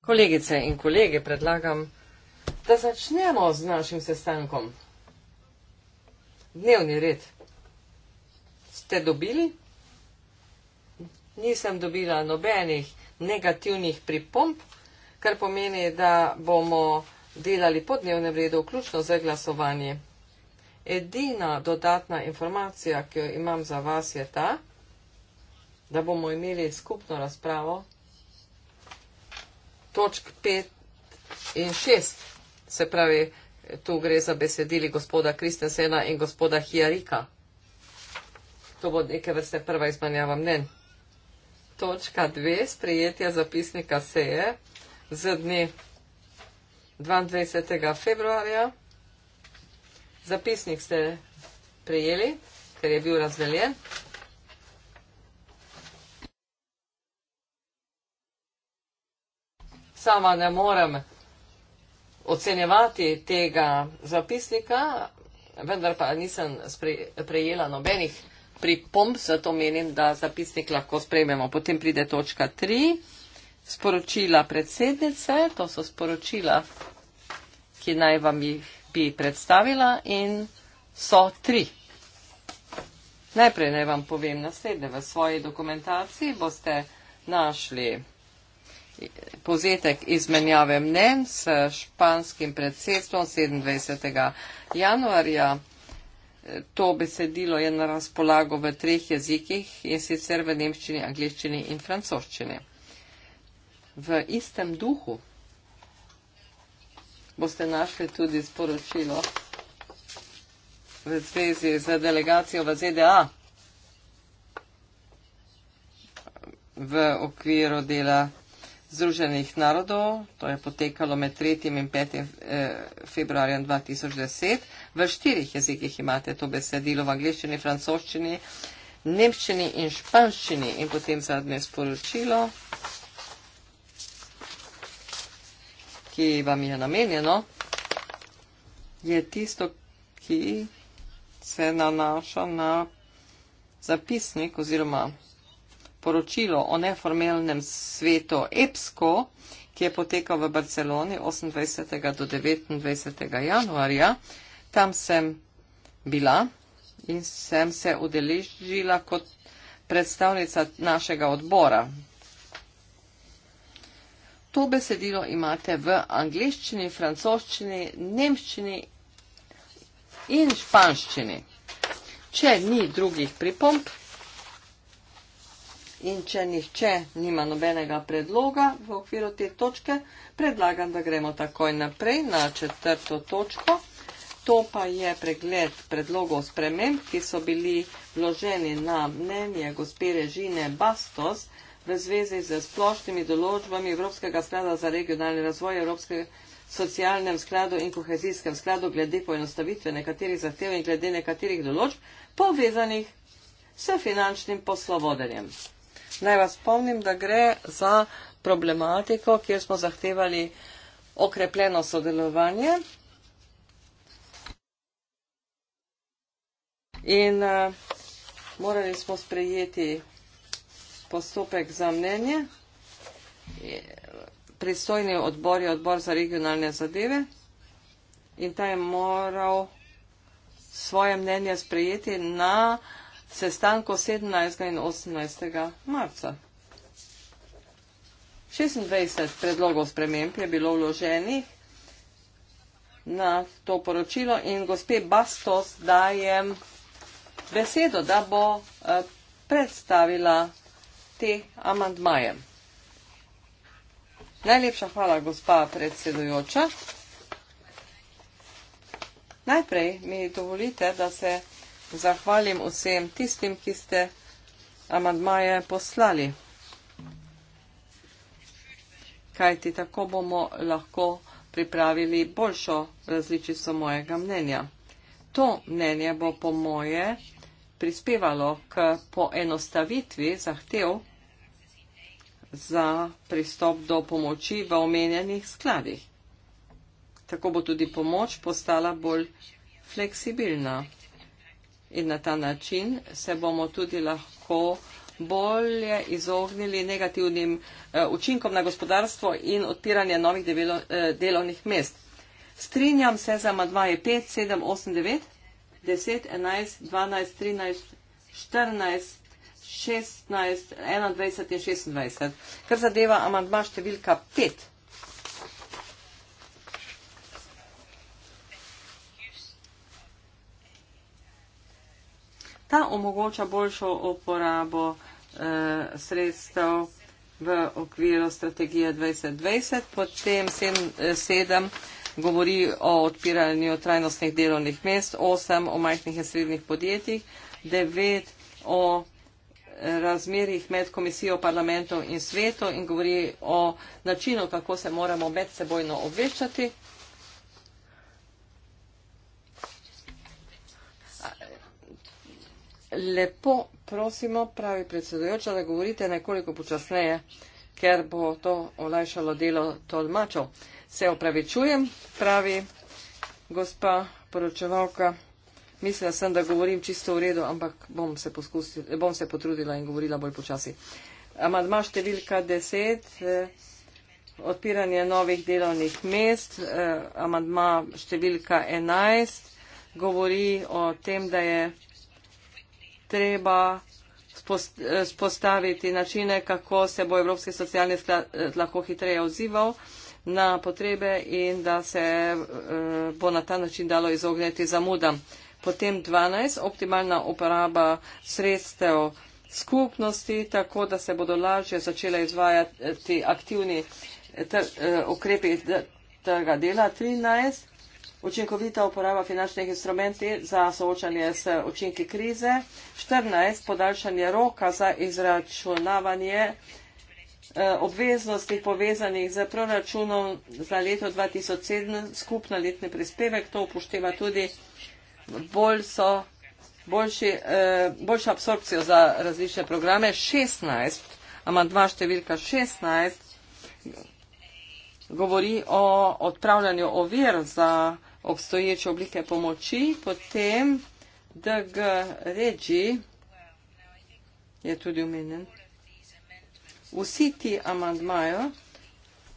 Kolegice in kolege, predlagam, da začnemo z našim sestankom. Dnevni red. Ste dobili? Nisem dobila nobenih negativnih pripomp, kar pomeni, da bomo delali po dnevnem redu, vključno za glasovanje. Edina dodatna informacija, ki jo imam za vas, je ta, da bomo imeli skupno razpravo. Točk 5 in 6, se pravi, tu gre za besedili gospoda Kristensena in gospoda Hijarika. To bo neke vrste prva izmanjava mnen. Točka 2, sprejetje zapisnika seje z dne 22. februarja. Zapisnik ste prijeli, ker je bil razveljen. sama ne morem ocenjevati tega zapisnika, vendar pa nisem prejela nobenih pripomb, zato menim, da zapisnik lahko sprejmemo. Potem pride točka 3, sporočila predsednice, to so sporočila, ki naj vam jih bi predstavila in so tri. Najprej naj vam povem naslednje. V svoji dokumentaciji boste našli povzetek izmenjave mnen s španskim predsedstvom 27. januarja. To besedilo je na razpolago v treh jezikih in sicer v nemščini, angliščini in francoščini. V istem duhu boste našli tudi sporočilo v zvezi z delegacijo v ZDA v okviru dela Združenih narodov, to je potekalo med 3. in 5. Eh, februarjem 2010. V štirih jezikih imate to besedilo, v angliščini, francoščini, nemščini in španščini. In potem zadnje sporočilo, ki vam je namenjeno, je tisto, ki se nanaša na zapisnik oziroma poročilo o neformelnem svetu EPSCO, ki je potekal v Barceloni 28. do 29. januarja. Tam sem bila in sem se udeležila kot predstavnica našega odbora. To besedilo imate v angliščini, francoščini, nemščini in španščini. Če ni drugih pripomp, In če nihče nima nobenega predloga v okviru te točke, predlagam, da gremo takoj naprej na četrto točko. To pa je pregled predlogov sprememb, ki so bili vloženi na mnenje gospe Režine Bastos v zvezi z splošnimi določbami Evropskega sklada za regionalni razvoj, Evropskega socialnem skladu in kohezijskem skladu glede poenostavitve nekaterih zahtev in glede nekaterih določb povezanih s finančnim poslovodenjem. Naj vas spomnim, da gre za problematiko, kjer smo zahtevali okrepljeno sodelovanje. In uh, morali smo sprejeti postopek za mnenje. Pristojni odbor je odbor za regionalne zadeve in ta je moral svoje mnenje sprejeti na uh, sestanku 17. in 18. marca. 26 predlogov sprememb je bilo vloženih na to poročilo in gospe Bastos dajem besedo, da bo eh, predstavila te amandmaje. Najlepša hvala, gospa predsedujoča. Najprej mi dovolite, da se zahvalim vsem tistim, ki ste amadmaje poslali. Kajti tako bomo lahko pripravili boljšo različico mojega mnenja. To mnenje bo po moje prispevalo k poenostavitvi zahtev za pristop do pomoči v omenjenih skladih. Tako bo tudi pomoč postala bolj fleksibilna in na ta način se bomo tudi lahko bolje izognili negativnim eh, učinkom na gospodarstvo in odpiranje novih eh, delovnih mest. Strinjam se za amadvaje 5, 7, 8, 9, 10, 11, 12, 13, 14, 16, 21 in 26. Kar zadeva amadva številka 5. Ta omogoča boljšo uporabo eh, sredstev v okviru strategije 2020. Potem 7 eh, govori o odpiranju trajnostnih delovnih mest, 8 o majhnih in srednjih podjetjih, 9 o eh, razmerjih med komisijo parlamentov in svetom in govori o načinu, kako se moramo medsebojno obveščati. Lepo prosimo, pravi predsedujoča, da govorite nekoliko počasneje, ker bo to olajšalo delo tolmačov. Se opravičujem, pravi gospa poročevalka. Mislila sem, da govorim čisto v redu, ampak bom se, poskusil, bom se potrudila in govorila bolj počasi. Amadma številka 10, eh, odpiranje novih delovnih mest. Eh, amadma številka 11 govori o tem, da je treba eh, spostaviti načine, kako se bo Evropski socialni sklad eh, lahko hitreje odzival na potrebe in da se eh, bo na ta način dalo izogniti zamudam. Potem 12. Optimalna uporaba sredstev skupnosti, tako da se bodo lažje začele izvajati aktivni ukrepi trga dela. 13 učinkovita uporaba finančnih instrumentov za soočanje s učinki krize, 14. podaljšanje roka za izračunavanje eh, obveznosti povezanih z proračunom za leto 2007, skupno letni prispevek, to upošteva tudi bolj so, boljši, eh, boljšo absorpcijo za različne programe, 16. amandma številka 16 govori o odpravljanju ovir za obstoječe oblike pomoči, potem DG Regi je tudi umenjen. Vsi ti amandmajo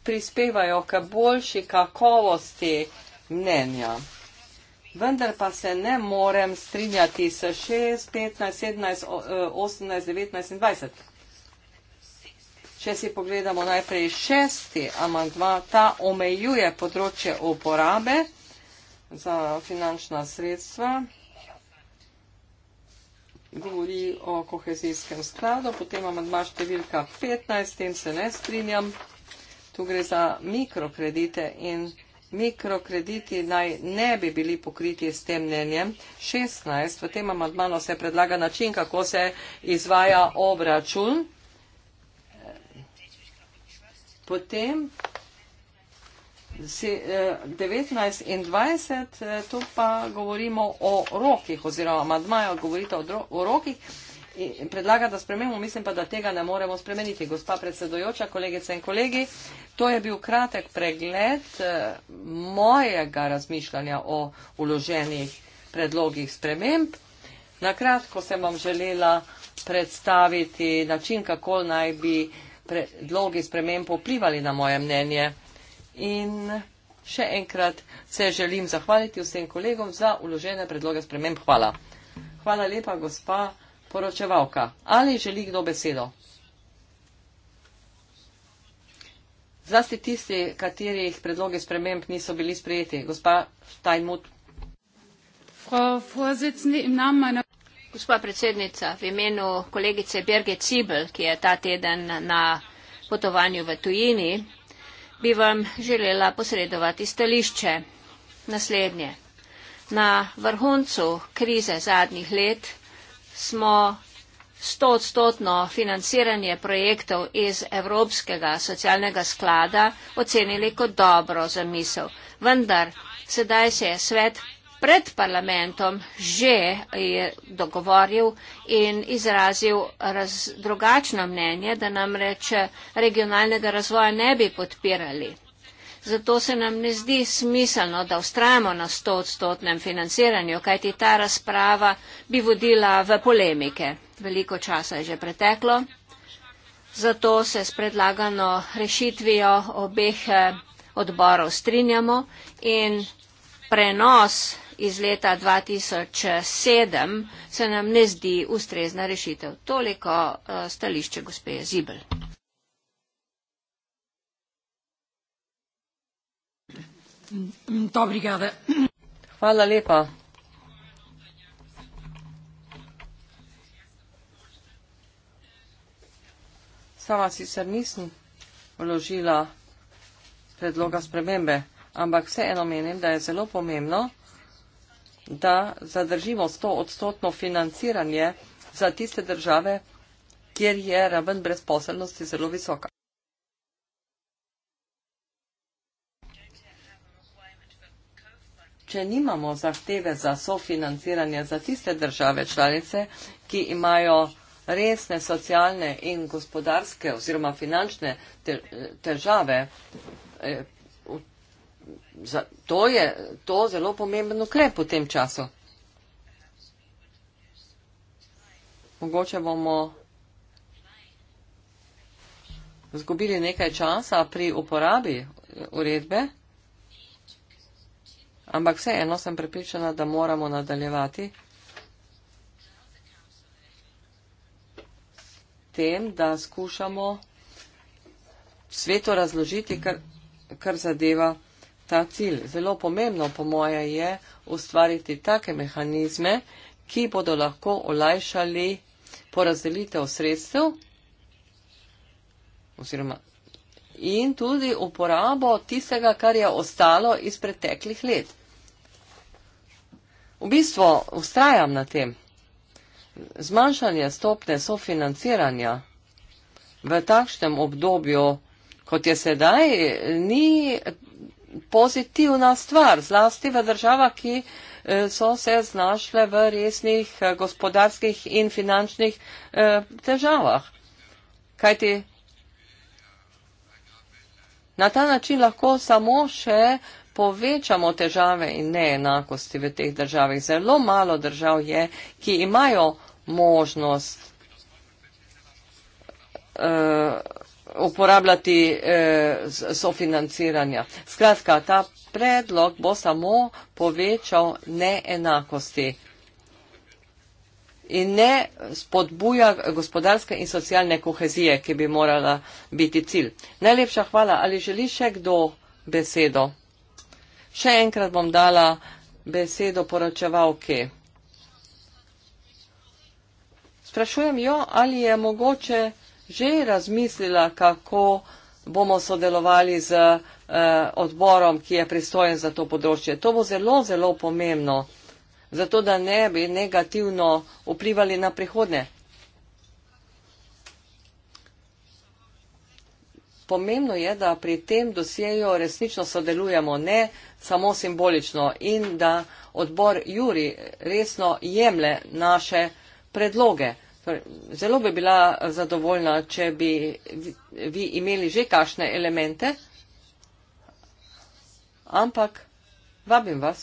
prispevajo k boljši kakovosti mnenja. Vendar pa se ne morem strinjati s 6, 15, 17, 18, 19 in 20. Če si pogledamo najprej šesti amandma, ta omejuje področje uporabe za finančna sredstva, govori o kohezijskem skladu, potem amadma številka 15, s tem se ne strinjam. Tu gre za mikrokredite in mikrokrediti naj ne bi bili pokriti s tem mnenjem. 16. V tem amadmanu se predlaga način, kako se izvaja obračun. Potem 19 eh, in 20, eh, tu pa govorimo o rokih oziroma amadmaja, govorite o, o rokih in predlaga, da spremenimo, mislim pa, da tega ne moremo spremeniti. Gospa predsedojoča, kolegice in kolegi, to je bil kratek pregled eh, mojega razmišljanja o uloženih predlogih sprememb. Na kratko sem vam želela predstaviti način, kako naj bi predlogi sprememb vplivali na moje mnenje. In še enkrat se želim zahvaliti vsem kolegom za uložene predloge sprememb. Hvala. Hvala lepa, gospa poročevalka. Ali želi kdo besedo? Zlasti tisti, katerih predloge sprememb niso bili sprejeti. Gospa Steinmut. Gospa predsednica, v imenu kolegice Birge Cibel, ki je ta teden na potovanju v tujini, bi vam želela posredovati stališče. Naslednje. Na vrhuncu krize zadnjih let smo stotstotno financiranje projektov iz Evropskega socialnega sklada ocenili kot dobro zamisel. Vendar sedaj se je svet pred parlamentom že dogovoril in izrazil raz, drugačno mnenje, da namreč regionalnega razvoja ne bi podpirali. Zato se nam ne zdi smiselno, da ustrajamo na 100-stotnem financiranju, kajti ta razprava bi vodila v polemike. Veliko časa je že preteklo. Zato se s predlagano rešitvijo obeh eh, odborov strinjamo in prenos iz leta 2007, se nam ne zdi ustrezna rešitev. Toliko eh, stališče gospeje Zibel. Hvala lepa. Sama sicer nisem vložila predloga spremembe, ampak vseeno menim, da je zelo pomembno, da zadržimo 100 odstotno financiranje za tiste države, kjer je raven brezposelnosti zelo visoka. Če nimamo zahteve za sofinanciranje za tiste države članice, ki imajo resne socialne in gospodarske oziroma finančne težave, eh, to je to zelo pomemben ukrep v tem času. Mogoče bomo zgubili nekaj časa pri uporabi uredbe, ampak vseeno sem prepričana, da moramo nadaljevati tem, da skušamo sveto razložiti, kar, kar zadeva ta cilj. Zelo pomembno, po moje, je ustvariti take mehanizme, ki bodo lahko olajšali porazdelitev sredstev oziroma, in tudi uporabo tistega, kar je ostalo iz preteklih let. V bistvu ustrajam na tem. Zmanjšanje stopne sofinanciranja v takšnem obdobju, kot je sedaj, ni pozitivna stvar, zlasti v državah, ki eh, so se znašle v resnih eh, gospodarskih in finančnih eh, težavah. Kajti na ta način lahko samo še povečamo težave in neenakosti v teh državah. Zelo malo držav je, ki imajo možnost. Uh, uporabljati eh, sofinanciranja. Skratka, ta predlog bo samo povečal neenakosti in ne spodbuja gospodarske in socialne kohezije, ki bi morala biti cilj. Najlepša hvala. Ali želi še kdo besedo? Še enkrat bom dala besedo poročevalke. Sprašujem jo, ali je mogoče že razmislila, kako bomo sodelovali z uh, odborom, ki je pristojen za to področje. To bo zelo, zelo pomembno, zato da ne bi negativno vplivali na prihodne. Pomembno je, da pri tem dosjeju resnično sodelujemo, ne samo simbolično in da odbor Juri resno jemlje naše predloge. Torej, zelo bi bila zadovoljna, če bi vi imeli že kašne elemente, ampak vabim vas,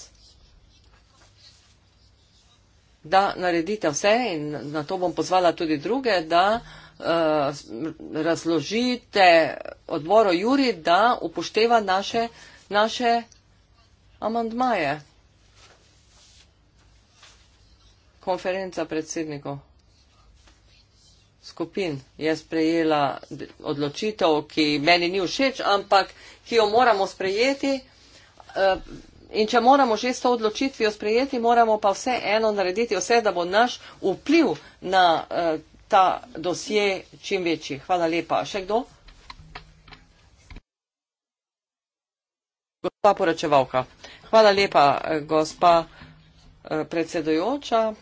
da naredite vse in na to bom pozvala tudi druge, da uh, razložite odboro Juri, da upošteva naše, naše amandmaje. Konferenca predsednikov skupin je sprejela odločitev, ki meni ni všeč, ampak ki jo moramo sprejeti. Eh, in če moramo že s to odločitvijo sprejeti, moramo pa vse eno narediti, vse, da bo naš vpliv na eh, ta dosje čim večji. Hvala lepa. Še kdo? Gospa poročevalka. Hvala lepa, eh, gospa predsedojoča.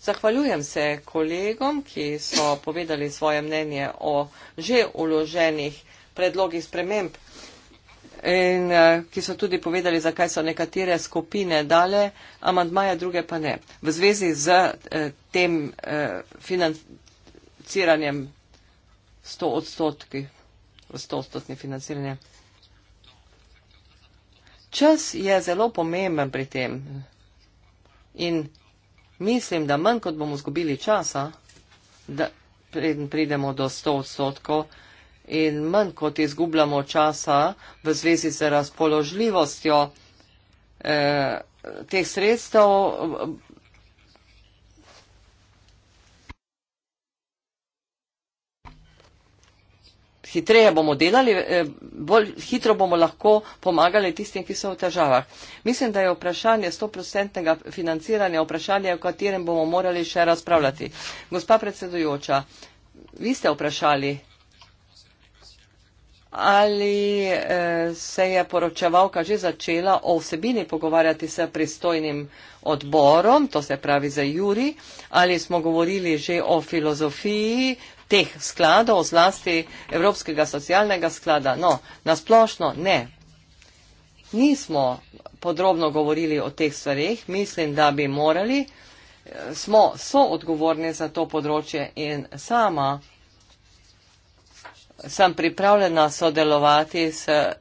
Zahvaljujem se kolegom, ki so povedali svoje mnenje o že uloženih predlogih sprememb in eh, ki so tudi povedali, zakaj so nekatere skupine dale amandmaje, druge pa ne. V zvezi z eh, tem eh, financiranjem 100 odstotki, 100 odstotni financiranje. Čas je zelo pomemben pri tem in Mislim, da manj kot bomo zgubili časa, da pridemo do 100 odstotkov in manj kot izgubljamo časa v zvezi z razpoložljivostjo eh, teh sredstev, hitreje bomo delali, eh, bolj hitro bomo lahko pomagali tistim, ki so v težavah. Mislim, da je vprašanje 100-procentnega financiranja vprašanje, o katerem bomo morali še razpravljati. Gospa predsedujoča, vi ste vprašali, ali eh, se je poročevalka že začela o vsebini pogovarjati s pristojnim odborom, to se pravi za Juri, ali smo govorili že o filozofiji teh skladov, zlasti Evropskega socialnega sklada. No, nasplošno ne. Nismo podrobno govorili o teh stvarih, mislim, da bi morali. Smo soodgovorni za to področje in sama sem pripravljena sodelovati s uh,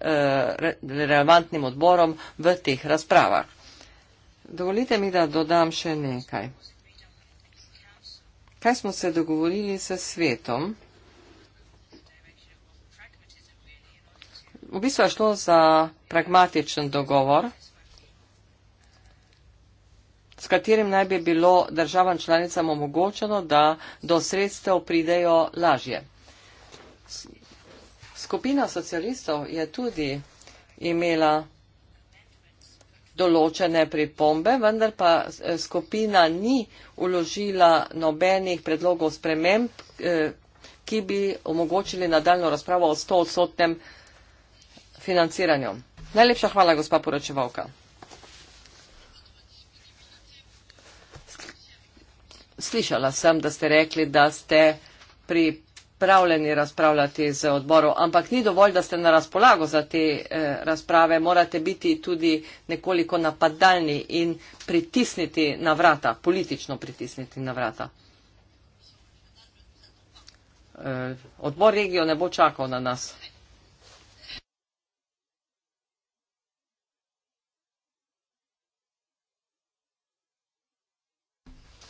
relevantnim odborom v teh razpravah. Dovolite mi, da dodam še nekaj. Kaj smo se dogovorili s svetom? V bistvu je šlo za pragmatičen dogovor, s katerim naj bi bilo državam članicam omogočeno, da do sredstev pridejo lažje. Skupina socialistov je tudi imela določene pripombe, vendar pa eh, skupina ni uložila nobenih predlogov sprememb, eh, ki bi omogočili nadaljno razpravo o 100 odstotnem financiranju. Najlepša hvala, gospa poročevalka. Slišala sem, da ste rekli, da ste pri pripravljeni razpravljati z odborom, ampak ni dovolj, da ste na razpolago za te eh, razprave, morate biti tudi nekoliko napadalni in pritisniti na vrata, politično pritisniti na vrata. Eh, odbor regijo ne bo čakal na nas.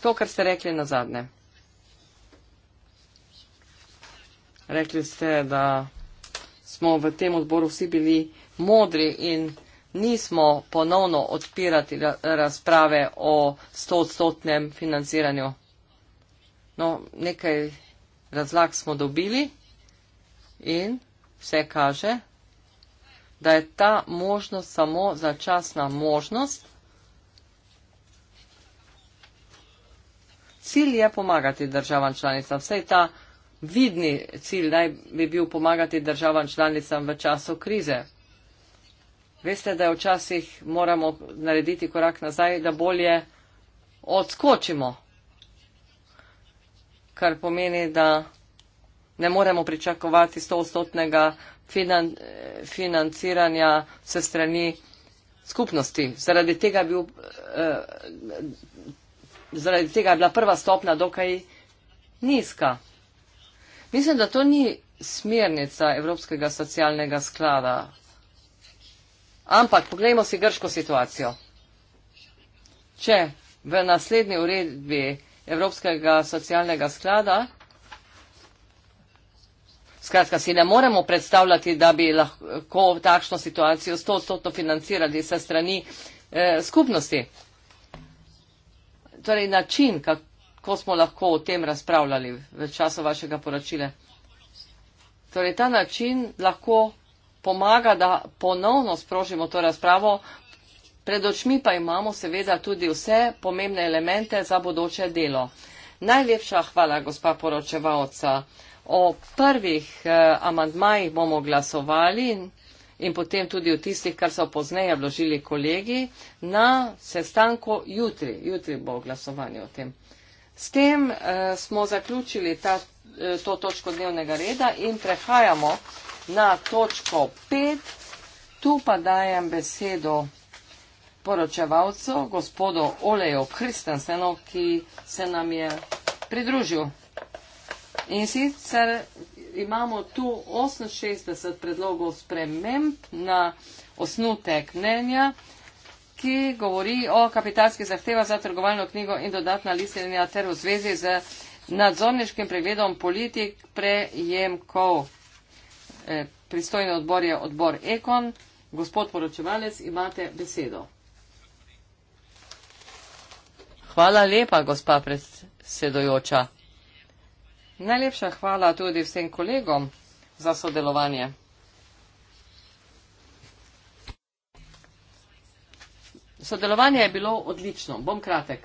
To, kar ste rekli na zadnje. Rekli ste, da smo v tem odboru vsi bili modri in nismo ponovno odpirati razprave o stotstotnem financiranju. No, nekaj razlag smo dobili in vse kaže, da je ta možnost samo začasna možnost. Cilj je pomagati državam članicam. Vse ta možnost vidni cilj naj bi bil pomagati državam članicam v času krize. Veste, da včasih moramo narediti korak nazaj, da bolje odskočimo, kar pomeni, da ne moremo pričakovati 100-stotnega finan financiranja se strani skupnosti. Zaradi tega, bil, eh, zaradi tega je bila prva stopna dokaj nizka. Mislim, da to ni smernica Evropskega socialnega sklada. Ampak pogledajmo si grško situacijo. Če v naslednji uredbi Evropskega socialnega sklada, skratka si ne moremo predstavljati, da bi lahko takšno situacijo 100% financirali se strani eh, skupnosti. Torej način, kako ko smo lahko o tem razpravljali v času vašega poročila. Torej, ta način lahko pomaga, da ponovno sprožimo to razpravo. Pred očmi pa imamo seveda tudi vse pomembne elemente za bodoče delo. Najlepša hvala, gospa poročevalca. O prvih eh, amandmajih bomo glasovali in potem tudi o tistih, kar so pozneje vložili kolegi, na sestanku jutri. Jutri bo glasovanje o tem. S tem eh, smo zaključili ta, eh, to točko dnevnega reda in prehajamo na točko 5. Tu pa dajem besedo poročevalcu, gospodu Oleju Kristensenu, ki se nam je pridružil. In sicer imamo tu 68 predlogov sprememb na osnutek mnenja ki govori o kapitalskih zahtevah za trgovalno knjigo in dodatna listenja ter v zvezi z nadzorniškim pregledom politik prejemkov. E, pristojni odbor je odbor Ekon. Gospod poročevalec, imate besedo. Hvala lepa, gospa predsedojoča. Najlepša hvala tudi vsem kolegom za sodelovanje. Sodelovanje je bilo odlično. Bom kratek.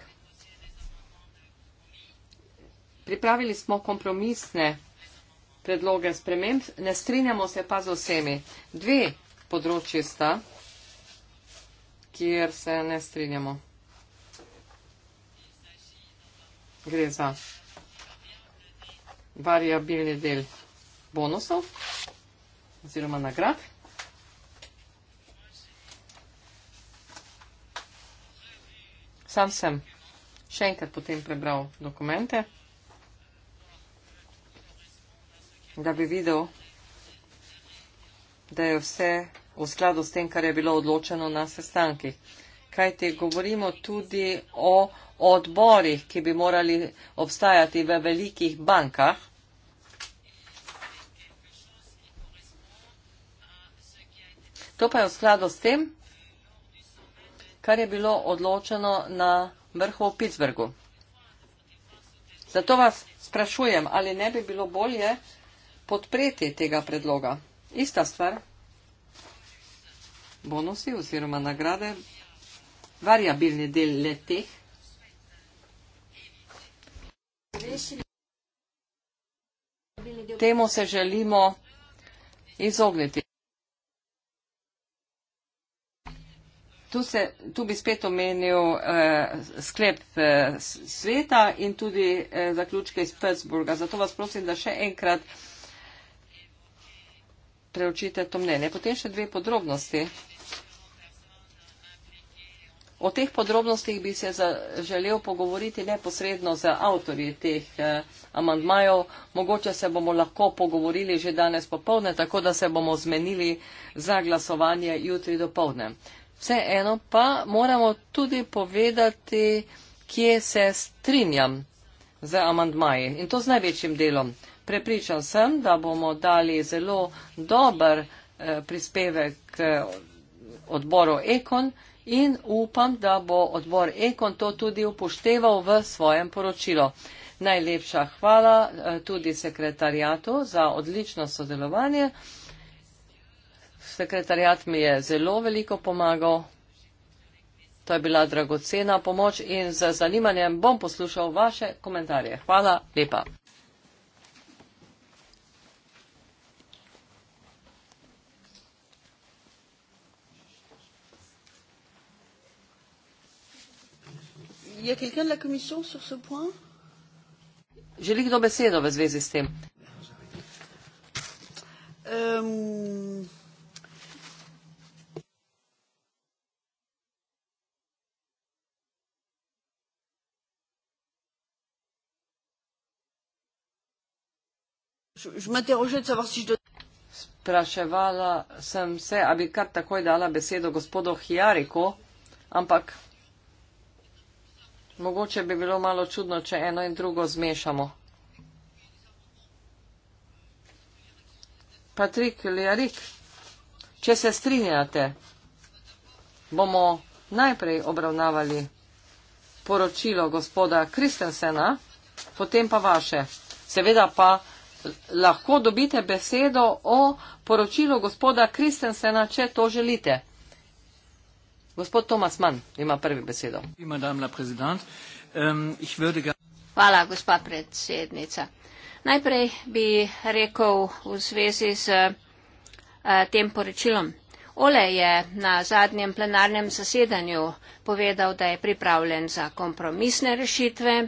Pripravili smo kompromisne predloge sprememb, ne strinjamo se pa z vsemi. Dve področji sta, kjer se ne strinjamo. Gre za variabilni del bonusov oziroma nagrad Sam sem še enkrat potem prebral dokumente, da bi videl, da je vse v skladu s tem, kar je bilo odločeno na sestankih. Kaj ti govorimo tudi o odborih, ki bi morali obstajati v velikih bankah. To pa je v skladu s tem, kar je bilo odločeno na vrhu v Pittsburghu. Zato vas sprašujem, ali ne bi bilo bolje podpreti tega predloga. Ista stvar, bonusi oziroma nagrade, variabilni del letih. Temu se želimo izogniti. Tu, se, tu bi spet omenil eh, sklep eh, sveta in tudi eh, zaključke iz Pittsburgha. Zato vas prosim, da še enkrat preučite to mnenje. Potem še dve podrobnosti. O teh podrobnostih bi se za, želel pogovoriti neposredno z avtorji teh eh, amandmajev. Mogoče se bomo lahko pogovorili že danes popovdne, tako da se bomo zmenili za glasovanje jutri dopovdne. Vseeno pa moramo tudi povedati, kje se strinjam z amandmaji in to z največjim delom. Prepričan sem, da bomo dali zelo dober eh, prispevek eh, odboru Ekon in upam, da bo odbor Ekon to tudi upošteval v svojem poročilu. Najlepša hvala eh, tudi sekretarjatu za odlično sodelovanje. Sekretarjat mi je zelo veliko pomagal. To je bila dragocena pomoč in z zanimanjem bom poslušal vaše komentarje. Hvala lepa. Želi kdo besedo v zvezi s tem? Um... je m'interrogeais de savoir si je dois... Spraševala sem se, a bi kar takoj dala besedo gospodu Hijariku, ampak mogoče bi bilo malo čudno, če eno in drugo zmešamo. Patrik Ljarik, če se strinjate, bomo najprej obravnavali poročilo gospoda Kristensena, potem pa vaše. Seveda pa lahko dobite besedo o poročilu gospoda Kristensena, če to želite. Gospod Tomas Mann ima prvi besedo. Hvala, gospa predsednica. Najprej bi rekel v zvezi z eh, tem poročilom. Ole je na zadnjem plenarnem zasedanju povedal, da je pripravljen za kompromisne rešitve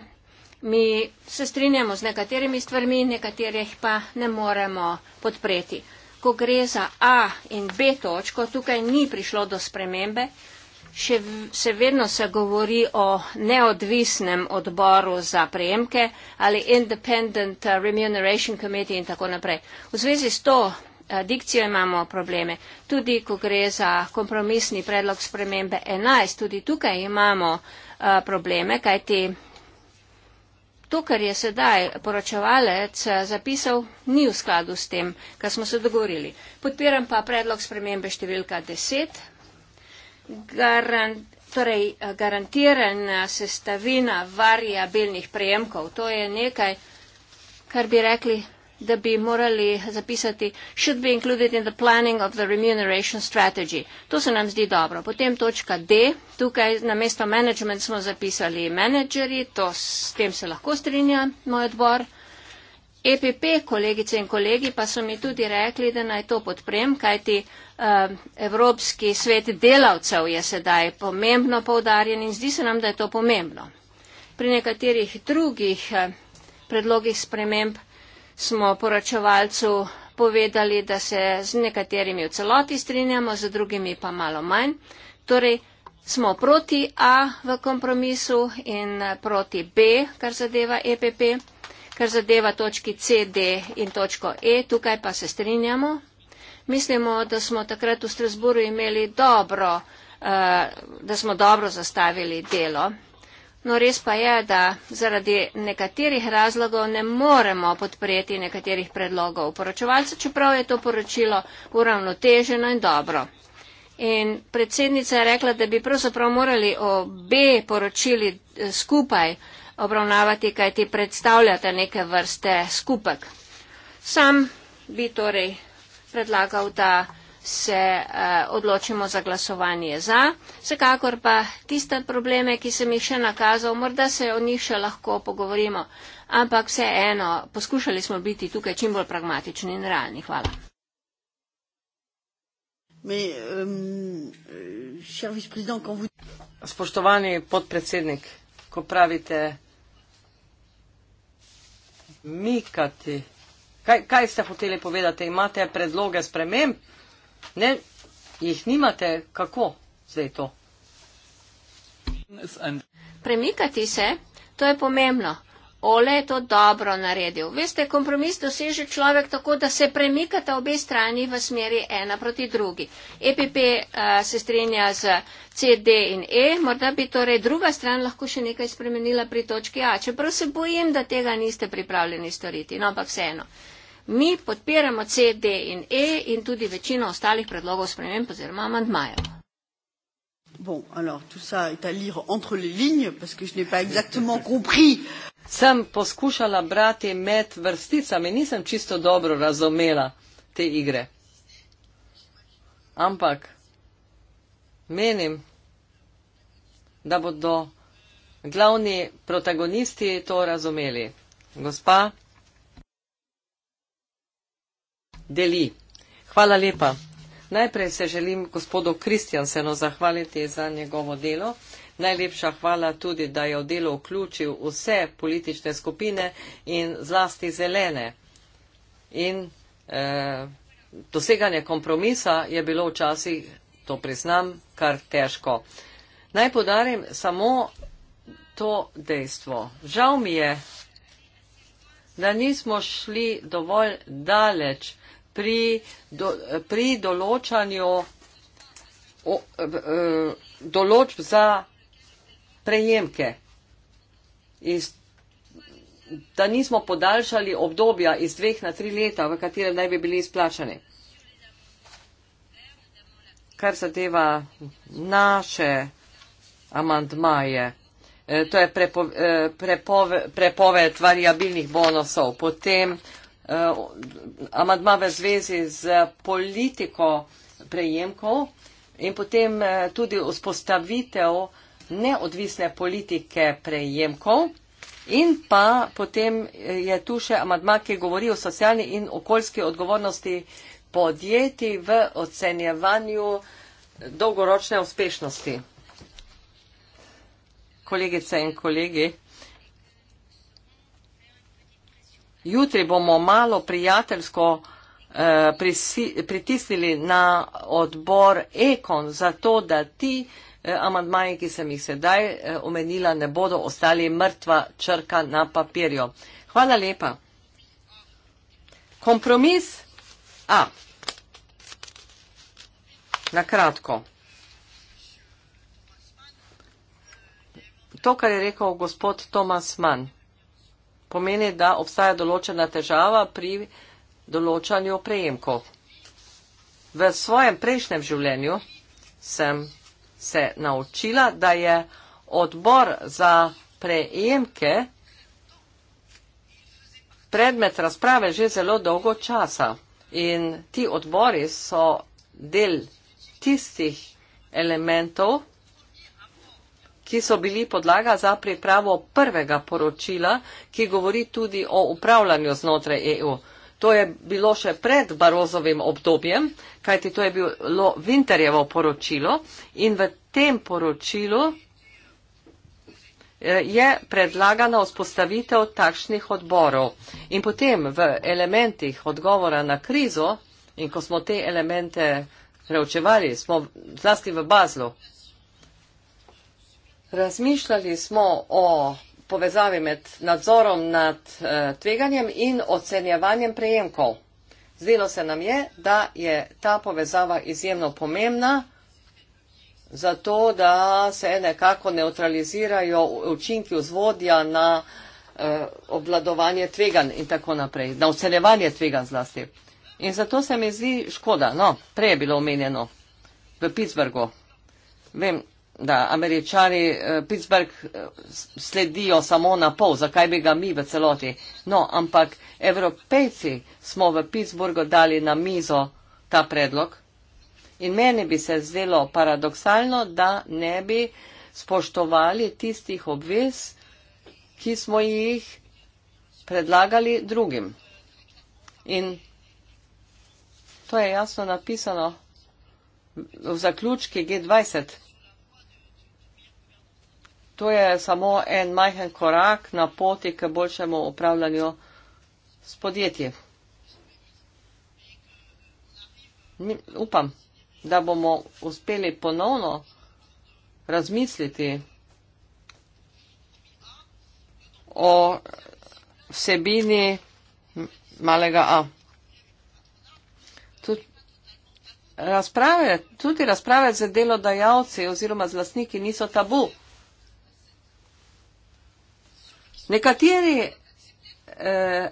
mi se strinjamo z nekaterimi stvarmi, nekaterih pa ne moremo podpreti. Ko gre za A in B točko, tukaj ni prišlo do spremembe. Še se vedno se govori o neodvisnem odboru za prejemke ali Independent eh, Remuneration Committee in tako naprej. V zvezi s to eh, dikcijo imamo probleme. Tudi, ko gre za kompromisni predlog spremembe 11, tudi tukaj imamo uh, probleme, kajti To, kar je sedaj poročevalec eh, zapisal, ni v skladu s tem, kar smo se dogovorili. Podpiram pa predlog spremembe številka 10. Garant, torej, eh, garantirana sestavina variabilnih prejemkov. To je nekaj, kar bi rekli da bi morali zapisati should be included in the planning of the remuneration strategy. To se nam zdi dobro. Potem točka D, tukaj na mesto management smo zapisali menedžeri, to s tem se lahko strinja moj odbor. EPP, kolegice in kolegi, pa so mi tudi rekli, da naj to podprem, kajti um, Evropski svet delavcev je sedaj pomembno poudarjen in zdi se nam, da je to pomembno. Pri nekaterih drugih eh, predlogih sprememb smo poročevalcu povedali, da se z nekaterimi v celoti strinjamo, z drugimi pa malo manj. Torej, smo proti A v kompromisu in proti B, kar zadeva EPP, kar zadeva točki C, D in točko E, tukaj pa se strinjamo. Mislimo, da smo takrat v Strasburu imeli dobro, eh, da smo dobro zastavili delo. No, res pa je, da zaradi nekaterih razlogov ne moremo podpreti nekaterih predlogov poročevalca, čeprav je to poročilo uravnoteženo in dobro. In predsednica je rekla, da bi pravzaprav morali obe poročili eh, skupaj obravnavati, kaj ti predstavljate neke vrste skupek. Sam bi torej predlagal, da se eh, odločimo za glasovanje za. Vsekakor pa tiste probleme, ki sem jih še nakazal, morda se o njih še lahko pogovorimo, ampak vseeno, poskušali smo biti tukaj čim bolj pragmatični in realni. Hvala. Euh, Spoštovani podpredsednik, ko pravite mikati, kaj, kaj ste hoteli povedati? Imate predloge sprememb? Ne, jih nimate, kako zdaj to? Premikati se, to je pomembno. Ole je to dobro naredil. Veste, kompromis doseže človek tako, da se premikata obe strani v smeri ena proti drugi. EPP uh, eh, se strinja z CD in E, morda bi torej druga stran lahko še nekaj spremenila pri točki A. Čeprav se bojim, da tega niste pripravljeni storiti, no ampak vseeno. Uh, Mi podpiramo C, D in E in tudi večino ostalih predlogov sprememb oziroma amantmajev. Bon, alors tout ça est à lire entre les lignes parce que je n'ai pas exactement compris. Sem poskušala brati med vrsticami, nisem čisto dobro razumela te igre. Ampak menim, da bodo glavni protagonisti to razumeli. Gospa deli. Hvala lepa. Najprej se želim gospodu Kristjansenu zahvaliti za njegovo delo. Najlepša hvala tudi, da je v delo vključil vse politične skupine in zlasti zelene. In eh, doseganje kompromisa je bilo včasih, to priznam, kar težko. Naj podarim samo to dejstvo. Žal mi je, da nismo šli dovolj daleč, pri, do, pri določanju o, eh, določb za prejemke. Iz, da nismo podaljšali obdobja iz dveh na tri leta, v katerem naj bi bili izplačani. Kar zadeva naše amantmaje, eh, to je prepo, eh, prepoved, prepoved variabilnih bonusov. Potem Eh, amadma v zvezi z politiko prejemkov in potem eh, tudi vzpostavitev neodvisne politike prejemkov. In pa potem eh, je tu še amadma, ki govori o socialni in okoljski odgovornosti podjetij v ocenjevanju dolgoročne uspešnosti. Kolegice in kolegi. Jutri bomo malo prijateljsko eh, pritisnili na odbor Ekon za to, da ti eh, amadmaji, ki sem jih sedaj eh, omenila, ne bodo ostali mrtva črka na papirju. Hvala lepa. Kompromis A. Na kratko. To, kar je rekel gospod Tomas Mann pomeni, da obstaja določena težava pri določanju prejemkov. V svojem prejšnjem življenju sem se naučila, da je odbor za prejemke predmet razprave že zelo dolgo časa in ti odbori so del tistih elementov, ki so bili podlaga za pripravo prvega poročila, ki govori tudi o upravljanju znotraj EU. To je bilo še pred Barozovim obdobjem, kajti to je bilo Vinterjevo poročilo in v tem poročilu eh, je predlagana vzpostavitev takšnih odborov. In potem v elementih odgovora na krizo, in ko smo te elemente preučevali, smo zlasti v Bazlu Razmišljali smo o povezavi med nadzorom nad eh, tveganjem in ocenjevanjem prejemkov. Zdelo se nam je, da je ta povezava izjemno pomembna, zato da se nekako neutralizirajo učinki vzvodja na eh, obladovanje tvegan in tako naprej, na ocenjevanje tvegan zlasti. In zato se mi zdi škoda, no, prej je bilo omenjeno v Pittsburghu. Vem, da američani eh, Pittsburgh eh, sledijo samo na pol, zakaj bi ga mi v celoti. No, ampak evropejci smo v Pittsburghu dali na mizo ta predlog in meni bi se zdelo paradoksalno, da ne bi spoštovali tistih obvez, ki smo jih predlagali drugim. In to je jasno napisano v zaključki G20 To je samo en majhen korak na poti k boljšemu upravljanju s podjetji. Upam, da bomo uspeli ponovno razmisliti o vsebini malega A. Razprave, tudi razprave z delodajalci oziroma z lastniki niso tabu. Nekateri eh,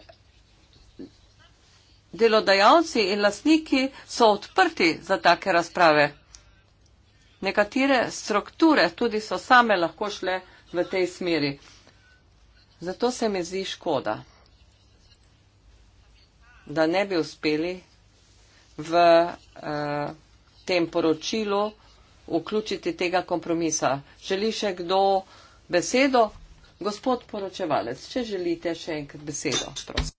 delodajalci in lastniki so odprti za take razprave. Nekatere strukture tudi so same lahko šle v tej smeri. Zato se mi zdi škoda, da ne bi uspeli v eh, tem poročilu vključiti tega kompromisa. Želi še kdo besedo? Gospod poročevalec, če želite še enkrat besedo, prosim.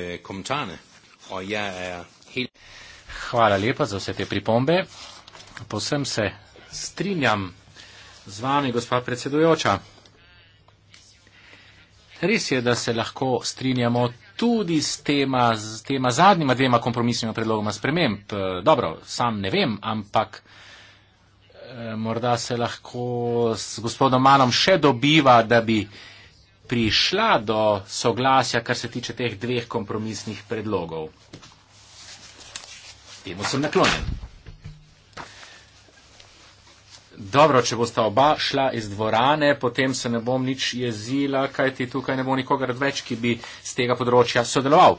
Øh, er Hvala lepa za vse te pripombe. Posem se strinjam z vami, gospa predsedujoča. Res je, da se lahko strinjamo tudi s tema, s tema zadnjima dvema kompromisnima predlogoma sprememb. Dobro, sam ne vem, ampak morda se lahko s gospodom Manom še dobiva, da bi prišla do soglasja, kar se tiče teh dveh kompromisnih predlogov. Temu sem naklonjen. Dobro, če bosta oba šla iz dvorane, potem se ne bom nič jezila, kajti tukaj ne bo nikogar več, ki bi z tega področja sodeloval.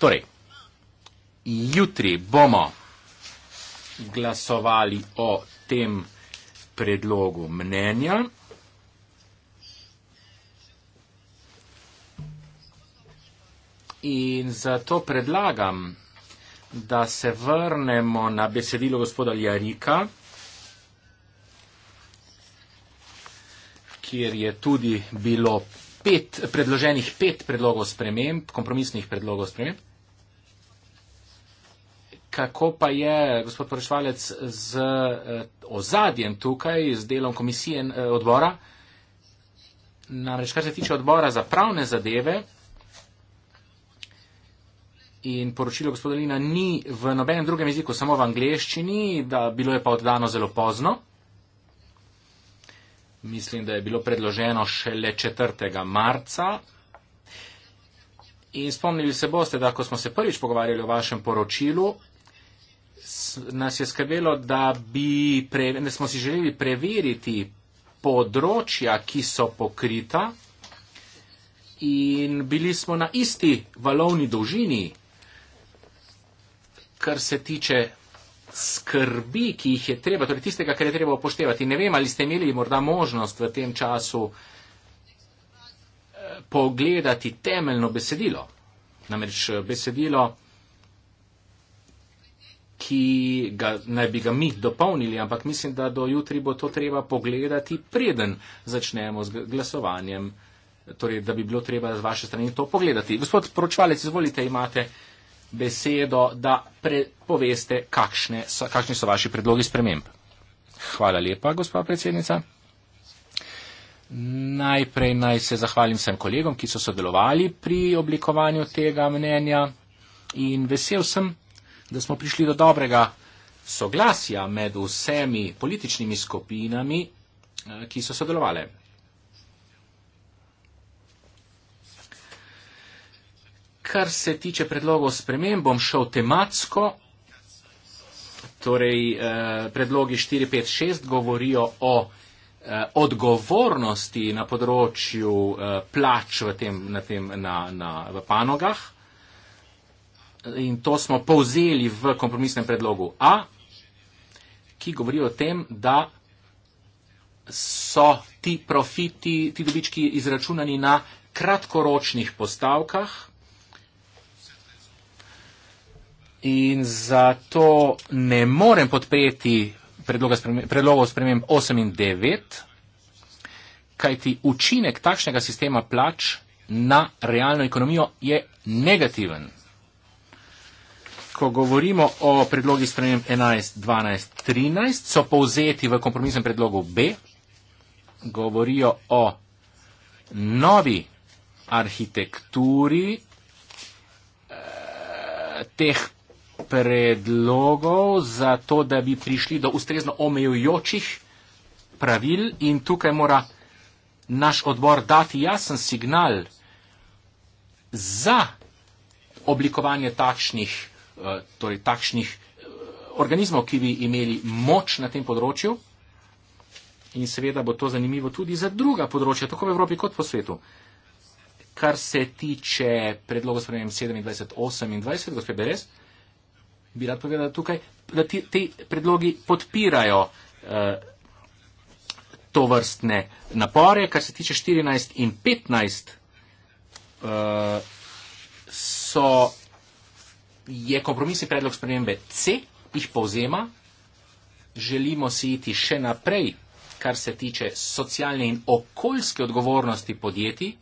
Torej, jutri bomo glasovali o tem predlogu mnenja. In zato predlagam, da se vrnemo na besedilo gospoda Jarika, kjer je tudi bilo pet, predloženih pet predlogov sprememb, kompromisnih predlogov sprememb. Kako pa je, gospod Porešvalec, z eh, ozadjem tukaj z delom komisije eh, odbora. Namreč, kar se tiče odbora za pravne zadeve in poročilo gospoda Lina ni v nobenem drugem jeziku, samo v angleščini, da bilo je pa oddano zelo pozno. Mislim, da je bilo predloženo šele 4. marca. In spomnili se boste, da ko smo se prvič pogovarjali o vašem poročilu, nas je skrbelo, da, bi, da smo si želeli preveriti področja, ki so pokrita in bili smo na isti valovni dolžini, kar se tiče skrbi, ki jih je treba, torej tistega, kar je treba upoštevati. Ne vem, ali ste imeli morda možnost v tem času eh, pogledati temeljno besedilo. Namreč eh, besedilo ki ga, naj bi ga mi dopolnili, ampak mislim, da do jutri bo to treba pogledati, preden začnemo z glasovanjem, torej, da bi bilo treba z vaše strani to pogledati. Gospod poročvalec, izvolite, imate besedo, da poveste, kakšne so, kakšne so vaši predlogi sprememb. Hvala lepa, gospa predsednica. Najprej naj se zahvalim vsem kolegom, ki so sodelovali pri oblikovanju tega mnenja in vesel sem, da smo prišli do dobrega soglasja med vsemi političnimi skupinami, eh, ki so sodelovali. Kar se tiče predlogov sprememb, bom šel tematsko. Torej, eh, predlogi 456 govorijo o eh, odgovornosti na področju plač v, tem, na tem, na, na, v panogah in to smo povzeli v kompromisnem predlogu A, ki govori o tem, da so ti profiti, ti dobički izračunani na kratkoročnih postavkah in zato ne morem podpreti predloga sprememb 8 in 9, kajti učinek takšnega sistema plač na realno ekonomijo je negativen ko govorimo o predlogi sprememb 11, 12, 13, so povzeti v kompromisnem predlogu B, govorijo o novi arhitekturi eh, teh predlogov za to, da bi prišli do ustrezno omejujočih pravil in tukaj mora naš odbor dati jasen signal za oblikovanje takšnih Eh, torej takšnih eh, organizmov, ki bi imeli moč na tem področju. In seveda bo to zanimivo tudi za druga področja, tako v Evropi kot po svetu. Kar se tiče predloga spremem 27.28, gospod Beres, bi rad povedal tukaj, da ti, ti predlogi podpirajo uh, eh, to vrstne napore. Kar se tiče 14 in 15, uh, so je kompromisni predlog spremembe C, jih povzema, želimo si iti še naprej, kar se tiče socialne in okoljske odgovornosti podjetij,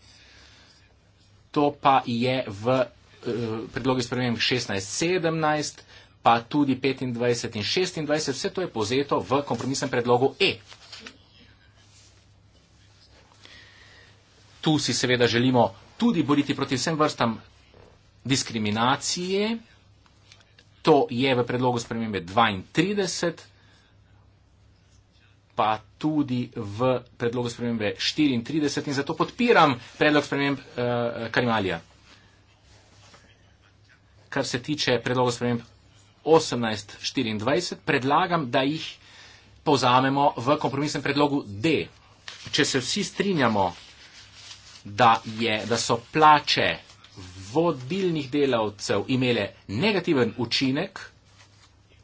to pa je v uh, predlogi spremembe 1617, pa tudi 25 in 26, vse to je povzeto v kompromisnem predlogu E. Tu si seveda želimo tudi boriti proti vsem vrstam diskriminacije. To je v predlogu spremembe 32, pa tudi v predlogu spremembe 34 in zato podpiram predlog sprememb uh, Karimalija. Kar se tiče predloga sprememb 1824, predlagam, da jih povzamemo v kompromisnem predlogu D. Če se vsi strinjamo, da, je, da so plače vodilnih delavcev imele negativen učinek,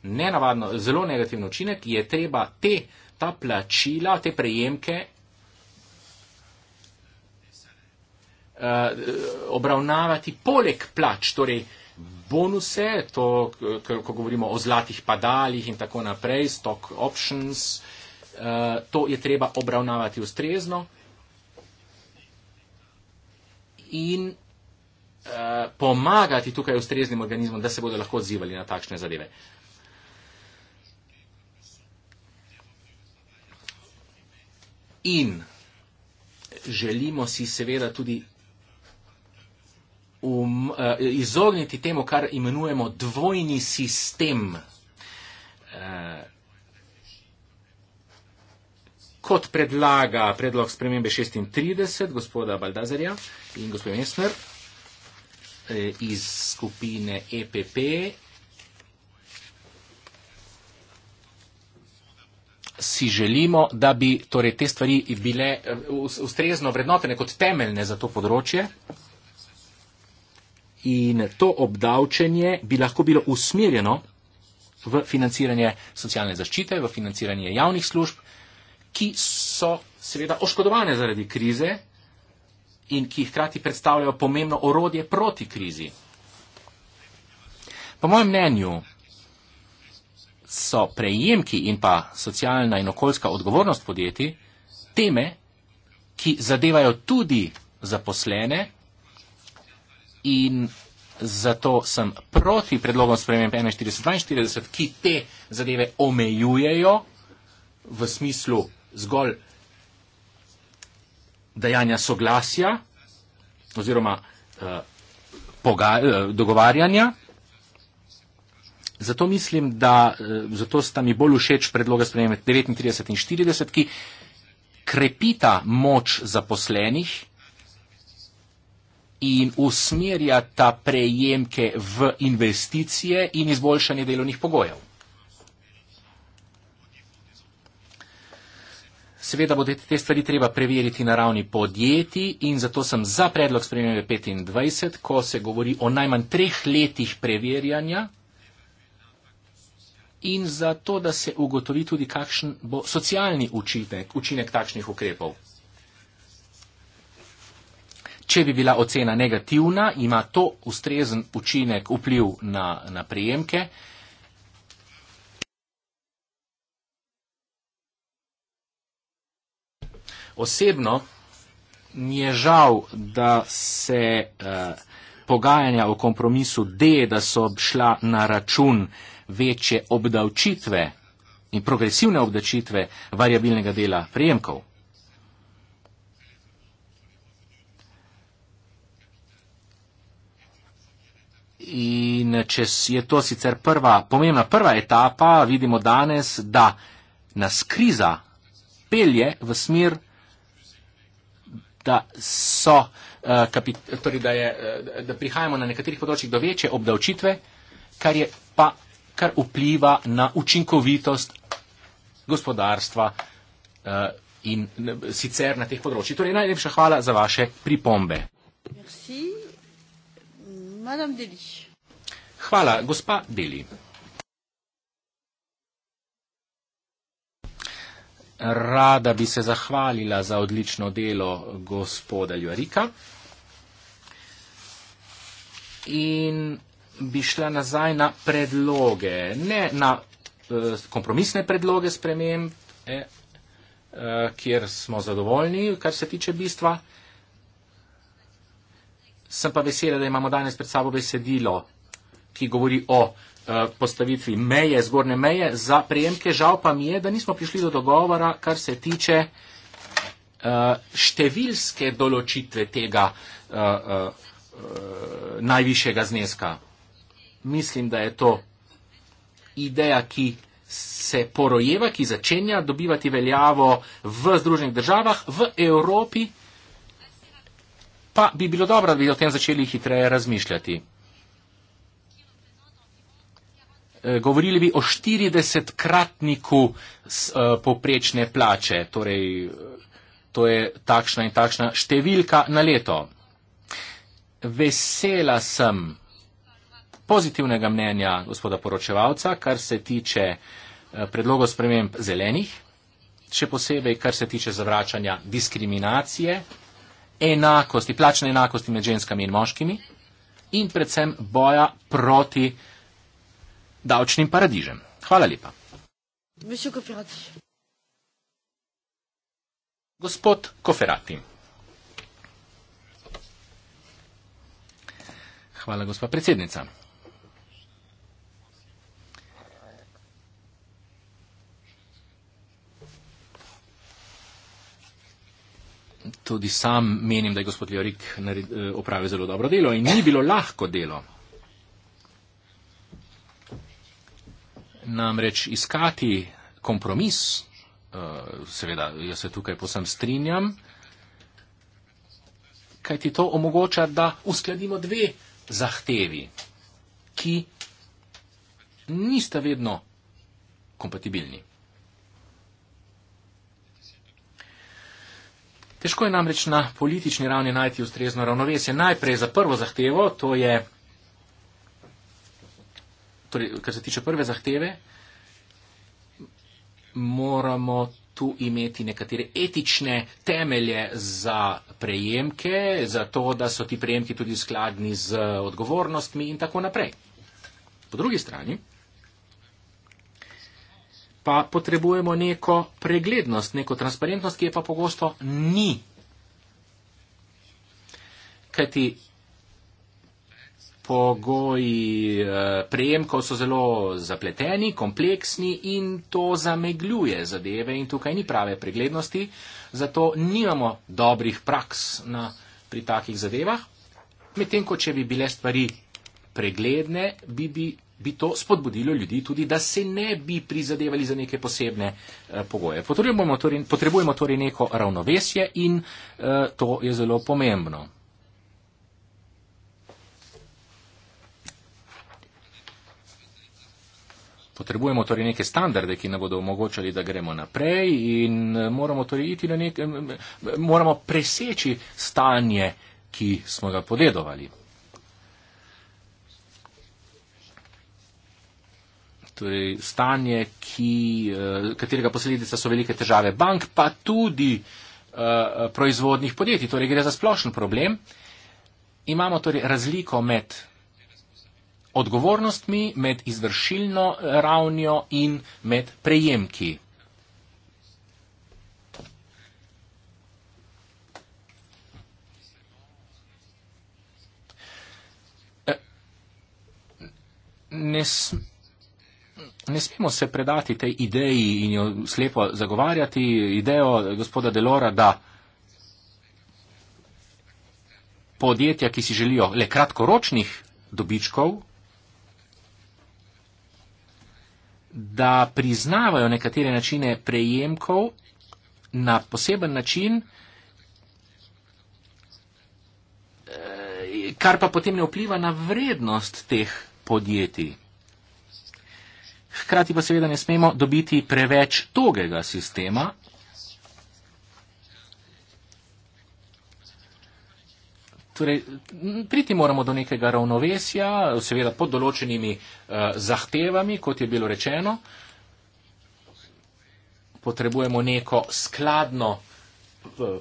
nenavadno, zelo negativen učinek, je treba te, ta plačila, te prejemke eh, obravnavati poleg plač, torej bonuse, to, ko govorimo o zlatih padalih in tako naprej, stock options, eh, to je treba obravnavati ustrezno. In Eh, pomagati tukaj ustreznim organizmom, da se bodo lahko odzivali na takšne zadeve. In želimo si seveda tudi um, uh, izogniti temu, kar imenujemo dvojni sistem. Uh, kot predlaga predlog spremembe 36 gospoda Baldazarja in gospoda Mesner. Eh, iz skupine EPP. Si želimo, da bi torej, te stvari bile eh, ustrezno vrednotene kot temeljne za to področje. In to obdavčenje bi lahko bilo usmerjeno v financiranje socialne zaščite, v financiranje javnih služb, ki so seveda oškodovane zaradi krize in ki hkrati predstavljajo pomembno orodje proti krizi. Po mojem mnenju so prejemki in pa socialna in okoljska odgovornost podjetij teme, ki zadevajo tudi zaposlene in zato sem proti predlogom sprememb 41-42, ki te zadeve omejujejo v smislu zgolj dajanja soglasja oziroma eh, poga, eh, dogovarjanja. Zato mislim, da eh, zato sta mi bolj všeč predloga spremembe 39 in 40, ki krepita moč zaposlenih in usmerjata prejemke v investicije in izboljšanje delovnih pogojev. Seveda bo te stvari treba preveriti na ravni podjetij in zato sem za predlog spremembe 25, ko se govori o najmanj treh letih preverjanja in zato, da se ugotovi tudi, kakšen bo socialni učinek, učinek takšnih ukrepov. Če bi bila ocena negativna, ima to ustrezen učinek vpliv na, na prijemke. osebno mi je žal, da se uh, pogajanja o kompromisu D, da so šla na račun večje obdavčitve in progresivne obdavčitve variabilnega dela prejemkov. In če je to sicer prva, pomembna prva etapa, vidimo danes, da nas kriza pelje v smer da so, eh, torej da, je, eh, da prihajamo na nekaterih področjih do večje obdavčitve, kar, je, pa, kar vpliva na učinkovitost gospodarstva eh, in sicer na teh področjih. Torej najlepša hvala za vaše pripombe. Merci. Hvala, gospa Deli. rada bi se zahvalila za odlično delo gospoda Ljurika in bi šla nazaj na predloge, ne na eh, kompromisne predloge sprememb, eh, eh, kjer smo zadovoljni, kar se tiče bistva. Sem pa vesela, da imamo danes pred sabo besedilo, ki govori o Eh, postavitvi meje, zgornje meje za prejemke. Žal pa mi je, da nismo prišli do dogovora, kar se tiče uh, številske določitve tega uh, uh, uh, najvišjega zneska. Mislim, da je to ideja, ki se porojeva, ki začenja dobivati veljavo v Združenih državah, v Evropi. Pa bi bilo dobro, da bi o tem začeli hitreje razmišljati. Eh, govorili bi o 40-kratniku eh, poprečne plače, torej eh, to je takšna in takšna številka na leto. Vesela sem pozitivnega mnenja gospoda poročevalca, kar se tiče predlogov sprememb zelenih, še posebej kar se tiče zavračanja diskriminacije, enakosti, plačne enakosti med ženskami in moškimi in predvsem boja proti davčnim paradižem. Hvala lepa. Gospod Koferati. Hvala, gospa predsednica. Tudi sam menim, da je gospod Ljorik eh, opravil zelo dobro delo in ni bilo lahko delo. namreč iskati kompromis, eh, seveda, jaz se tukaj posem strinjam, kaj ti to omogoča, da uskladimo dve zahtevi, ki nista vedno kompatibilni. Težko je namreč na politični ravni najti ustrezno ravnovesje. Najprej za prvo zahtevo, to je torej, kar se tiče prve zahteve, moramo tu imeti nekatere etične temelje za prejemke, za to, da so ti prejemki tudi skladni z odgovornostmi in tako naprej. Po drugi strani pa potrebujemo neko preglednost, neko transparentnost, ki je pa pogosto ni. Kajti pogoji eh, prejemkov so zelo zapleteni, kompleksni in to zamegljuje zadeve in tukaj ni prave preglednosti, zato nimamo dobrih praks na, pri takih zadevah. Medtem, ko če bi bile stvari pregledne, bi, bi, bi to spodbudilo ljudi tudi, da se ne bi prizadevali za neke posebne eh, pogoje. Potrebujemo torej, potrebujemo torej neko ravnovesje in eh, to je zelo pomembno. Potrebujemo torej neke standarde, ki nam bodo omogočali, da gremo naprej in eh, moramo torej iti na nek, moramo preseči stanje, ki smo ga podedovali. Torej, stanje, ki, eh, katerega posledica so velike težave bank, pa tudi uh, proizvodnih podjetij. Torej, gre za splošen problem. Imamo torej razliko med odgovornostmi med izvršilno ravnjo in med prejemki. Eh, ne, ne smemo se predati tej ideji in jo slepo zagovarjati, idejo gospoda Delora, da podjetja, ki si želijo le kratkoročnih dobičkov, da priznavajo nekatere načine prejemkov na poseben način, eh, kar pa potem ne vpliva na vrednost teh podjetij. Hkrati pa seveda ne smemo dobiti preveč togega sistema, Torej, priti moramo do nekega ravnovesja, seveda pod določenimi uh, zahtevami, kot je bilo rečeno. Potrebujemo neko skladno uh,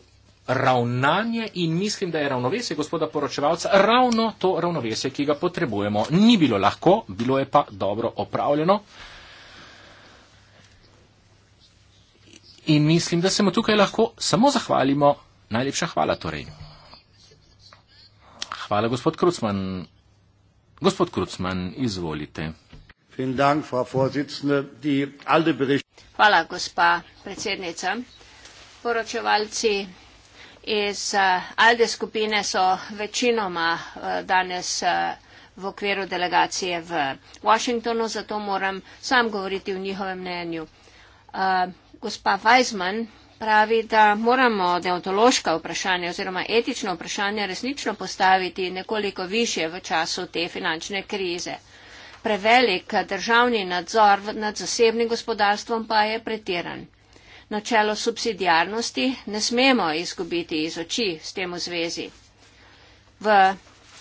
ravnanje in mislim, da je ravnovesje gospoda poročevalca ravno to ravnovesje, ki ga potrebujemo. Ni bilo lahko, bilo je pa dobro opravljeno. In mislim, da se mu tukaj lahko samo zahvalimo. Najlepša hvala torej. Hvala, gospod Krucman. Gospod Krucman, izvolite. Hvala, gospa predsednica. Poročevalci iz eh, ALDE skupine so večinoma eh, danes eh, v okviru delegacije v Washingtonu, zato moram sam govoriti v njihovem mnenju. Gospa Weizmann pravi, da moramo deontološka vprašanja oziroma etična vprašanja resnično postaviti nekoliko više v času te finančne krize. Prevelik državni nadzor nad zasebnim gospodarstvom pa je pretiran. Načelo subsidijarnosti ne smemo izgubiti iz oči s tem v zvezi. V,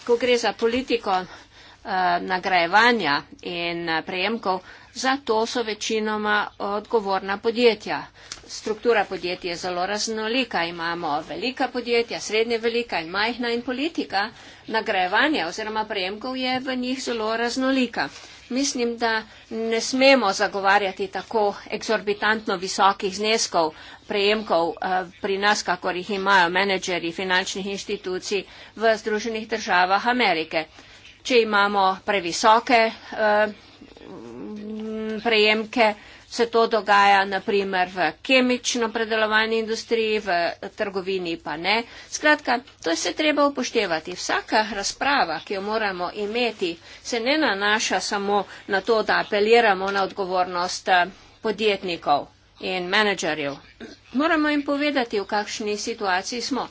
ko gre za politiko eh, nagrajevanja in eh, prejemkov, za to so večinoma odgovorna podjetja struktura podjetij je zelo raznolika. Imamo velika podjetja, srednje velika in majhna in politika nagrajevanja oziroma prejemkov je v njih zelo raznolika. Mislim, da ne smemo zagovarjati tako eksorbitantno visokih zneskov prejemkov eh, pri nas, kakor jih imajo menedžeri finančnih inštitucij v Združenih državah Amerike. Če imamo previsoke eh, prejemke, se to dogaja naprimer v kemično predelovanji industriji, v trgovini pa ne. Skratka, to je se treba upoštevati. Vsaka razprava, ki jo moramo imeti, se ne nanaša samo na to, da apeliramo na odgovornost eh, podjetnikov in menedžerjev. Moramo jim povedati, v kakšni situaciji smo.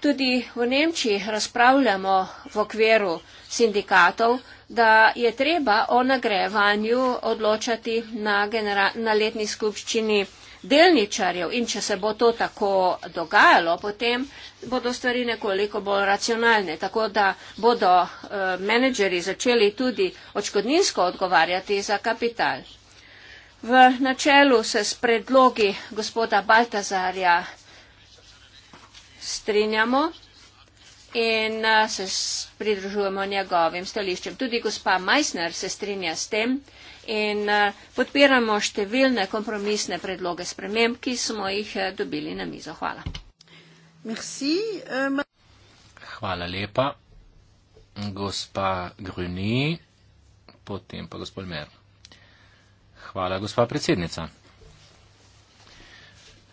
Tudi v Nemčiji razpravljamo v okviru sindikatov, da je treba o nagrajevanju odločati na, genera- na letni skupščini delničarjev in če se bo to tako dogajalo, potem bodo stvari nekoliko bolj racionalne, tako da bodo e, eh, menedžeri začeli tudi očkodninsko odgovarjati za kapital. V načelu se s predlogi gospoda Baltazarja strinjamo in uh, se pridružujemo njegovim stališčem. Tudi gospa Meissner se strinja s tem in uh, podpiramo številne kompromisne predloge sprememb, ki smo jih uh, dobili na mizo. Hvala. Merci, um... Hvala lepa. Gospa Gruni, potem pa gospod Mer. Hvala, gospa predsednica.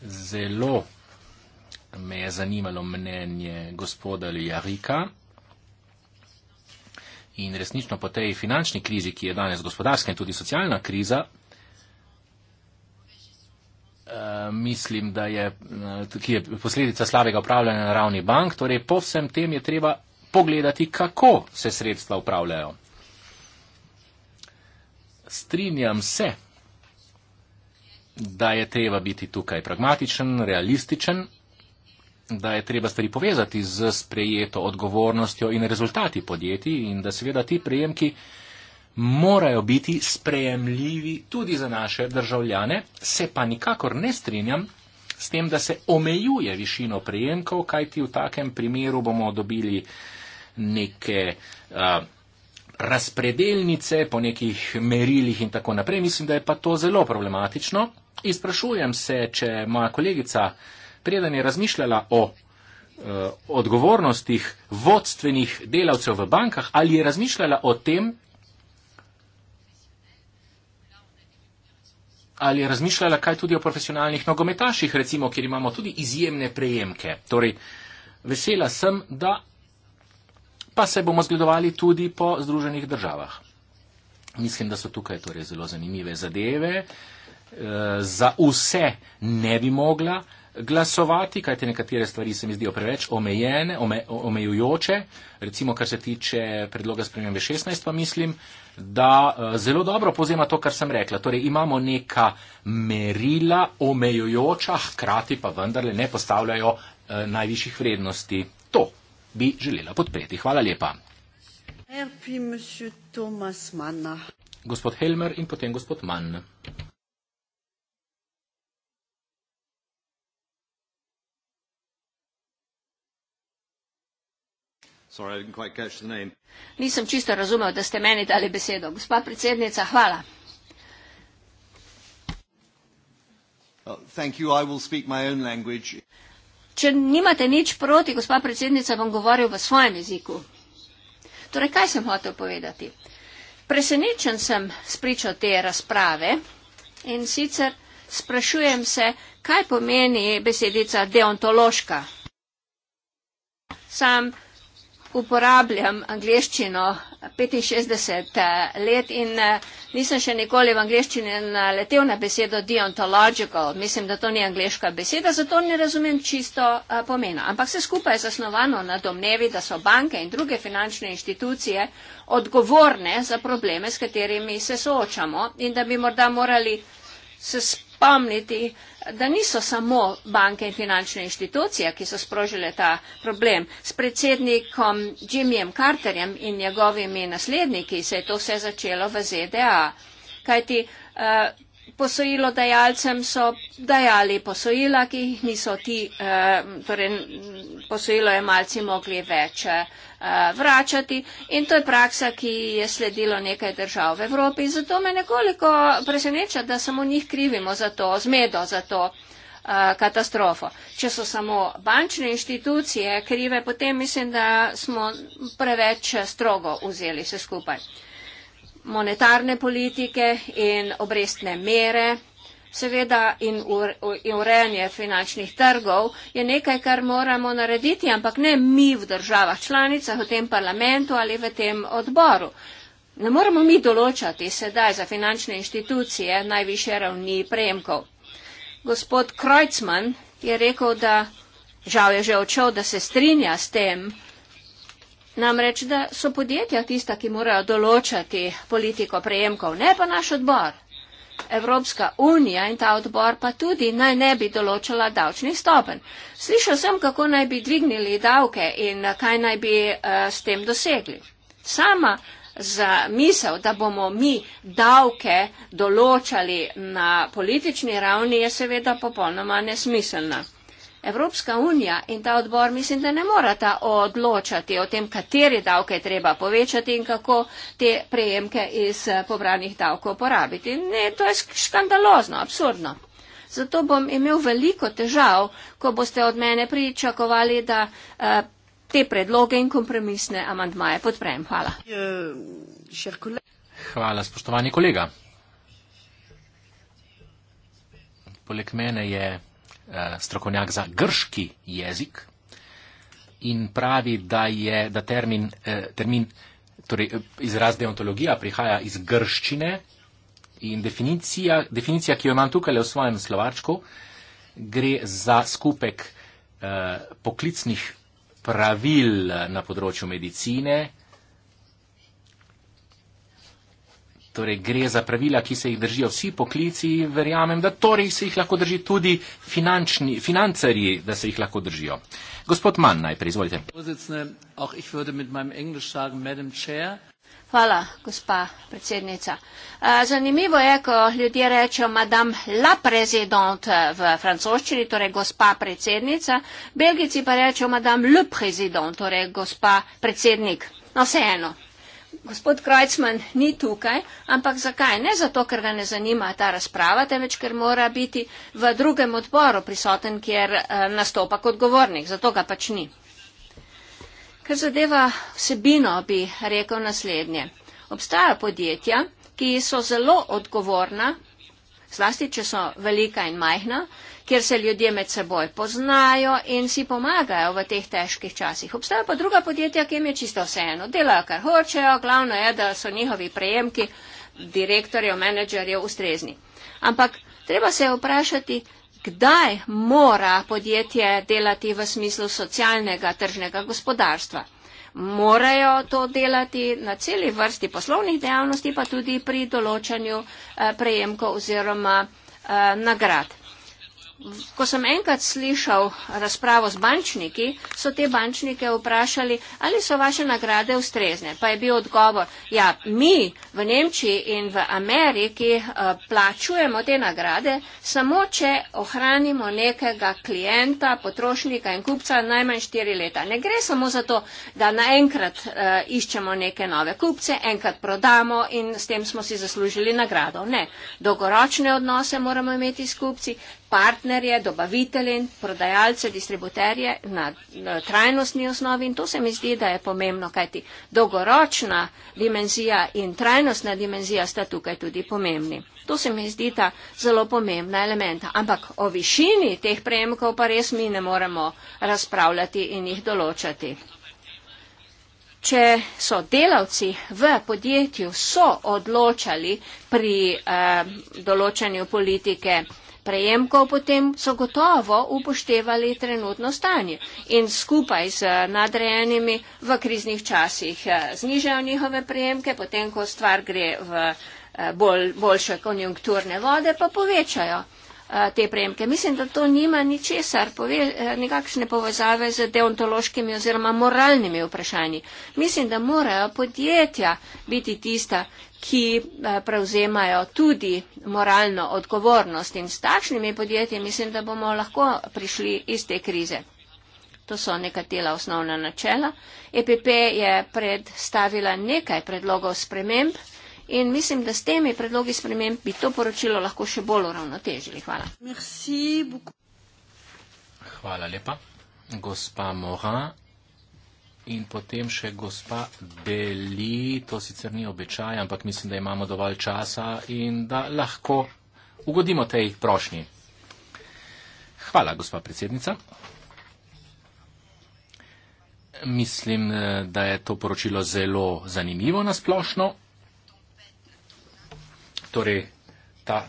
Zelo me je zanimalo mnenje gospoda Ljarika. In resnično po tej finančni krizi, ki je danes gospodarska in tudi socialna kriza, eh, mislim, da je, eh, ki je posledica slabega upravljanja na ravni bank, torej po vsem tem je treba pogledati, kako se sredstva upravljajo. Strinjam se, da je treba biti tukaj pragmatičen, realističen da je treba stvari povezati z sprejeto odgovornostjo in rezultati podjetij in da seveda ti prejemki morajo biti sprejemljivi tudi za naše državljane, se pa nikakor ne strinjam s tem, da se omejuje višino prejemkov, kajti v takem primeru bomo dobili neke uh, razpredelnice po nekih merilih in tako naprej. Mislim, da je pa to zelo problematično. Izprašujem se, če moja kolegica uh, preden je razmišljala o eh, odgovornostih vodstvenih delavcev v bankah, ali je razmišljala o tem, ali je razmišljala kaj tudi o profesionalnih nogometaših, recimo, kjer imamo tudi izjemne prejemke. Torej, vesela sem, da pa se bomo zgledovali tudi po Združenih državah. Mislim, da so tukaj torej zelo zanimive zadeve. E, za vse ne bi mogla, glasovati, kajte nekatere stvari se mi zdijo preveč omejene, ome, omejujoče. Recimo, kar se tiče predloga spremembe 16, pa mislim, da eh, zelo dobro povzema to, kar sem rekla. Torej, imamo neka merila omejujoča, hkrati pa vendarle ne postavljajo eh, najvišjih vrednosti. To bi želela podpreti. Hvala lepa. Gospod Helmer in potem gospod Mann. Sorry, I didn't quite catch the name. Nisem čisto razumel, da ste meni dali besedo. Gospa predsednica, hvala. Če nimate nič proti, gospa predsednica, bom govoril v svojem jeziku. Torej, kaj sem hotel povedati? Presenečen sem spričo te razprave in sicer sprašujem se, kaj pomeni besedica deontološka. Sam uporabljam angliščino 65 eh, let in eh, nisem še nikoli v angliščini naletel na besedo deontological. Mislim, da to ni angliška beseda, zato ne razumem čisto eh, pomena. Ampak vse skupaj je zasnovano na domnevi, da so banke in druge finančne inštitucije odgovorne za probleme, s katerimi se soočamo in da bi morda morali se spomniti, da niso samo banke in finančne inštitucije, ki so sprožile ta problem. S predsednikom Jimmyjem Carterjem in njegovimi nasledniki se je to vse začelo v ZDA. Kajti, uh, Posojilodajalcem so dajali posojila, ki jih niso ti, eh, torej posojilo je malci mogli več eh, vračati in to je praksa, ki je sledilo nekaj držav v Evropi. Zato me nekoliko preseneča, da samo njih krivimo za to zmedo, za to eh, katastrofo. Če so samo bančne inštitucije krive, potem mislim, da smo preveč eh, strogo vzeli se skupaj. Eh, monetarne politike in obrestne mere, seveda in urejanje finančnih trgov, je nekaj, kar moramo narediti, ampak ne mi v državah članicah, v tem parlamentu ali v tem odboru. Ne moramo mi določati sedaj za finančne inštitucije najviše ravni prejemkov. Gospod Kreutzmann je rekel, da žal je že odšel, da se strinja s tem, Namreč, da so podjetja tista, ki morajo določati politiko prejemkov, ne pa naš odbor. Evropska unija in ta odbor pa tudi naj ne bi določala davčni stopen. Slišal sem, kako naj bi dvignili davke in kaj naj bi uh, s tem dosegli. Sama za misel, da bomo mi davke določali na politični ravni, je seveda popolnoma nesmiselna. Evropska unija in ta odbor mislim, da ne morata odločati o tem, kateri davke treba povečati in kako te prejemke iz pobranih davkov porabiti. Ne, to je škandalozno, absurdno. Zato bom imel veliko težav, ko boste od mene pričakovali, da uh, te predloge in kompromisne amantmaje podprem. Hvala. Hvala, spoštovani kolega. Poleg mene je Eh, strokovnjak za grški jezik in pravi, da je da termin, eh, termin, torej eh, izraz deontologija prihaja iz grščine in definicija, definicija ki jo imam tukaj v svojem slovačku, gre za skupek poklicnih pravil na področju medicine, Torej, gre za pravila, ki se jih držijo vsi poklici in verjamem, da torej se jih lahko drži tudi finančni, financari, da se jih lahko držijo. Gospod Mann, najprej izvolite. Hvala, gospa predsednica. Zanimivo je, ko ljudje rečejo madame la president v francoščini, torej gospa predsednica, belgici pa rečejo madame le president, torej gospa predsednik. No, vseeno gospod Krojcman ni tukaj, ampak zakaj? Ne zato, ker ga ne zanima ta razprava, temveč ker mora biti v drugem odboru prisoten, kjer eh, nastopa kot govornik, zato ga pač ni. Kar zadeva vsebino, bi rekel naslednje. Obstajajo podjetja, ki so zelo odgovorna, zlasti, če so velika in majhna, kjer se ljudje med seboj poznajo in si pomagajo v teh težkih časih. Obstajajo pa druga podjetja, ki jim je čisto vseeno. Delajo, kar hočejo, glavno je, da so njihovi prejemki direktorjev, menedžerjev ustrezni. Ampak treba se vprašati, kdaj mora podjetje delati v smislu socialnega tržnega gospodarstva. Morajo to delati na celi vrsti poslovnih dejavnosti, pa tudi pri določanju eh, prejemkov oziroma eh, nagrad ko sem enkrat slišal razpravo z bančniki, so te bančnike vprašali, ali so vaše nagrade ustrezne. Pa je bil odgovor, ja, mi v Nemčiji in v Ameriki uh, plačujemo te nagrade, samo če ohranimo nekega klienta, potrošnika in kupca najmanj štiri leta. Ne gre samo za to, da naenkrat uh, iščemo neke nove kupce, enkrat prodamo in s tem smo si zaslužili nagrado. Ne, dolgoročne odnose moramo imeti s kupci partnerje, dobavitelje, prodajalce, distributerje na trajnostni osnovi in to se mi zdi, da je pomembno, kajti dolgoročna dimenzija in trajnostna dimenzija sta tukaj tudi pomembni. To se mi zdi ta zelo pomembna elementa. Ampak o višini teh prejemkov pa res mi ne moremo razpravljati in jih določati. Če so delavci v podjetju so odločali pri eh, določanju politike eh, prejemkov, potem so gotovo upoštevali trenutno stanje in skupaj z nadrejenimi v kriznih časih eh, znižajo njihove prejemke, potem, ko stvar gre v eh, bolj, boljše konjunkturne vode, pa povečajo eh, te prejemke. Mislim, da to nima ničesar, pove, nekakšne povezave z deontološkimi oziroma moralnimi vprašanji. Mislim, da morajo podjetja biti tista, ki eh, prevzemajo tudi moralno odgovornost in s takšnimi podjetji mislim, da bomo lahko prišli iz te krize. To so nekatela osnovna načela. EPP je predstavila nekaj predlogov sprememb in mislim, da s temi predlogi sprememb bi to poročilo lahko še bolj uravnotežili. Hvala. Hvala lepa. Gospa Morin In potem še gospa Deli, to sicer ni običaj, ampak mislim, da imamo dovolj časa in da lahko ugodimo tej prošnji. Hvala, gospa predsednica. Mislim, da je to poročilo zelo zanimivo na splošno. Torej, ta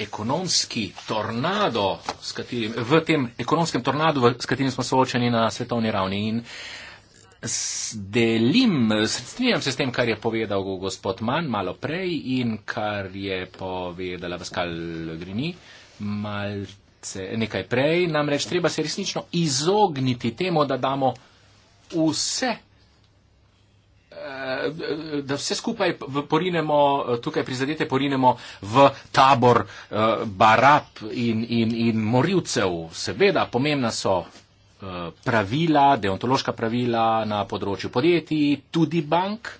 ekonomski tornado, katerim, v tem ekonomskem tornadu, s katerim smo soočeni na svetovni ravni. In delim, strinjam se s tem, kar je povedal gospod Mann malo prej in kar je povedala Vaskal Grini malce, nekaj prej. Namreč treba se resnično izogniti temu, da damo vse da vse skupaj porinemo, tukaj prizadete porinemo v tabor eh, barab in, in, in morilcev. Seveda, pomembna so eh, pravila, deontološka pravila na področju podjetij, tudi bank.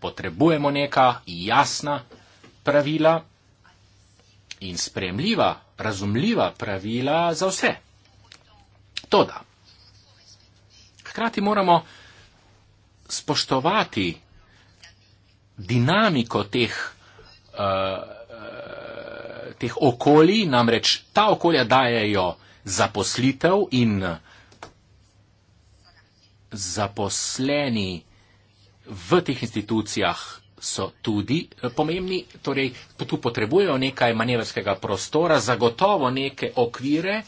Potrebujemo neka jasna pravila in spremljiva, razumljiva pravila za vse. Toda, hkrati moramo spoštovati dinamiko teh, uh, teh okolij, namreč ta okolja dajejo zaposlitev in zaposleni v teh institucijah so tudi eh, pomembni, torej tu potrebujejo nekaj manevrskega prostora, zagotovo neke okvire,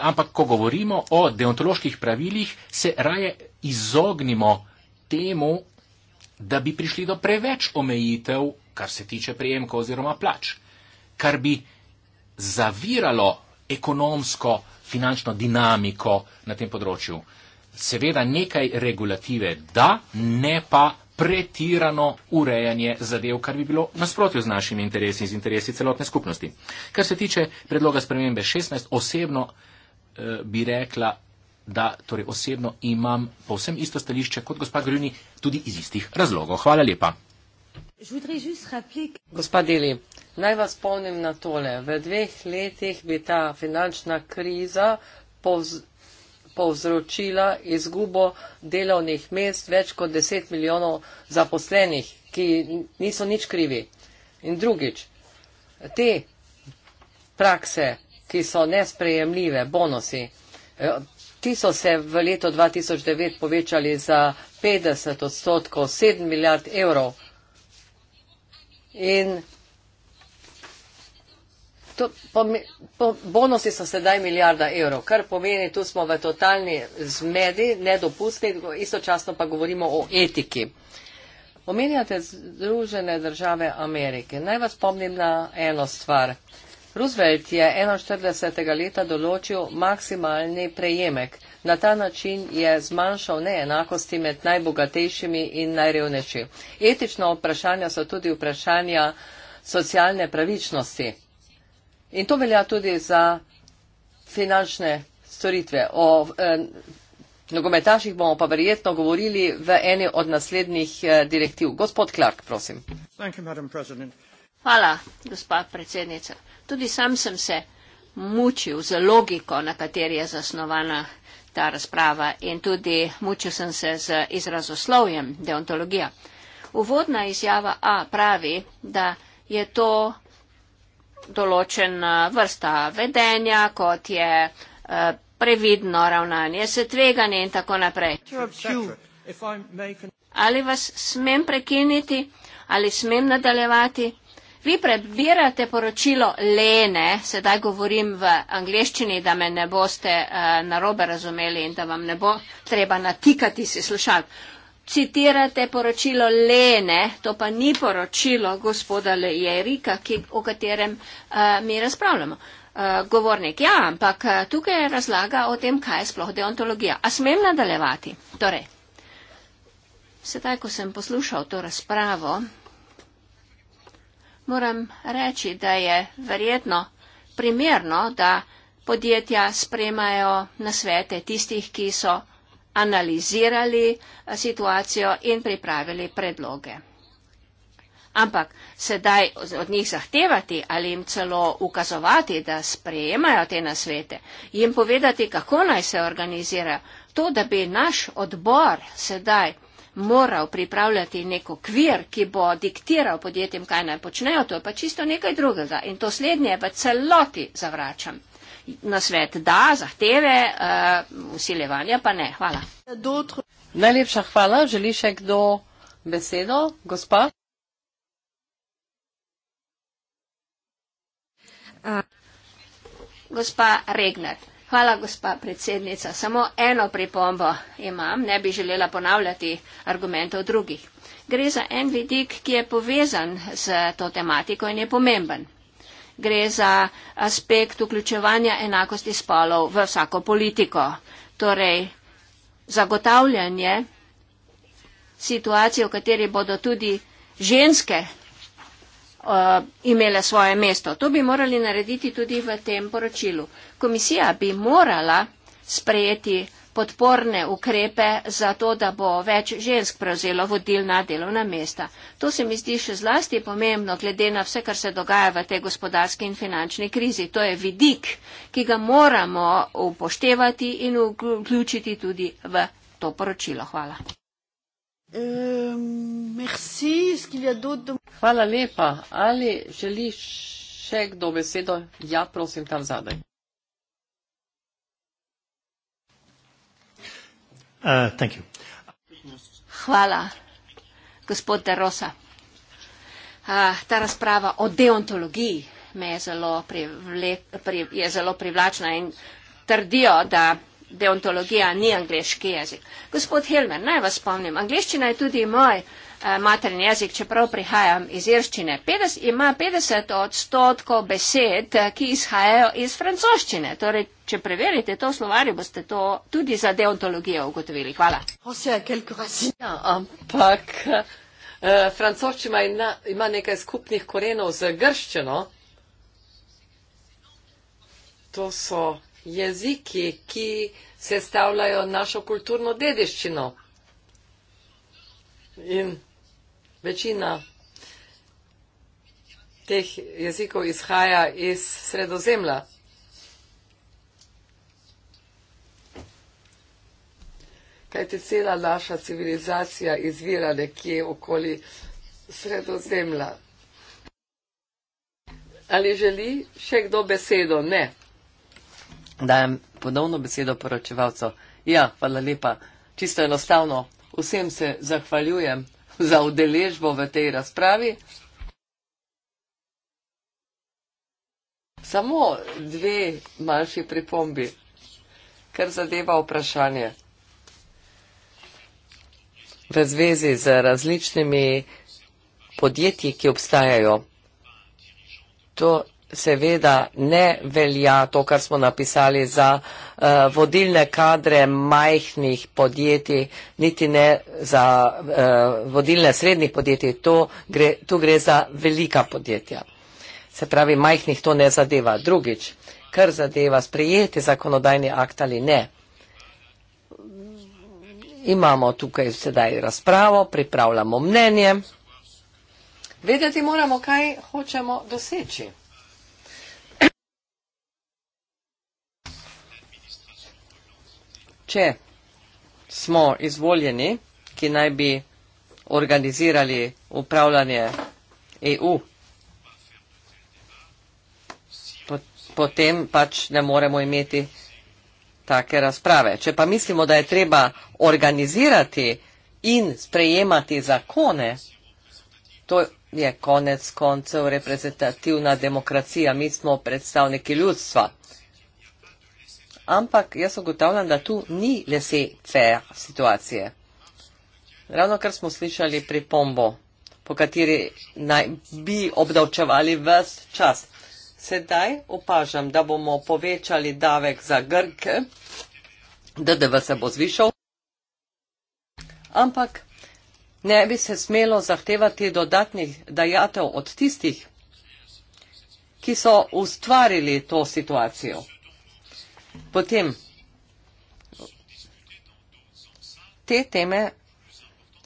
ampak ko govorimo o deontoloških pravilih, se raje izognimo temu, da bi prišli do preveč omejitev, kar se tiče prejemkov oziroma plač, kar bi zaviralo ekonomsko, finančno dinamiko na tem področju. Seveda nekaj regulative, da ne pa pretirano urejanje zadev, kar bi bilo nasprotjo z našimi interesi in z interesi celotne skupnosti. Kar se tiče predloga spremembe 16, osebno eh, bi rekla, da torej osebno imam povsem isto stališče kot gospa Grjuni, tudi iz istih razlogov. Hvala lepa. Gospa Deli, naj vas spomnim na tole. V dveh letih bi ta finančna kriza povz povzročila izgubo delovnih mest več kot 10 milijonov zaposlenih, ki niso nič krivi. In drugič, te prakse, ki so nesprejemljive, bonusi, eh, Ti so se v letu 2009 povečali za 50 odstotkov, 7 milijard evrov. In to, po, po, bonusi so sedaj milijarda evrov, kar pomeni, tu smo v totalni zmedi, nedopustni, istočasno pa govorimo o etiki. Omenjate Združene države Amerike. Naj vas spomnim na eno stvar. Roosevelt je 41. leta določil maksimalni prejemek. Na ta način je zmanjšal neenakosti med najbogatejšimi in najrevnejši. Etično vprašanja so tudi vprašanja socialne pravičnosti. In to velja tudi za finančne storitve. O eh, nogometaših bomo pa verjetno govorili v eni od naslednjih eh, direktiv. Gospod Clark, prosim. Thank you, Hvala, gospa predsednica. Tudi sam sem se mučil z logiko, na kateri je zasnovana ta razprava in tudi mučil sem se z izrazoslovjem deontologija. Uvodna izjava A pravi, da je to določena vrsta vedenja, kot je eh, previdno ravnanje s tveganjem in tako naprej. Ali vas smem prekiniti, ali smem nadaljevati? Vi prebirate poročilo Lene, sedaj govorim v angliščini, da me ne boste uh, narobe razumeli in da vam ne bo treba natikati si slušal. Citirate poročilo Lene, to pa ni poročilo gospoda Lejerika, ki, o katerem uh, mi razpravljamo. Uh, govornik, ja, ampak tukaj je razlaga o tem, kaj je sploh deontologija. A smem nadaljevati? Torej, sedaj, ko sem poslušal to razpravo, moram reči, da je verjetno primerno, da podjetja spremajo na svete tistih, ki so analizirali eh, situacijo in pripravili predloge. Ampak sedaj od njih zahtevati ali jim celo ukazovati, da sprejemajo te nasvete, jim povedati, kako naj se organizirajo, to, da bi naš odbor sedaj moral pripravljati neko kvir, ki bo diktiral podjetjem, kaj naj počnejo, to je pa čisto nekaj drugega. In to slednje v celoti zavračam. Na svet da, zahteve, uh, eh, usilevanja pa ne. Hvala. Najlepša hvala. Želi še kdo besedo? Gospa? Gospa Regner. Hvala, gospa predsednica. Samo eno pripombo imam, ne bi želela ponavljati argumentov drugih. Gre za en vidik, ki je povezan z to tematiko in je pomemben. Gre za aspekt vključevanja enakosti spolov v vsako politiko. Torej, zagotavljanje situacije, v kateri bodo tudi ženske Eh, imele svoje mesto. To bi morali narediti tudi v tem poročilu. Komisija bi morala sprejeti podporne ukrepe za to, da bo več žensk prevzelo vodilna delovna mesta. To se mi zdi še zlasti pomembno, glede na vse, kar se dogaja v tej gospodarski in finančni krizi. To je vidik, ki ga moramo upoštevati in vključiti tudi v to poročilo. Hvala. Euh, merci, est-ce qu'il y a d'autres Hvala lepa. Ali želiš še kdo besedo? Ja, prosim, tam zadaj. Uh, thank you. Hvala, gospod De Rosa. Uh, ta razprava o deontologiji me je zelo, privle, pri, je zelo privlačna in trdijo, da deontologija ni angliški jezik. Gospod Hilmer, naj vas spomnim, angliščina je tudi moj eh, materni jezik, čeprav prihajam iz irščine. 50, ima 50 odstotkov besed, eh, ki izhajajo iz francoščine. Torej, če preverite to slovarje, boste to tudi za deontologijo ugotovili. Hvala. Ja, ampak eh, francoščina ima, ima nekaj skupnih korenov z grščino. To so jeziki, ki sestavljajo našo kulturno dediščino. In večina teh jezikov izhaja iz sredozemlja. Kaj ti cela naša civilizacija izvira nekje okoli sredozemlja? Ali želi še kdo besedo? Ne dajem ponovno besedo poročevalcu. Ja, hvala lepa. Čisto enostavno, vsem se zahvaljujem za udeležbo v tej razpravi. Samo dve manjši pripombi, kar zadeva vprašanje. V zvezi z različnimi podjetji, ki obstajajo, to seveda ne velja to, kar smo napisali za uh, vodilne kadre majhnih podjetij, niti ne za uh, vodilne srednjih podjetij. Tu gre, tu gre za velika podjetja. Se pravi, majhnih to ne zadeva. Drugič, kar zadeva sprejeti zakonodajni akt ali ne. Imamo tukaj sedaj razpravo, pripravljamo mnenje. Vedeti moramo, kaj hočemo doseči. če smo izvoljeni, ki naj bi organizirali upravljanje EU, potem pač ne moremo imeti take razprave. Če pa mislimo, da je treba organizirati in sprejemati zakone, to je konec koncev reprezentativna demokracija. Mi smo predstavniki ljudstva ampak jaz ogotavljam, da tu ni lese fair situacije. Ravno kar smo slišali pripombo, po kateri naj bi obdavčevali ves čas. Sedaj opažam, da bomo povečali davek za Grke, DDV se bo zvišal, ampak ne bi se smelo zahtevati dodatnih dajatev od tistih, ki so ustvarili to situacijo. Potem, te teme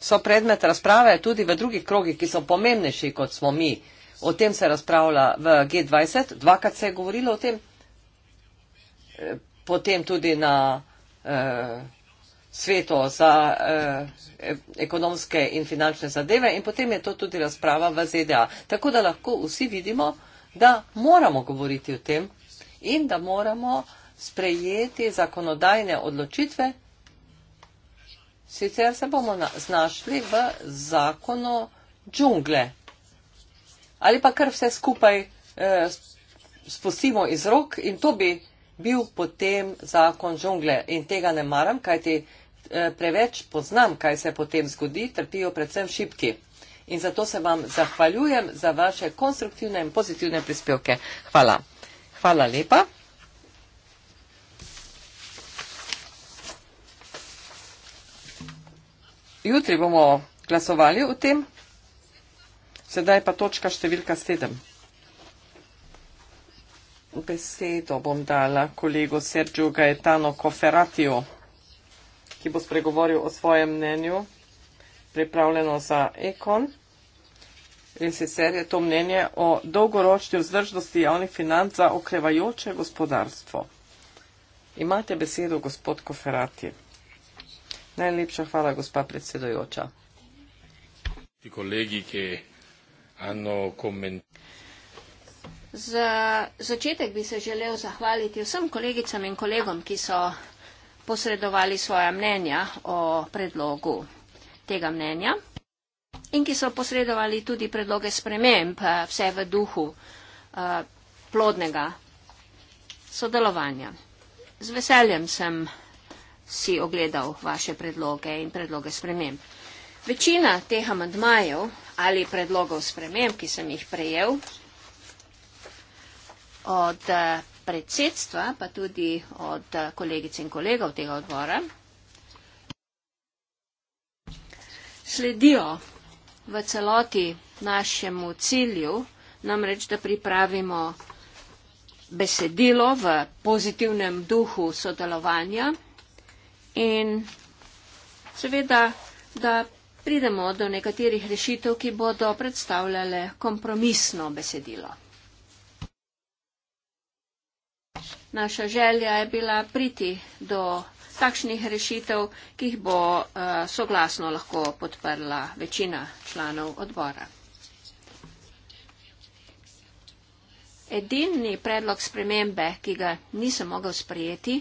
so predmet razprave tudi v drugih krogih, ki so pomembnejši kot smo mi. O tem se razpravlja v G20, dvakrat se je govorilo o tem, eh, potem tudi na eh, svetu za eh, ekonomske in finančne zadeve in potem je to tudi razprava v ZDA. Tako da lahko vsi vidimo, da moramo govoriti o tem in da moramo eh, sprejeti zakonodajne odločitve, sicer se bomo znašli v zakonu džungle. Ali pa kar vse skupaj eh, spustimo iz rok in to bi bil potem zakon džungle. In tega ne maram, kajti eh, preveč poznam, kaj se potem zgodi, trpijo predvsem šipki. In zato se vam zahvaljujem za vaše konstruktivne in pozitivne prispevke. Hvala. Hvala lepa. Jutri bomo glasovali o tem, sedaj pa točka številka sedem. Besedo bom dala kolego Sergio Gaetano Koferatijo, ki bo spregovoril o svojem mnenju, pripravljeno za ekon. In sicer je to mnenje o dolgoročni vzdržnosti javnih financ za okrevajoče gospodarstvo. Imate besedo, gospod Koferatijo. Najlepša hvala, gospa predsedojoča. Za začetek bi se želel zahvaliti vsem kolegicam in kolegom, ki so posredovali svoja mnenja o predlogu tega mnenja in ki so posredovali tudi predloge sprememb, eh, vse v duhu eh, plodnega sodelovanja. Z veseljem sem si ogledal vaše predloge in predloge sprememb. Večina teh amandmajev ali predlogov sprememb, ki sem jih prejel od eh, predsedstva, pa tudi od eh, kolegic in kolegov tega odbora, sledijo v celoti našemu cilju, namreč, da pripravimo besedilo v pozitivnem duhu sodelovanja in seveda, da pridemo do nekaterih rešitev, ki bodo predstavljale kompromisno besedilo. Naša želja je bila priti do takšnih rešitev, ki jih bo eh, soglasno lahko podprla večina članov odbora. Edini predlog spremembe, ki ga nisem mogel sprejeti,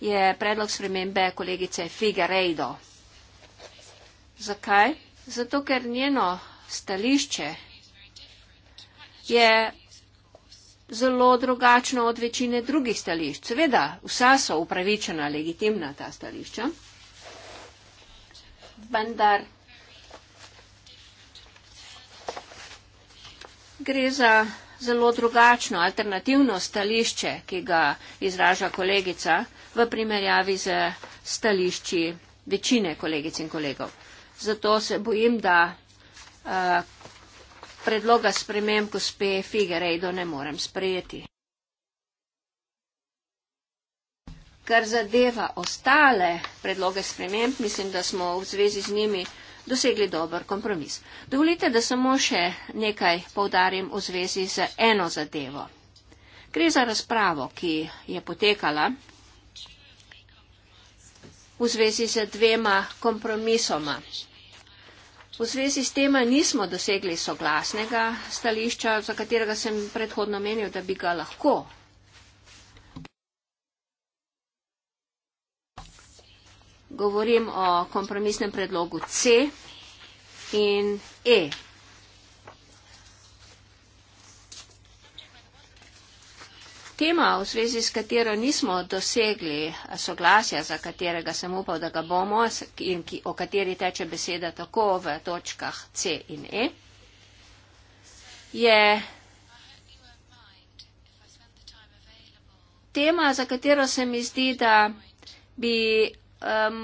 je predlog spremembe kolegice Figueiredo. Zakaj? Zato, ker njeno stališče je zelo drugačno od večine drugih stališč. Seveda, vsa so upravičena, legitimna ta stališča, vendar gre za zelo drugačno alternativno stališče, ki ga izraža kolegica v primerjavi z stališči večine kolegic in kolegov. Zato se bojim, da uh, predloga sprememb, ko spe Figerejdo, ne morem sprejeti. Kar zadeva ostale predloge sprememb, mislim, da smo v zvezi z njimi dosegli dober kompromis. Dovolite, da samo še nekaj povdarim v zvezi z eno zadevo. Gre za razpravo, ki je potekala v zvezi z dvema kompromisoma. V zvezi s tema nismo dosegli soglasnega stališča, za katerega sem predhodno menil, da bi ga lahko govorim o kompromisnem predlogu C in E. Tema, v zvezi s katero nismo dosegli soglasja, za katerega sem upal, da ga bomo, in ki, o kateri teče beseda tako v točkah C in E, je tema, za katero se mi zdi, da bi um,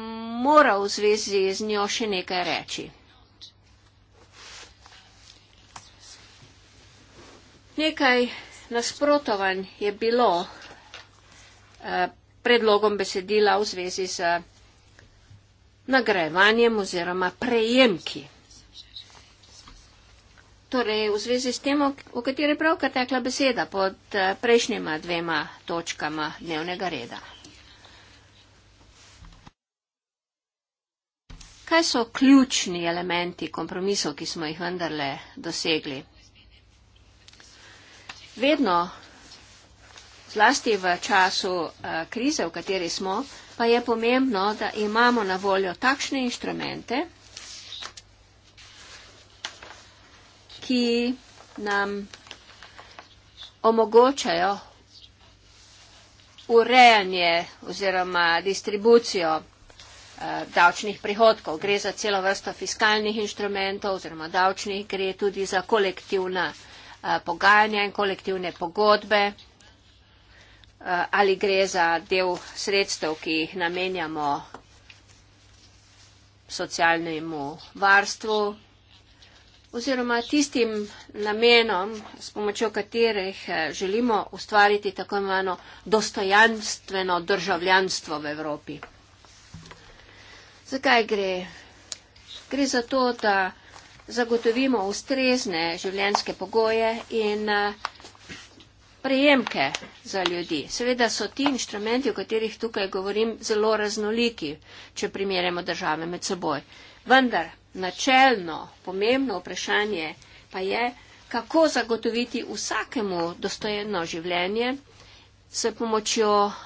moral v zvezi z njo še nekaj reči. Nekaj nasprotovanj je bilo uh, predlogom besedila v zvezi z nagrajevanjem oziroma prejemki. Torej, v zvezi s tem, o kateri pravka tekla beseda pod eh, prejšnjima dvema točkama dnevnega reda. Kaj so ključni elementi kompromisov, ki smo jih vendarle dosegli? Vedno, zlasti v času eh, krize, v kateri smo, pa je pomembno, da imamo na voljo takšne inštrumente, ki nam omogočajo urejanje oziroma distribucijo Eh, davčnih prihodkov. Gre za celo vrsto fiskalnih inštrumentov oziroma davčnih, gre tudi za kolektivna eh, pogajanja in kolektivne pogodbe eh, ali gre za del sredstev, ki jih namenjamo socialnemu varstvu oziroma tistim namenom, s pomočjo katerih želimo ustvariti tako imeno dostojanstveno državljanstvo v Evropi. Zakaj gre? Gre za to, da zagotovimo ustrezne življenske pogoje in eh, prejemke za ljudi. Seveda so ti inštrumenti, o katerih tukaj govorim, zelo raznoliki, če primerjamo države med seboj. Vendar načelno pomembno vprašanje pa je, kako zagotoviti vsakemu dostojno življenje s pomočjo uh,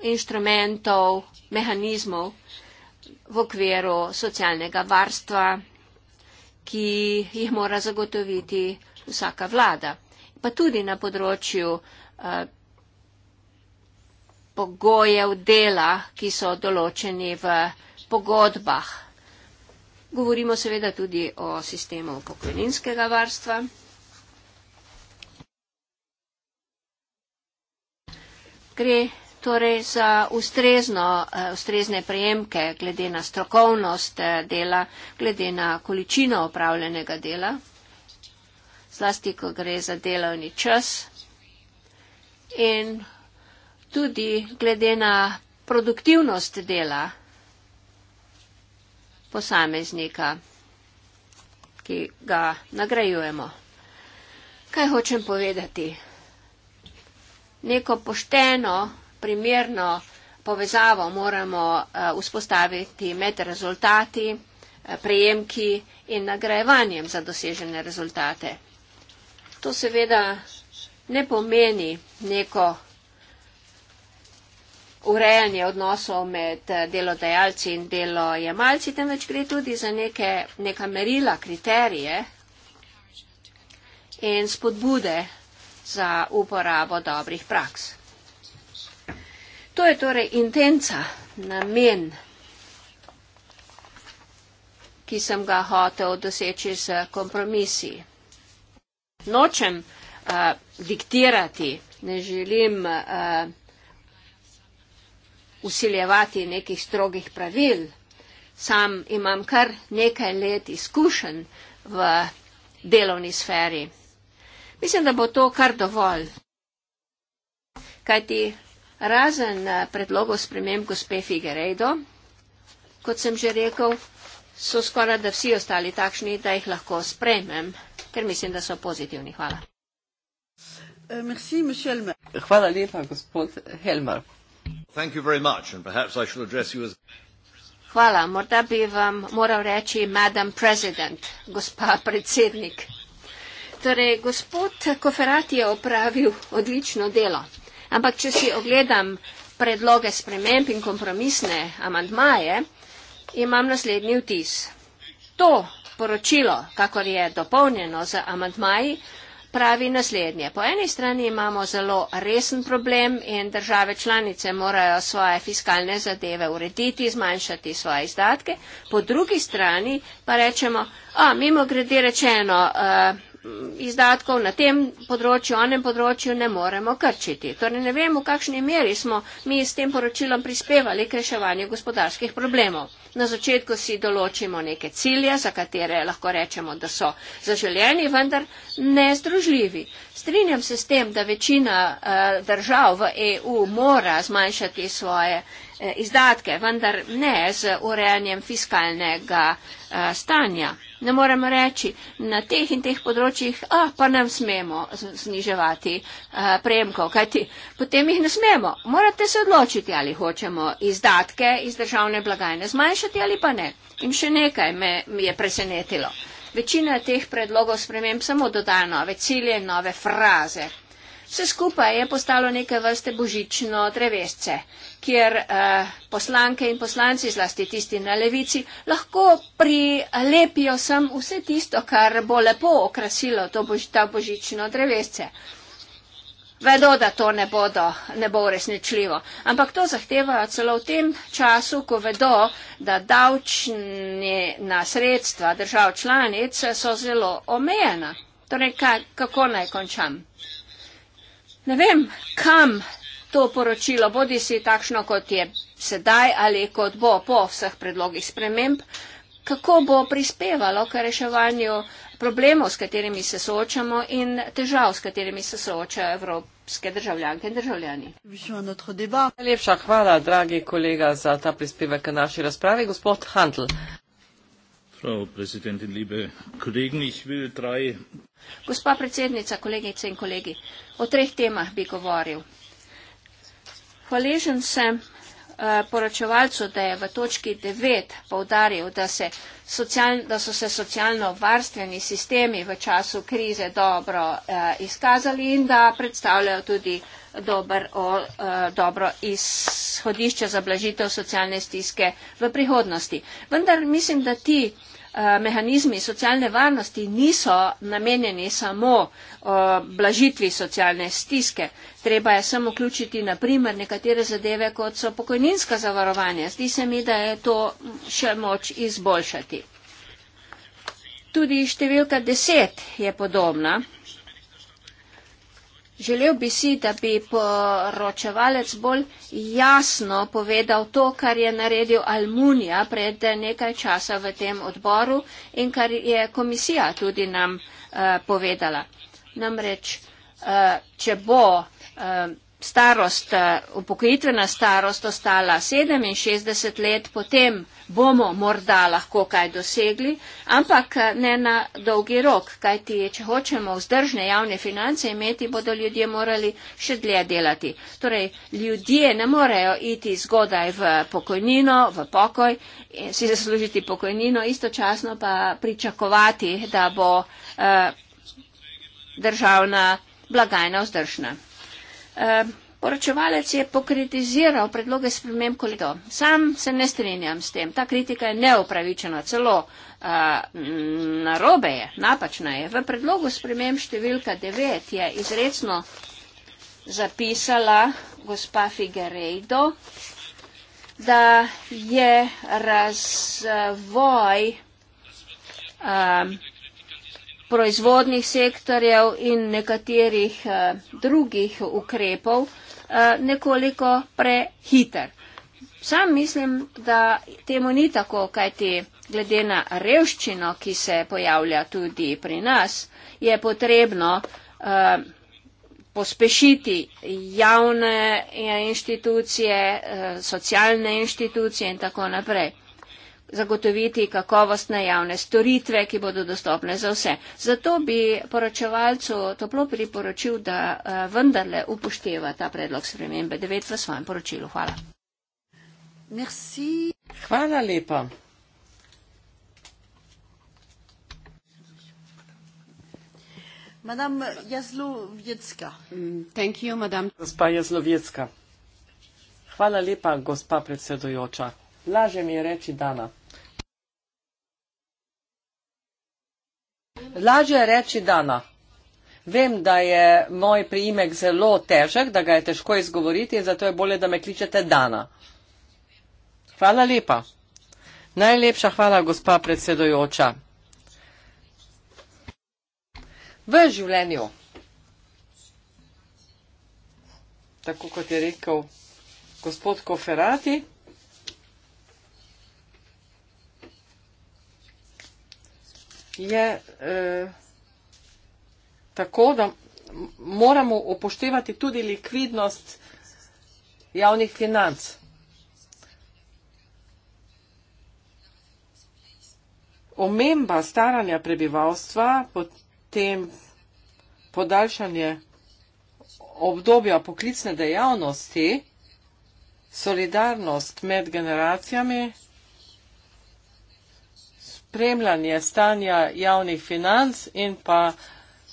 inštrumentov, mehanizmov v okviru socialnega varstva, ki jih mora zagotoviti vsaka vlada. Pa tudi na področju eh, pogojev dela, ki so določeni v pogodbah. Govorimo seveda tudi o sistemu pokojninskega varstva. Gre torej za ustrezno, eh, ustrezne prejemke, glede na strokovnost eh, dela, glede na količino opravljenega dela, zlasti, ko gre za delovni čas in tudi glede na produktivnost dela posameznika, ki ga nagrajujemo. Kaj hočem povedati? Neko pošteno primerno povezavo moramo eh, vzpostaviti med rezultati, eh, prejemki in nagrajevanjem za dosežene rezultate. To seveda ne pomeni neko urejanje odnosov med eh, delodajalci in delojemalci, temveč gre tudi za neke, neka merila, kriterije in spodbude za uporabo dobrih praks. To je torej intenca, namen, ki sem ga hotel doseči z kompromisi. Nočem uh, diktirati, ne želim uh, usiljevati nekih strogih pravil. Sam imam kar nekaj let izkušenj v delovni sferi. Mislim, da bo to kar dovolj. Kajti razen eh, predlogov sprememb gospe Figueiredo, kot sem že rekel, so skoraj da vsi ostali takšni, da jih lahko sprejmem, ker mislim, da so pozitivni. Hvala. Eh, Hvala lepa, gospod Helmar. As... Hvala, morda bi vam moral reči, madam president, gospa predsednik. Torej, gospod Koferati je opravil odlično delo. Ampak, če si ogledam predloge sprememb in kompromisne amantmaje, imam naslednji vtis. To poročilo, kakor je dopolnjeno z amantmaji, pravi naslednje. Po eni strani imamo zelo resen problem in države članice morajo svoje fiskalne zadeve urediti, zmanjšati svoje izdatke. Po drugi strani pa rečemo, a mimo grede rečeno, uh, izdatkov na tem področju, onem področju ne moremo krčiti. Torej ne vem, v kakšni meri smo mi s tem poročilom prispevali k reševanju gospodarskih problemov. Na začetku si določimo neke cilje, za katere lahko rečemo, da so zaželjeni, vendar nezdružljivi. Strinjam se s tem, da večina uh, držav v EU mora zmanjšati svoje uh, izdatke, vendar ne z urejanjem fiskalnega uh, stanja. Ne moremo reči na teh in teh področjih, ah, pa nam smemo zniževati uh, prejemkov, kajti potem jih ne smemo. Morate se odločiti, ali hočemo izdatke iz državne blagajne zmanjšati ali pa ne. In še nekaj me je presenetilo. Uh, Večina teh predlogov sprememb samo dodaja nove cilje in nove fraze. Vse skupaj je postalo neke vrste božično drevesce, kjer eh, poslanke in poslanci, zlasti tisti na levici, lahko prilepijo sem vse tisto, kar bo lepo okrasilo to božično drevesce vedo, da to ne, bodo, ne bo uresničljivo. Ampak to zahtevajo celo v tem času, ko vedo, da davčni na sredstva držav članic so zelo omejena. Torej, kaj, kako naj končam? Ne vem, kam to poročilo, bodi si takšno, kot je sedaj ali kot bo po vseh predlogih sprememb, kako bo prispevalo k reševanju problemov, s katerimi se soočamo in težav, s katerimi se soočajo evropske državljanke in državljani. Najlepša hvala, dragi kolega, za ta prispevek na naši razpravi. Gospod Hantl. Gospa predsednica, kolegice in kolegi, o treh temah bi govoril. Hvaležen sem Eh, poročevalcu, da je v točki 9 povdaril, da, se socialn, da so se socialno-varstveni sistemi v času krize dobro eh, izkazali in da predstavljajo tudi dober, o, eh, dobro izhodišče za blažitev socialne stiske v prihodnosti. Vendar mislim, da ti Eh, mehanizmi socialne varnosti niso namenjeni samo eh, blažitvi socialne stiske. Treba je samo vključiti naprimer nekatere zadeve, kot so pokojninska zavarovanja. Zdi se mi, da je to še moč izboljšati. Tudi številka deset je podobna. Želel bi si, da bi poročevalec bolj jasno povedal to, kar je naredil Almunija pred nekaj časa v tem odboru in kar je komisija tudi nam uh, povedala. Namreč, uh, če bo uh, starost, eh, upokojitvena starost ostala 67 let, potem bomo morda lahko kaj dosegli, ampak eh, ne na dolgi rok, kajti če hočemo vzdržne javne finance imeti, bodo ljudje morali še dlje delati. Torej, ljudje ne morejo iti zgodaj v pokojnino, v pokoj, eh, si zaslužiti pokojnino, istočasno pa pričakovati, da bo eh, državna blagajna vzdržna. Eh, poročevalec je pokritiziral predloge sprememb kolito. Sam se ne strinjam s tem. Ta kritika je neopravičena, celo uh, narobe je, napačna je. V predlogu sprememb številka 9 je izredno zapisala gospa Figueiredo, da je razvoj um, proizvodnih sektorjev in nekaterih uh, drugih ukrepov uh, nekoliko prehiter. Sam mislim, da temu ni tako, kajti glede na revščino, ki se pojavlja tudi pri nas, je potrebno uh, pospešiti javne inštitucije, uh, socialne inštitucije in tako naprej zagotoviti kakovostne javne storitve, ki bodo dostopne za vse. Zato bi poročevalcu toplo priporočil, da eh, vendarle upošteva ta predlog spremembe 9 v svojem poročilu. Hvala. Merci. Hvala lepa. Madam Jazlovjetska. Mm, thank you, madam. Gospa Jazlovjetska. Hvala lepa, gospa predsedujoča. Laže mi je reči dana. lažje je reči dana. No. Vem, da je moj priimek zelo težek, da ga je težko izgovoriti in zato je bolje, da me kličete dana. Hvala lepa. Najlepša hvala, gospa predsedojoča. V življenju, tako kot je rekel gospod Koferati, je eh, tako, da moramo upoštevati tudi likvidnost javnih financ. Omemba staranja prebivalstva, potem podaljšanje obdobja poklicne dejavnosti, solidarnost med generacijami, spremljanje stanja javnih financ in pa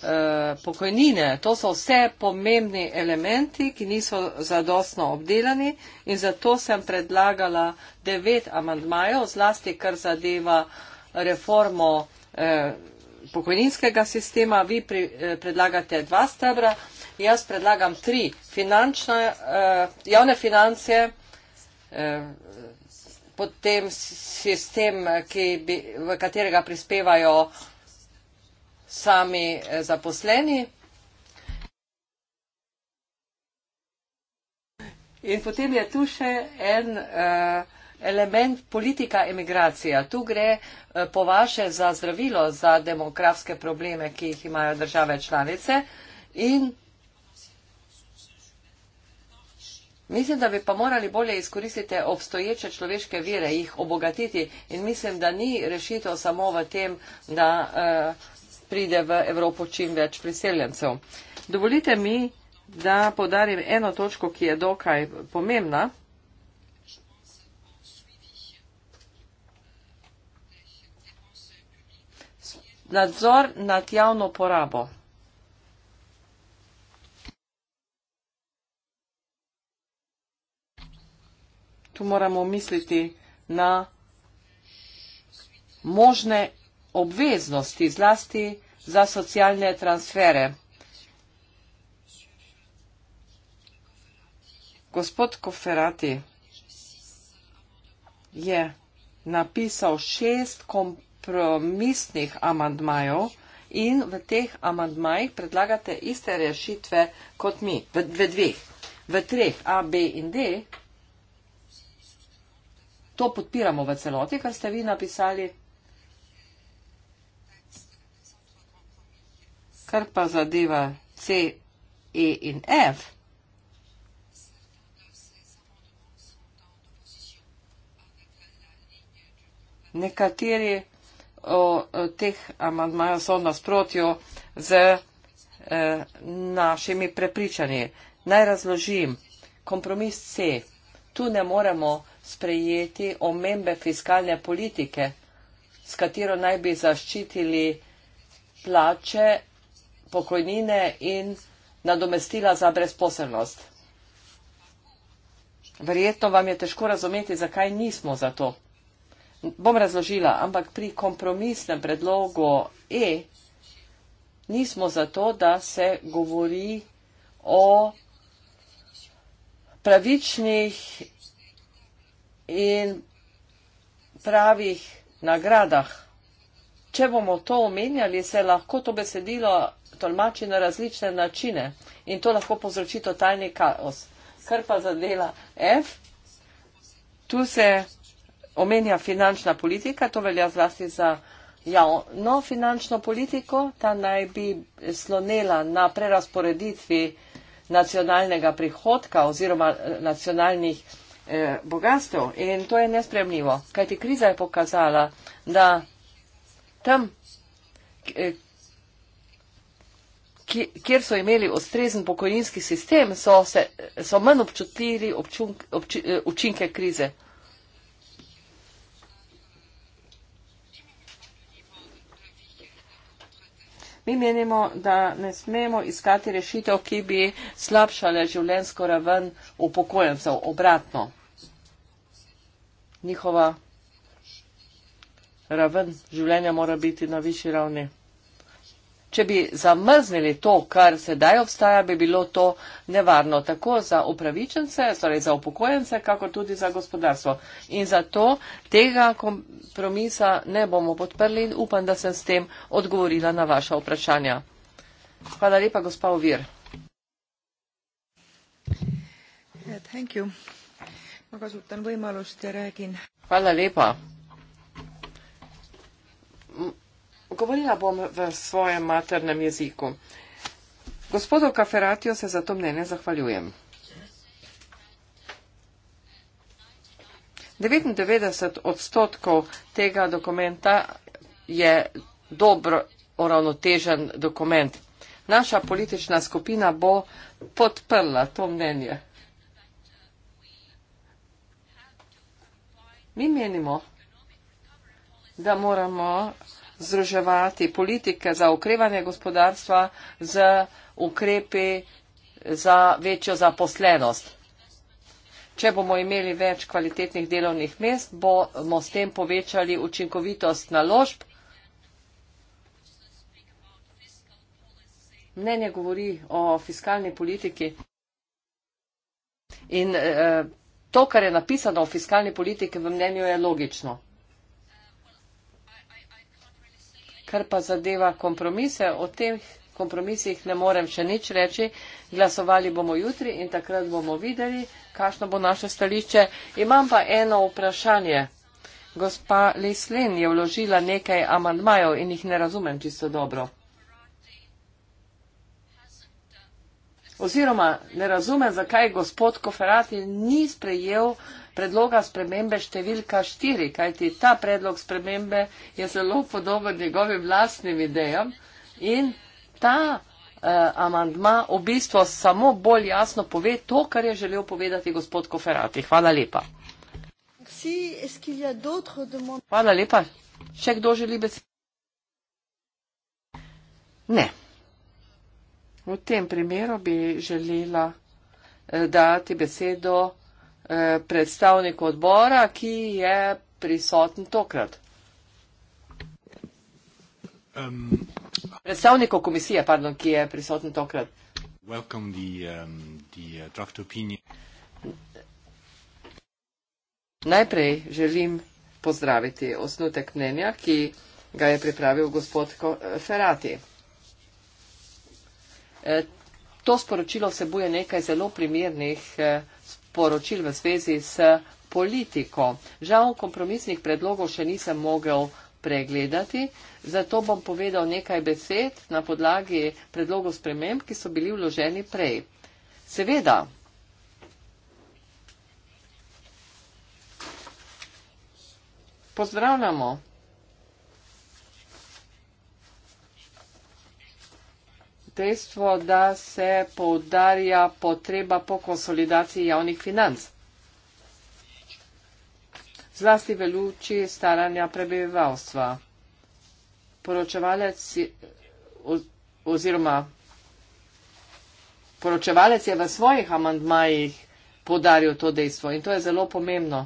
eh, pokojnine. To so vse pomembni elementi, ki niso zadostno obdelani in zato sem predlagala devet amandmajev, zlasti kar zadeva reformo eh, pokojninskega sistema. Vi pri, eh, predlagate dva stebra, jaz predlagam tri. Finančne, eh, javne finance, eh, potem sistem, bi, v katerega prispevajo sami eh, zaposleni. In potem je tu še en uh, element politika emigracija. Tu gre uh, po vaše za zdravilo za demografske probleme, ki jih imajo države članice. In Mislim, da bi pa morali bolje izkoristiti obstoječe človeške vire, jih obogatiti in mislim, da ni rešitev samo v tem, da uh, pride v Evropo čim več priseljencev. Dovolite mi, da podarim eno točko, ki je dokaj pomembna. Nadzor nad javno porabo. tu moramo misliti na možne obveznosti, zlasti za socialne transfere. Gospod Koferati je napisal šest kompromisnih amandmajev in v teh amandmajih predlagate iste rešitve kot mi, v, v dveh, v treh A, B in D to podpiramo v celoti, kar ste vi napisali. Kar pa zadeva C, E in F, nekateri od teh amandmajev so nasprotjo z e, našimi prepričanji. Naj razložim. Kompromis C. Tu ne moremo sprejeti omembe fiskalne politike, s katero naj bi zaščitili plače, pokojnine in nadomestila za brezposelnost. Verjetno vam je težko razumeti, zakaj nismo za to. Bom razložila, ampak pri kompromisnem predlogu E nismo za to, da se govori o pravičnih in pravih nagradah. Če bomo to omenjali, se lahko to besedilo tolmači na različne načine in to lahko povzroči totalni kaos. Kar pa zadela F, tu se omenja finančna politika, to velja zlasti za javno finančno politiko, ta naj bi slonela na prerasporeditvi nacionalnega prihodka oziroma eh, nacionalnih eh, bogatstv. In to je nespremljivo, kajti kriza je pokazala, da tam, eh, kjer so imeli ustrezen pokojninski sistem, so, se, so manj občutili občunk, obči, eh, učinke krize. Mi menimo, da ne smemo iskati rešitev, ki bi slabšale življensko raven upokojencev. Obratno, njihova raven življenja mora biti na višji ravni. Če bi zamrznili to, kar sedaj obstaja, bi bilo to nevarno tako za upravičence, torej za upokojence, kakor tudi za gospodarstvo. In zato tega kompromisa ne bomo podprli in upam, da sem s tem odgovorila na vaše vprašanja. Hvala lepa, gospa Ovir. Ja, Hvala lepa. Govorila bom v svojem maternem jeziku. Gospodu Kaferatiju se za to mnenje zahvaljujem. 99 odstotkov tega dokumenta je dobro uravnotežen dokument. Naša politična skupina bo podprla to mnenje. Mi menimo, da moramo združevati politike za okrevanje gospodarstva z ukrepi za večjo zaposlenost. Če bomo imeli več kvalitetnih delovnih mest, bomo s tem povečali učinkovitost naložb. Mnenje govori o fiskalni politiki. In eh, to, kar je napisano o fiskalni politiki v mnenju, je logično. Kar pa zadeva kompromise, o teh kompromisih ne morem še nič reči. Glasovali bomo jutri in takrat bomo videli, kakšno bo naše stališče. Imam pa eno vprašanje. Gospa Leslin je vložila nekaj amandmajev in jih ne razumem čisto dobro. Oziroma, ne razumem, zakaj gospod Koferati ni sprejel uh, predloga spremembe številka štiri, kajti ta predlog spremembe je zelo podoben njegovim vlastnim idejam in ta eh, amandma v bistvu samo bolj jasno pove to, kar je želel povedati gospod Koferati. Hvala lepa. Hvala lepa. Še kdo želi besedo? Ne. V tem primeru bi želela eh, dati besedo. Eh, predstavnik odbora, ki je prisoten tokrat. Um, predstavnik komisije, pardon, ki je prisoten tokrat. The, um, the uh, Najprej želim pozdraviti osnutek mnenja, ki ga je pripravil gospod Ferati. Eh, to sporočilo vsebuje nekaj zelo primernih eh, poročil v zvezi s politiko. Žal kompromisnih predlogov še nisem mogel pregledati, zato bom povedal nekaj besed na podlagi predlogov sprememb, ki so bili vloženi prej. Seveda. Pozdravljamo dejstvo, da se poudarja potreba po konsolidaciji javnih financ. Zlasti v luči staranja prebivalstva. Poročevalec oziroma poročevalec je v svojih amandmajih podaril to dejstvo in to je zelo pomembno.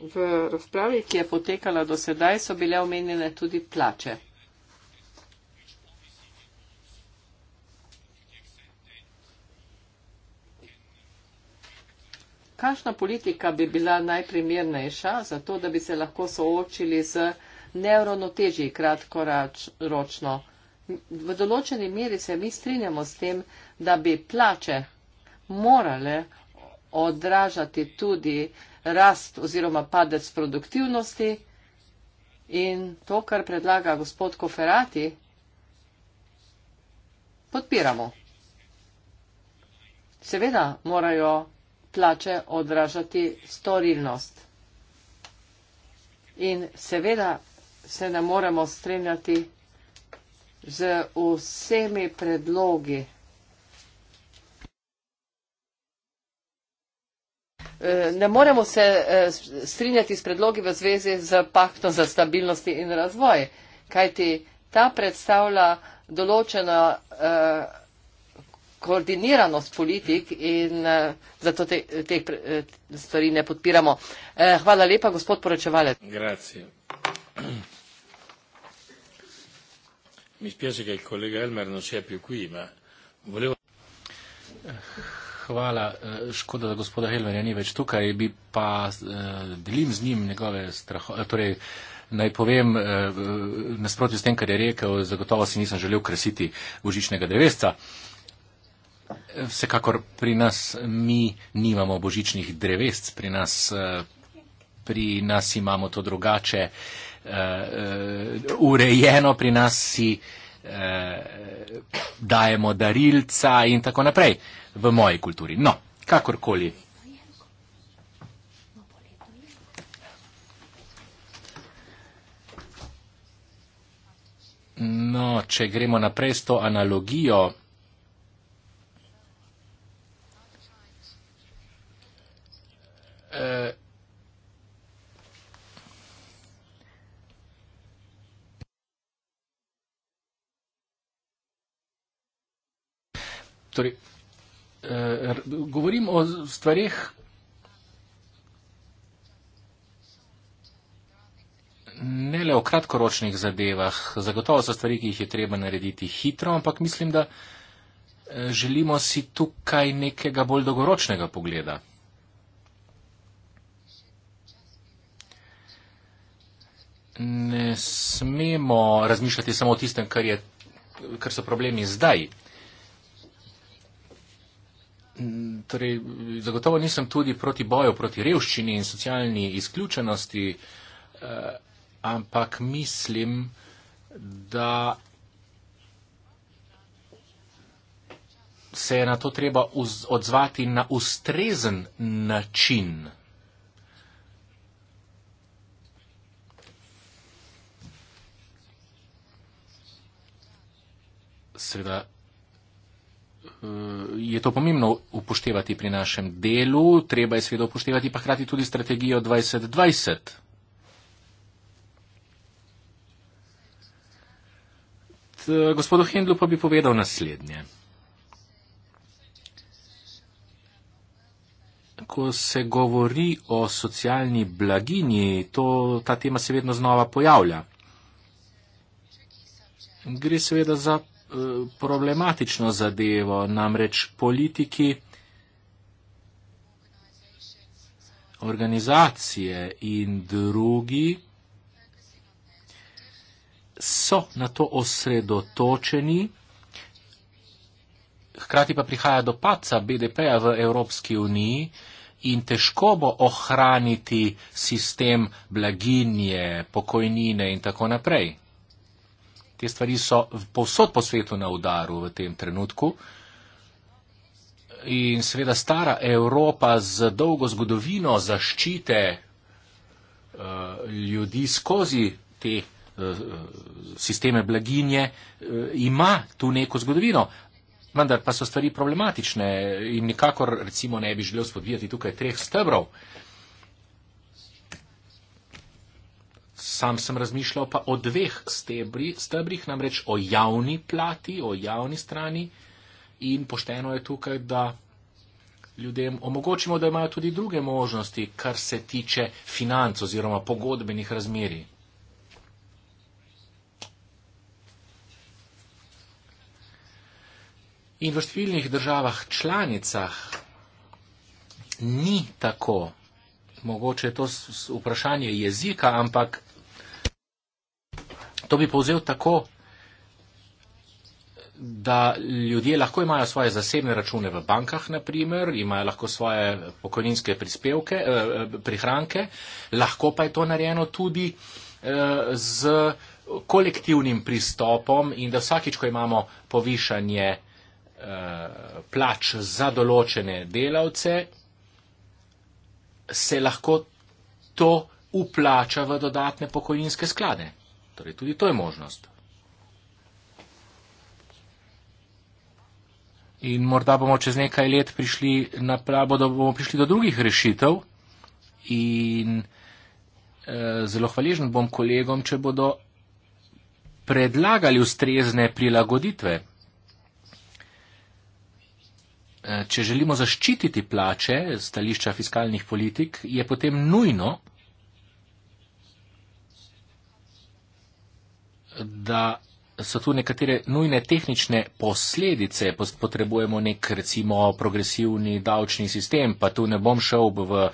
V razpravi, ki je potekala do sedaj, so bile omenjene tudi plače. Kakšna politika bi bila najprimernejša za to, da bi se lahko soočili z neuronotežji kratkoročno? V določeni meri se mi strinjamo s tem, da bi plače morale odražati tudi uh, rast oziroma padec produktivnosti. In to, kar predlaga gospod Koferati, podpiramo. Seveda morajo plače odražati storilnost. In seveda se ne moremo strinjati z vsemi predlogi Eh, ne moremo se eh, strinjati s predlogi v zvezi z paktom za stabilnost in razvoj, kajti ta predstavlja določeno eh, koordiniranost politik in zato te, te stvari ne podpiramo. Hvala lepa, gospod poročevalec. Grazie. Mi spiace che il collega Elmer non sia più qui, ma volevo hvala. Eh, škoda, da gospoda Helverja ni več tukaj, bi pa eh, delim z njim njegove strahove. Eh, torej, naj povem, nasproti s tem, kar je rekel, zagotovo si nisem želel kresiti božičnega drevesca. Vsekakor pri nas mi nimamo božičnih drevesc, pri nas, pri nas imamo to drugače urejeno, pri nas si eh, dajemo darilca in tako naprej v moji kulturi. No, kakorkoli. No, če gremo naprej s to analogijo, eh, Torej, eh, govorim o stvarih, ne le o kratkoročnih zadevah. Zagotovo so stvari, ki jih je treba narediti hitro, ampak mislim, da eh, želimo si tukaj nekega bolj dolgoročnega pogleda. Ne smemo razmišljati samo o tistem, kar, je, kar so problemi zdaj. Mm, torej, zagotovo nisem tudi proti boju proti revščini in socialni izključenosti, eh, ampak mislim, da se je na to treba odzvati na ustrezen način. Seveda. Eh, je to pomembno upoštevati pri našem delu, treba je seveda upoštevati pa hkrati tudi strategijo 2020. T, gospodu Hendlu pa bi povedal naslednje. Ko se govori o socialni blaginji, to, ta tema se vedno znova pojavlja. Gre seveda za problematično zadevo, namreč politiki, organizacije in drugi so na to osredotočeni, hkrati pa prihaja do paca BDP-ja v Evropski uniji in težko bo ohraniti sistem blaginje, pokojnine in tako naprej. Te stvari so povsod po svetu na udaru v tem trenutku. In seveda stara Evropa z dolgo zgodovino zaščite uh, ljudi skozi te uh, sisteme blaginje uh, ima tu neko zgodovino. Vendar pa so stvari problematične in nikakor recimo ne bi želel spodbijati tukaj treh stebrov. Uh, sam sem razmišljal pa o dveh stebri, stebrih, namreč o javni plati, o javni strani in pošteno je tukaj, da ljudem omogočimo, da imajo tudi druge možnosti, kar se tiče financ oziroma pogodbenih razmeri. In v številnih državah članicah ni tako, mogoče je to vprašanje jezika, ampak To bi povzel tako, da ljudje lahko imajo svoje zasebne račune v bankah, naprimer, imajo lahko svoje pokojninske prispevke, eh, eh, prihranke, lahko pa je to narejeno tudi eh, z kolektivnim pristopom in da vsakič, ko imamo povišanje plač za določene delavce, se lahko to uplača v dodatne pokojninske sklade. Torej, tudi to je možnost. In morda bomo čez nekaj let prišli na pravo, da bomo prišli do drugih rešitev. In e, zelo hvaležen bom kolegom, če bodo predlagali ustrezne prilagoditve. E, če želimo zaščititi plače stališča fiskalnih politik, je potem nujno, da so tu nekatere nujne tehnične posledice, potrebujemo nek recimo progresivni davčni sistem, pa tu ne bom šel v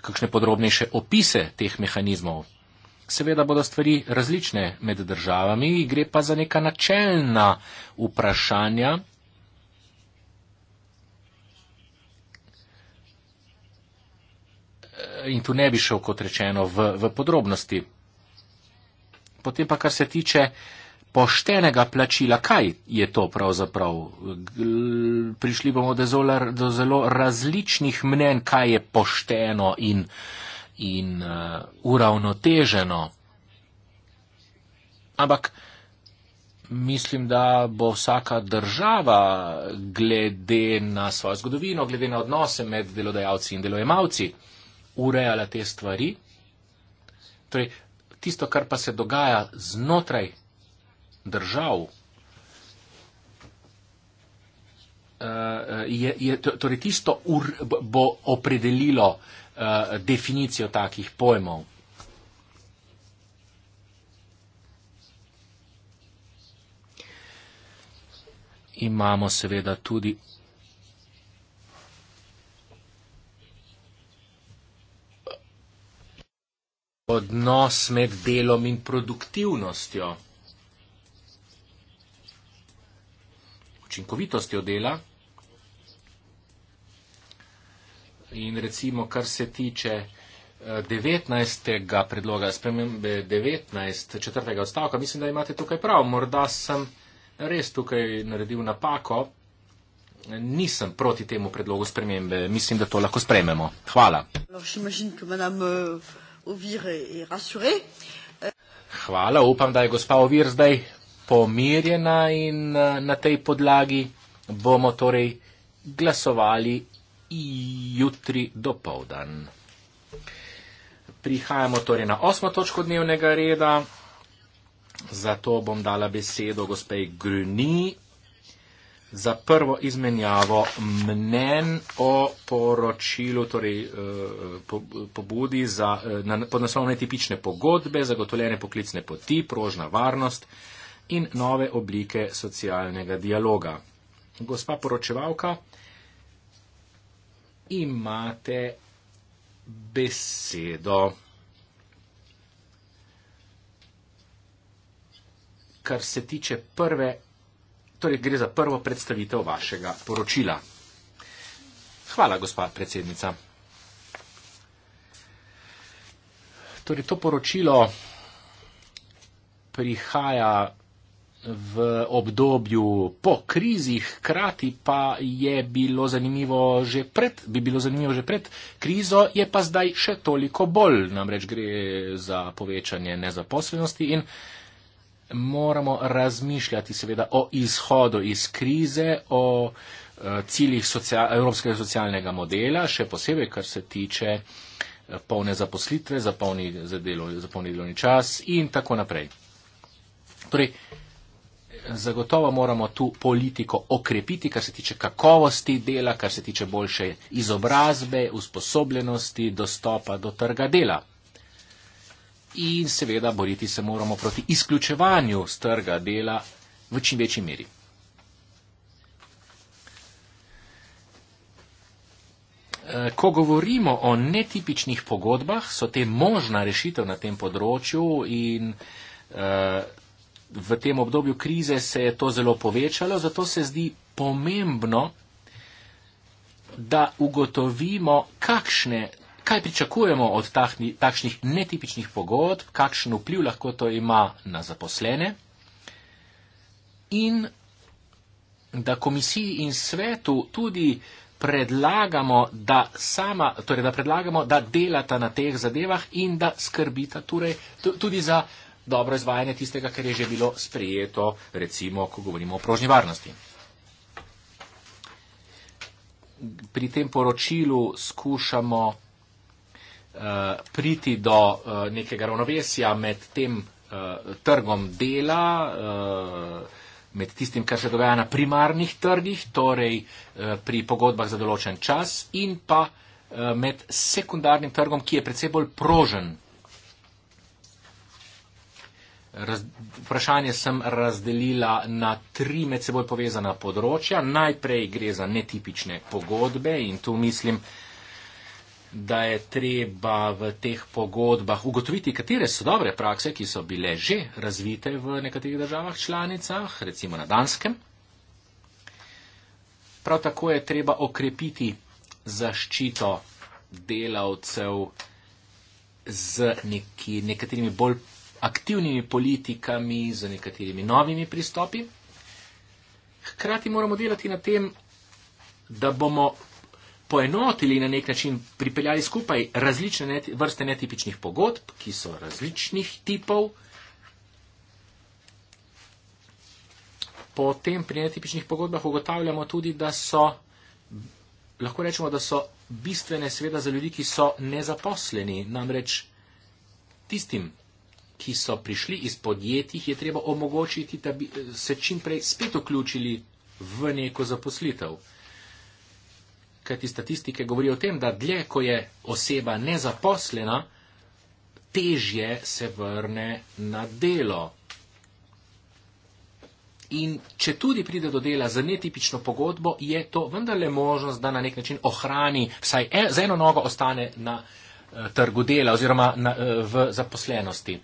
kakšne podrobnejše opise teh mehanizmov. Seveda bodo stvari različne med državami, gre pa za neka načeljna vprašanja. In tu ne bi šel, kot rečeno, v, v podrobnosti potem pa kar se tiče poštenega plačila, kaj je to pravzaprav? Prišli bomo do zelo, do zelo različnih mnen, kaj je pošteno in, in uh, uravnoteženo. Ampak mislim, da bo vsaka država glede na svojo zgodovino, glede na odnose med delodajalci in delojemalci urejala te stvari. Torej, tisto, kar pa se dogaja znotraj držav. Eh, eh, je, je, torej tisto ur, bo opredelilo uh, definicijo takih pojmov. Imamo seveda tudi odnos med delom in produktivnostjo, učinkovitostjo dela. In recimo, kar se tiče 19. Eh, predloga, spremembe 19. četrtega odstavka, mislim, da imate tukaj prav. Morda sem res tukaj naredil napako. Nisem proti temu predlogu spremembe. Mislim, da to lahko sprememo. Hvala. No, Ovire et rassuré. Hvala, upam, da je gospa Ovir zdaj pomirjena in eh, na tej podlagi bomo torej glasovali jutri do povdan. Prihajamo torej na osmo točko dnevnega reda, zato bom dala besedo gospej Gruni, za prvo izmenjavo mnen o poročilu, torej eh, pobudi po za eh, podnaslovne tipične pogodbe, zagotovljene poklicne poti, prožna varnost in nove oblike socialnega dialoga. Gospa poročevalka, imate besedo. Kar se tiče prve Torej gre za prvo predstavitev vašega poročila. Hvala, gospa predsednica. Torej, to poročilo prihaja v obdobju po krizi, hkrati pa je bilo zanimivo že pred, bi bilo zanimivo že pred krizo, je pa zdaj še toliko bolj. Namreč gre za povečanje nezaposlenosti in moramo razmišljati seveda o izhodu iz krize, o eh, ciljih socia evropskega socialnega modela, še posebej, kar se tiče eh, polne zaposlitve, za polni, za delo, za polni delovni čas in tako naprej. Torej, zagotovo moramo tu politiko okrepiti, kar se tiče kakovosti dela, kar se tiče boljše izobrazbe, usposobljenosti, dostopa do trga dela in seveda boriti se moramo proti izključevanju z trga dela v čim večji meri. E, ko govorimo o netipičnih pogodbah, so te možna rešitev na tem področju in e, v tem obdobju krize se je to zelo povečalo, zato se zdi pomembno, da ugotovimo, kakšne kaj pričakujemo od tahni, takšnih netipičnih pogodb, kakšen vpliv lahko to ima na zaposlene in da komisiji in svetu tudi predlagamo, da, sama, torej, da, predlagamo, da delata na teh zadevah in da skrbita torej, tudi za dobro izvajanje tistega, kar je že bilo sprejeto, recimo, ko govorimo o prožni varnosti. Pri tem poročilu skušamo Eh, priti do eh, nekega ravnovesja med tem eh, trgom dela, med tistim, kar se dogaja na primarnih trgih, torej pri pogodbah za določen čas in pa med sekundarnim trgom, ki je predvsej bolj prožen. Raz, vprašanje sem razdelila na tri med seboj povezana področja. Najprej gre za netipične pogodbe in tu mislim, uh, da je treba v teh pogodbah ugotoviti, katere so dobre prakse, ki so bile že razvite v nekaterih državah članicah, recimo na Danskem. Prav tako je treba okrepiti zaščito delavcev z neki, nekaterimi bolj aktivnimi politikami, z nekaterimi novimi pristopi. Hkrati moramo delati na tem, da bomo poenotili na nek način, pripeljali skupaj različne neti, vrste netipičnih pogodb, ki so različnih tipov. Potem pri netipičnih pogodbah ugotavljamo tudi, da so, lahko rečemo, da so bistvene sveda za ljudi, ki so nezaposleni. Namreč tistim, ki so prišli iz podjetij, je treba omogočiti, da bi eh, se čimprej spet vključili v neko zaposlitev kajti statistike govorijo o tem, da dlje, ko je oseba nezaposlena, težje se vrne na delo. In če tudi pride do dela za netipično pogodbo, je to vendarle možnost, da na nek način ohrani, vsaj en, za eno nogo ostane na uh, trgu dela oziroma na, uh, v zaposlenosti.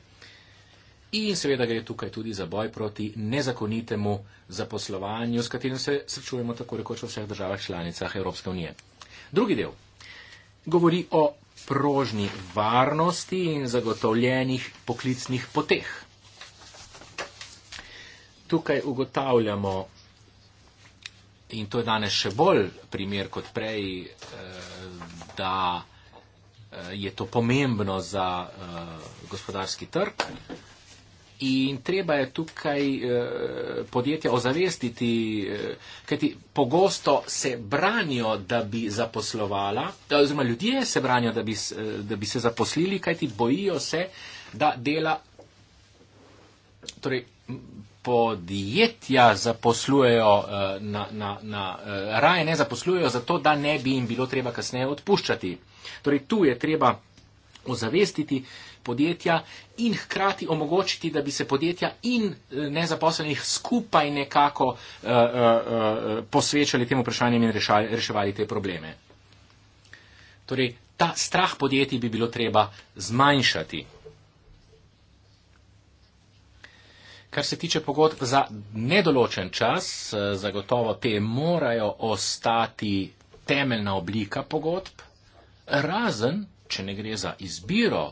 In seveda gre tukaj tudi za boj proti nezakonitemu zaposlovanju, s katerim se srečujemo tako rekoč v vseh državah članicah Evropske unije. Drugi del govori o prožni varnosti in zagotovljenih poklicnih poteh. Tukaj ugotavljamo, in to je danes še bolj primer kot prej, eh, da eh, je to pomembno za eh, gospodarski trg, In treba je tukaj eh, podjetja ozavestiti, eh, kajti pogosto se branijo, da bi zaposlovala, oziroma ljudje se branijo, da bi, eh, da bi se zaposlili, kajti bojijo se, da dela. Torej, podjetja zaposlujejo na, na, na raje, ne zaposlujejo zato, da ne bi jim bilo treba kasneje odpuščati. Torej, tu je treba ozavestiti, podjetja in hkrati omogočiti, da bi se podjetja in eh, nezaposlenih skupaj nekako uh, uh, uh, posvečali tem vprašanjem in rešali, reševali te probleme. Torej, ta strah podjetij bi bilo treba zmanjšati. Kar se tiče pogodb za nedoločen čas, zagotovo te morajo ostati temeljna oblika pogodb, razen, če ne gre za izbiro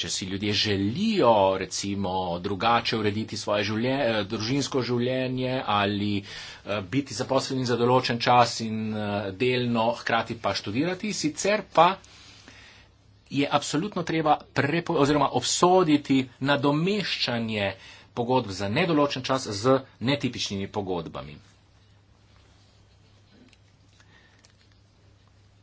če si ljudje želijo recimo drugače urediti svoje življenje, eh, družinsko življenje ali eh, biti zaposleni za določen čas in eh, delno hkrati pa študirati, sicer pa je absolutno treba prepo, oziroma obsoditi nadomeščanje pogodb za nedoločen čas z netipičnimi pogodbami.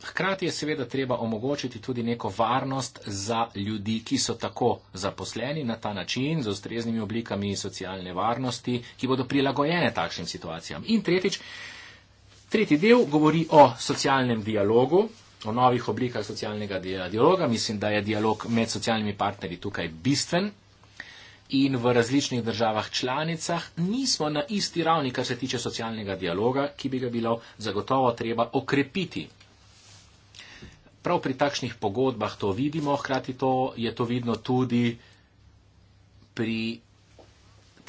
Hkrati je seveda treba omogočiti tudi neko varnost za ljudi, ki so tako zaposleni na ta način, z ustreznimi oblikami socialne varnosti, ki bodo prilagojene takšnim situacijam. In tretjič, tretji del govori o socialnem dialogu, o novih oblikah socialnega dialoga. Mislim, da je dialog med socialnimi partnerji tukaj bistven. In v različnih državah članicah nismo na isti ravni, kar se tiče socialnega dialoga, ki bi ga bilo zagotovo treba okrepiti prav pri takšnih pogodbah to vidimo, hkrati to je to vidno tudi pri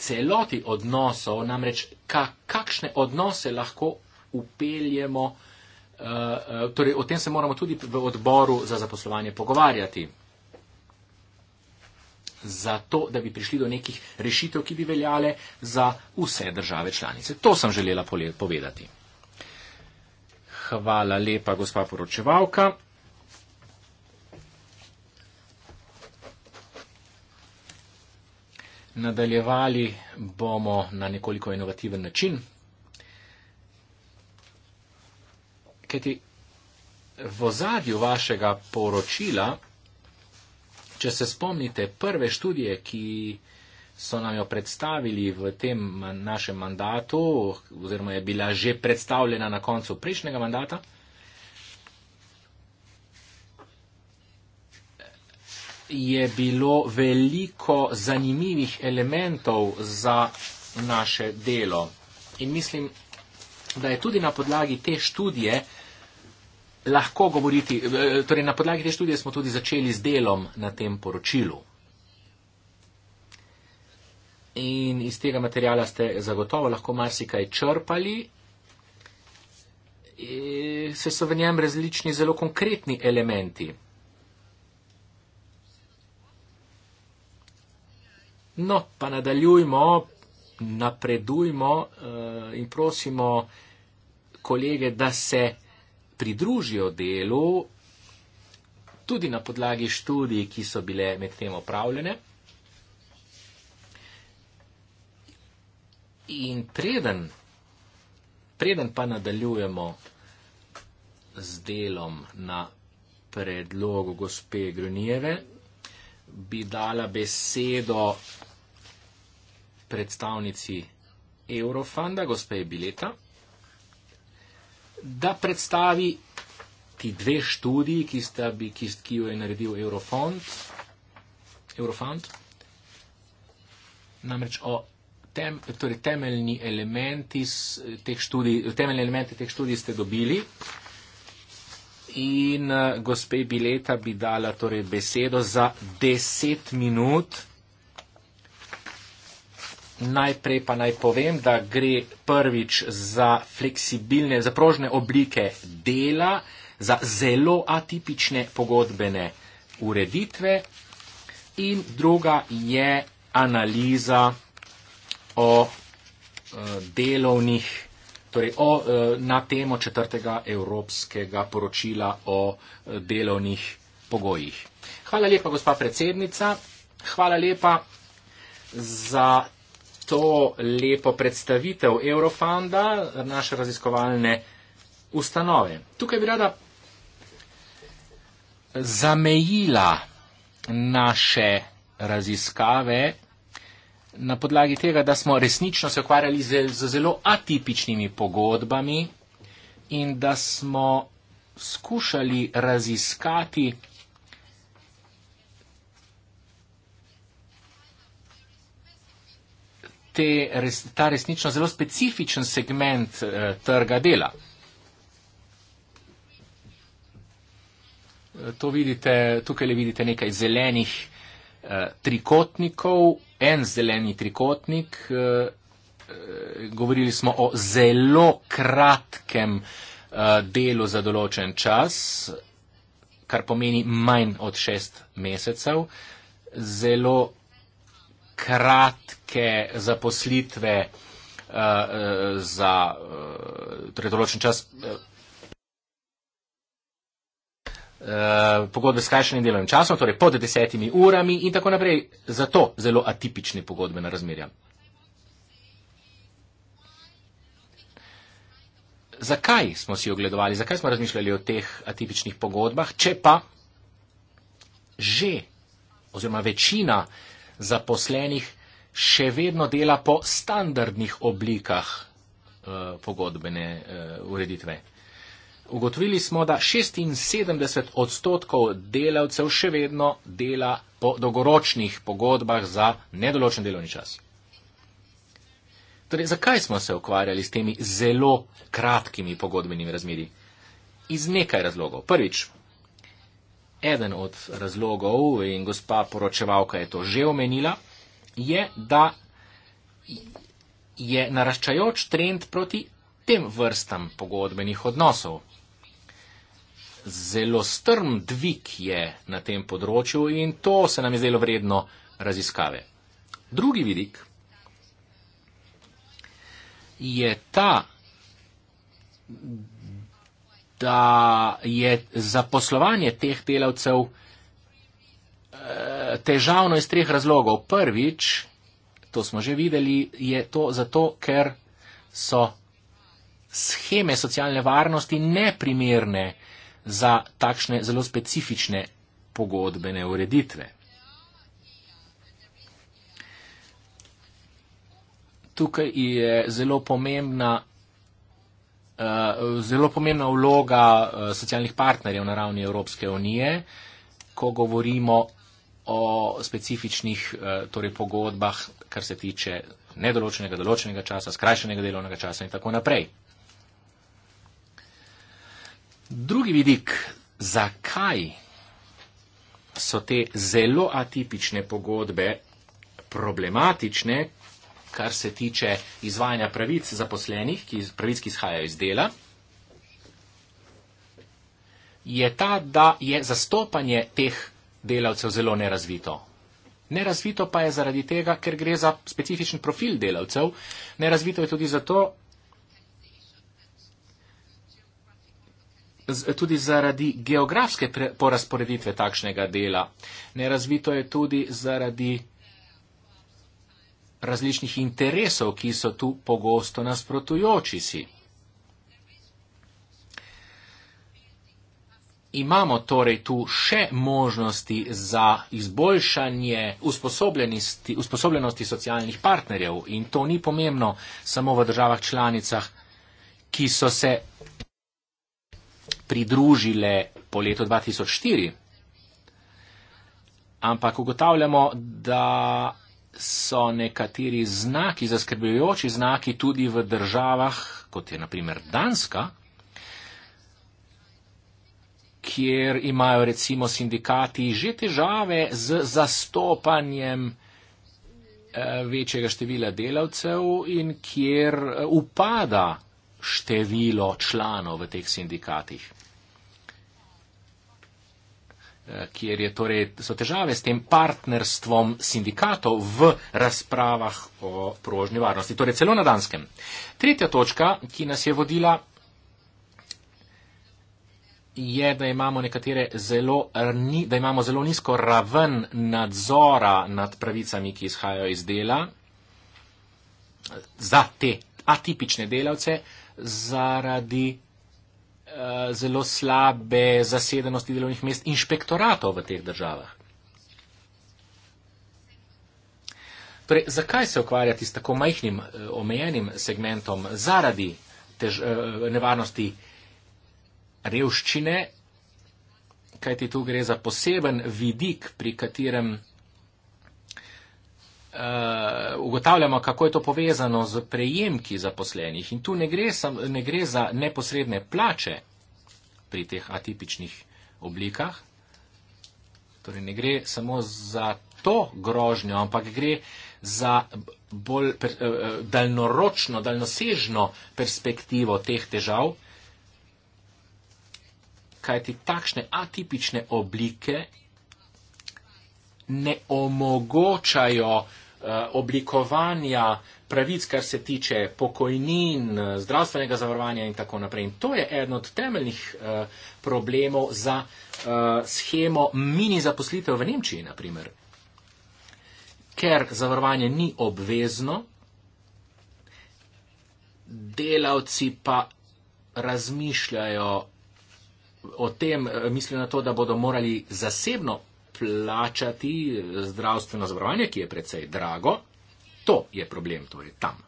celoti odnosov, namreč ka, kakšne odnose lahko upeljemo, eh, eh, torej o tem se moramo tudi v odboru za zaposlovanje pogovarjati. Zato, da bi prišli do nekih rešitev, ki bi veljale za vse države članice. To sem želela povedati. Hvala lepa, gospa poročevalka. Nadaljevali bomo na nekoliko inovativen način, kajti v zadju vašega poročila, če se spomnite prve študije, ki so nam jo predstavili v tem našem mandatu, oziroma je bila že predstavljena na koncu prejšnjega mandata, je bilo veliko zanimivih elementov za naše delo. In mislim, da je tudi na podlagi te študije lahko govoriti, eh, torej na podlagi te študije smo tudi začeli z delom na tem poročilu. In iz tega materijala ste zagotovo lahko marsikaj črpali. Eh, Se so v njem različni zelo konkretni elementi. No, pa nadaljujmo, napredujmo uh, in prosimo kolege, da se pridružijo delu tudi na podlagi študij, ki so bile medtem opravljene. In preden, preden pa nadaljujemo z delom na predlogu gospe Grunijeve, bi dala besedo predstavnici Eurofanda, gospe Bileta, da predstavi ti dve študiji, ki, sta, ki, ki jo je naredil Eurofond, Eurofund, namreč o tem, torej temeljni elementi teh študij, temeljni elementi teh študij ste dobili. In eh, gospe Bileta bi dala torej besedo za 10 minut, Najprej pa naj povem, da gre prvič za fleksibilne, zaprožne oblike dela, za zelo atipične pogodbene ureditve in druga je analiza o e, delovnih, torej o, e, na temo četrtega evropskega poročila o e, delovnih pogojih. Hvala lepa, gospa predsednica. Hvala lepa za to lepo predstavitev Eurofonda, naše raziskovalne ustanove. Tukaj bi rada zamejila naše raziskave na podlagi tega, da smo resnično se ukvarjali z, z zelo atipičnimi pogodbami in da smo skušali raziskati te, res, ta resnično zelo specifičen segment eh, trga dela. Eh, to vidite, tukaj le vidite nekaj zelenih eh, trikotnikov, en zeleni trikotnik, eh, eh, govorili smo o zelo kratkem eh, delu za določen čas, kar pomeni manj od šest mesecev, zelo kratke zaposlitve uh, za uh, torej določen čas. Pogodbe s krajšnjim delovnim časom, torej pod desetimi urami in tako naprej, zato zelo atipične pogodbe na razmerja. Zakaj smo si ogledovali, zakaj smo razmišljali o teh atipičnih pogodbah, če pa že oziroma večina uh, zaposlenih še vedno dela po standardnih oblikah eh, pogodbene eh, ureditve. Ugotovili smo, da 76 odstotkov delavcev še vedno dela po dolgoročnih pogodbah za nedoločen delovni čas. Torej, zakaj smo se ukvarjali s temi zelo kratkimi pogodbenimi razmeri? Iz nekaj razlogov. Prvič, eden od razlogov, in gospa poročevalka je to že omenila, je, da je naraščajoč trend proti tem vrstam pogodbenih odnosov. Zelo strm dvig je na tem področju in to se nam je zdelo vredno raziskave. Drugi vidik je ta, da je zaposlovanje teh delavcev eh, težavno iz treh razlogov. Prvič, to smo že videli, je to zato, ker so scheme socialne varnosti neprimerne za takšne zelo specifične pogodbene ureditve. Tukaj je zelo pomembna Eh, zelo pomembna vloga uh, socialnih partnerjev na ravni Evropske unije, ko govorimo o specifičnih uh, torej pogodbah, kar se tiče nedoločenega, določenega časa, skrajšenega delovnega časa in tako naprej. Drugi vidik, zakaj so te zelo atipične pogodbe problematične, kar se tiče izvajanja pravic zaposlenih, ki, pravic, ki izhajajo iz dela, je ta, da je zastopanje teh delavcev zelo nerazvito. Nerazvito pa je zaradi tega, ker gre za specifičen profil delavcev. Nerazvito je tudi zato, tudi zaradi geografske porazporeditve takšnega dela. Nerazvito je tudi zaradi različnih interesov, ki so tu pogosto nasprotujoči si. Imamo torej tu še možnosti za izboljšanje usposobljenosti, usposobljenosti socialnih partnerjev in to ni pomembno samo v državah članicah, ki so se pridružile po letu 2004, ampak ugotavljamo, da so nekateri znaki, zaskrbljujoči znaki tudi v državah, kot je naprimer Danska, kjer imajo recimo sindikati že težave z zastopanjem eh, večjega števila delavcev in kjer eh, upada število članov v teh sindikatih. Eh, kjer torej, so težave s tem partnerstvom sindikatov v razpravah o prožni varnosti, torej celo na Danskem. Tretja točka, ki nas je vodila, je, da imamo, zelo, da imamo zelo nizko raven nadzora nad pravicami, ki izhajajo iz dela za te atipične delavce zaradi Eh, zelo slabe zasedenosti delovnih mest inšpektoratov v teh državah. Torej, zakaj se ukvarjati s tako majhnim eh, omejenim segmentom zaradi tež, eh, nevarnosti revščine, kajti tu gre za poseben vidik, pri katerem Eh, ugotavljamo, kako je to povezano z prejemki zaposlenih. In tu ne gre, sam, ne gre za neposredne plače pri teh atipičnih oblikah. Torej ne gre samo za to grožnjo, ampak gre za bolj per, eh, eh, daljnoročno, daljnosežno perspektivo teh težav, kajti takšne atipične oblike ne omogočajo eh, oblikovanja pravic, kar se tiče pokojnin, zdravstvenega zavarovanja in tako naprej. In to je eden od temeljnih eh, problemov za eh, schemo mini zaposlitev v Nemčiji, naprimer. Ker zavarovanje ni obvezno, delavci pa razmišljajo o tem, mislijo na to, da bodo morali zasebno plačati zdravstveno zavarovanje, ki je precej drago. To je problem, torej tam.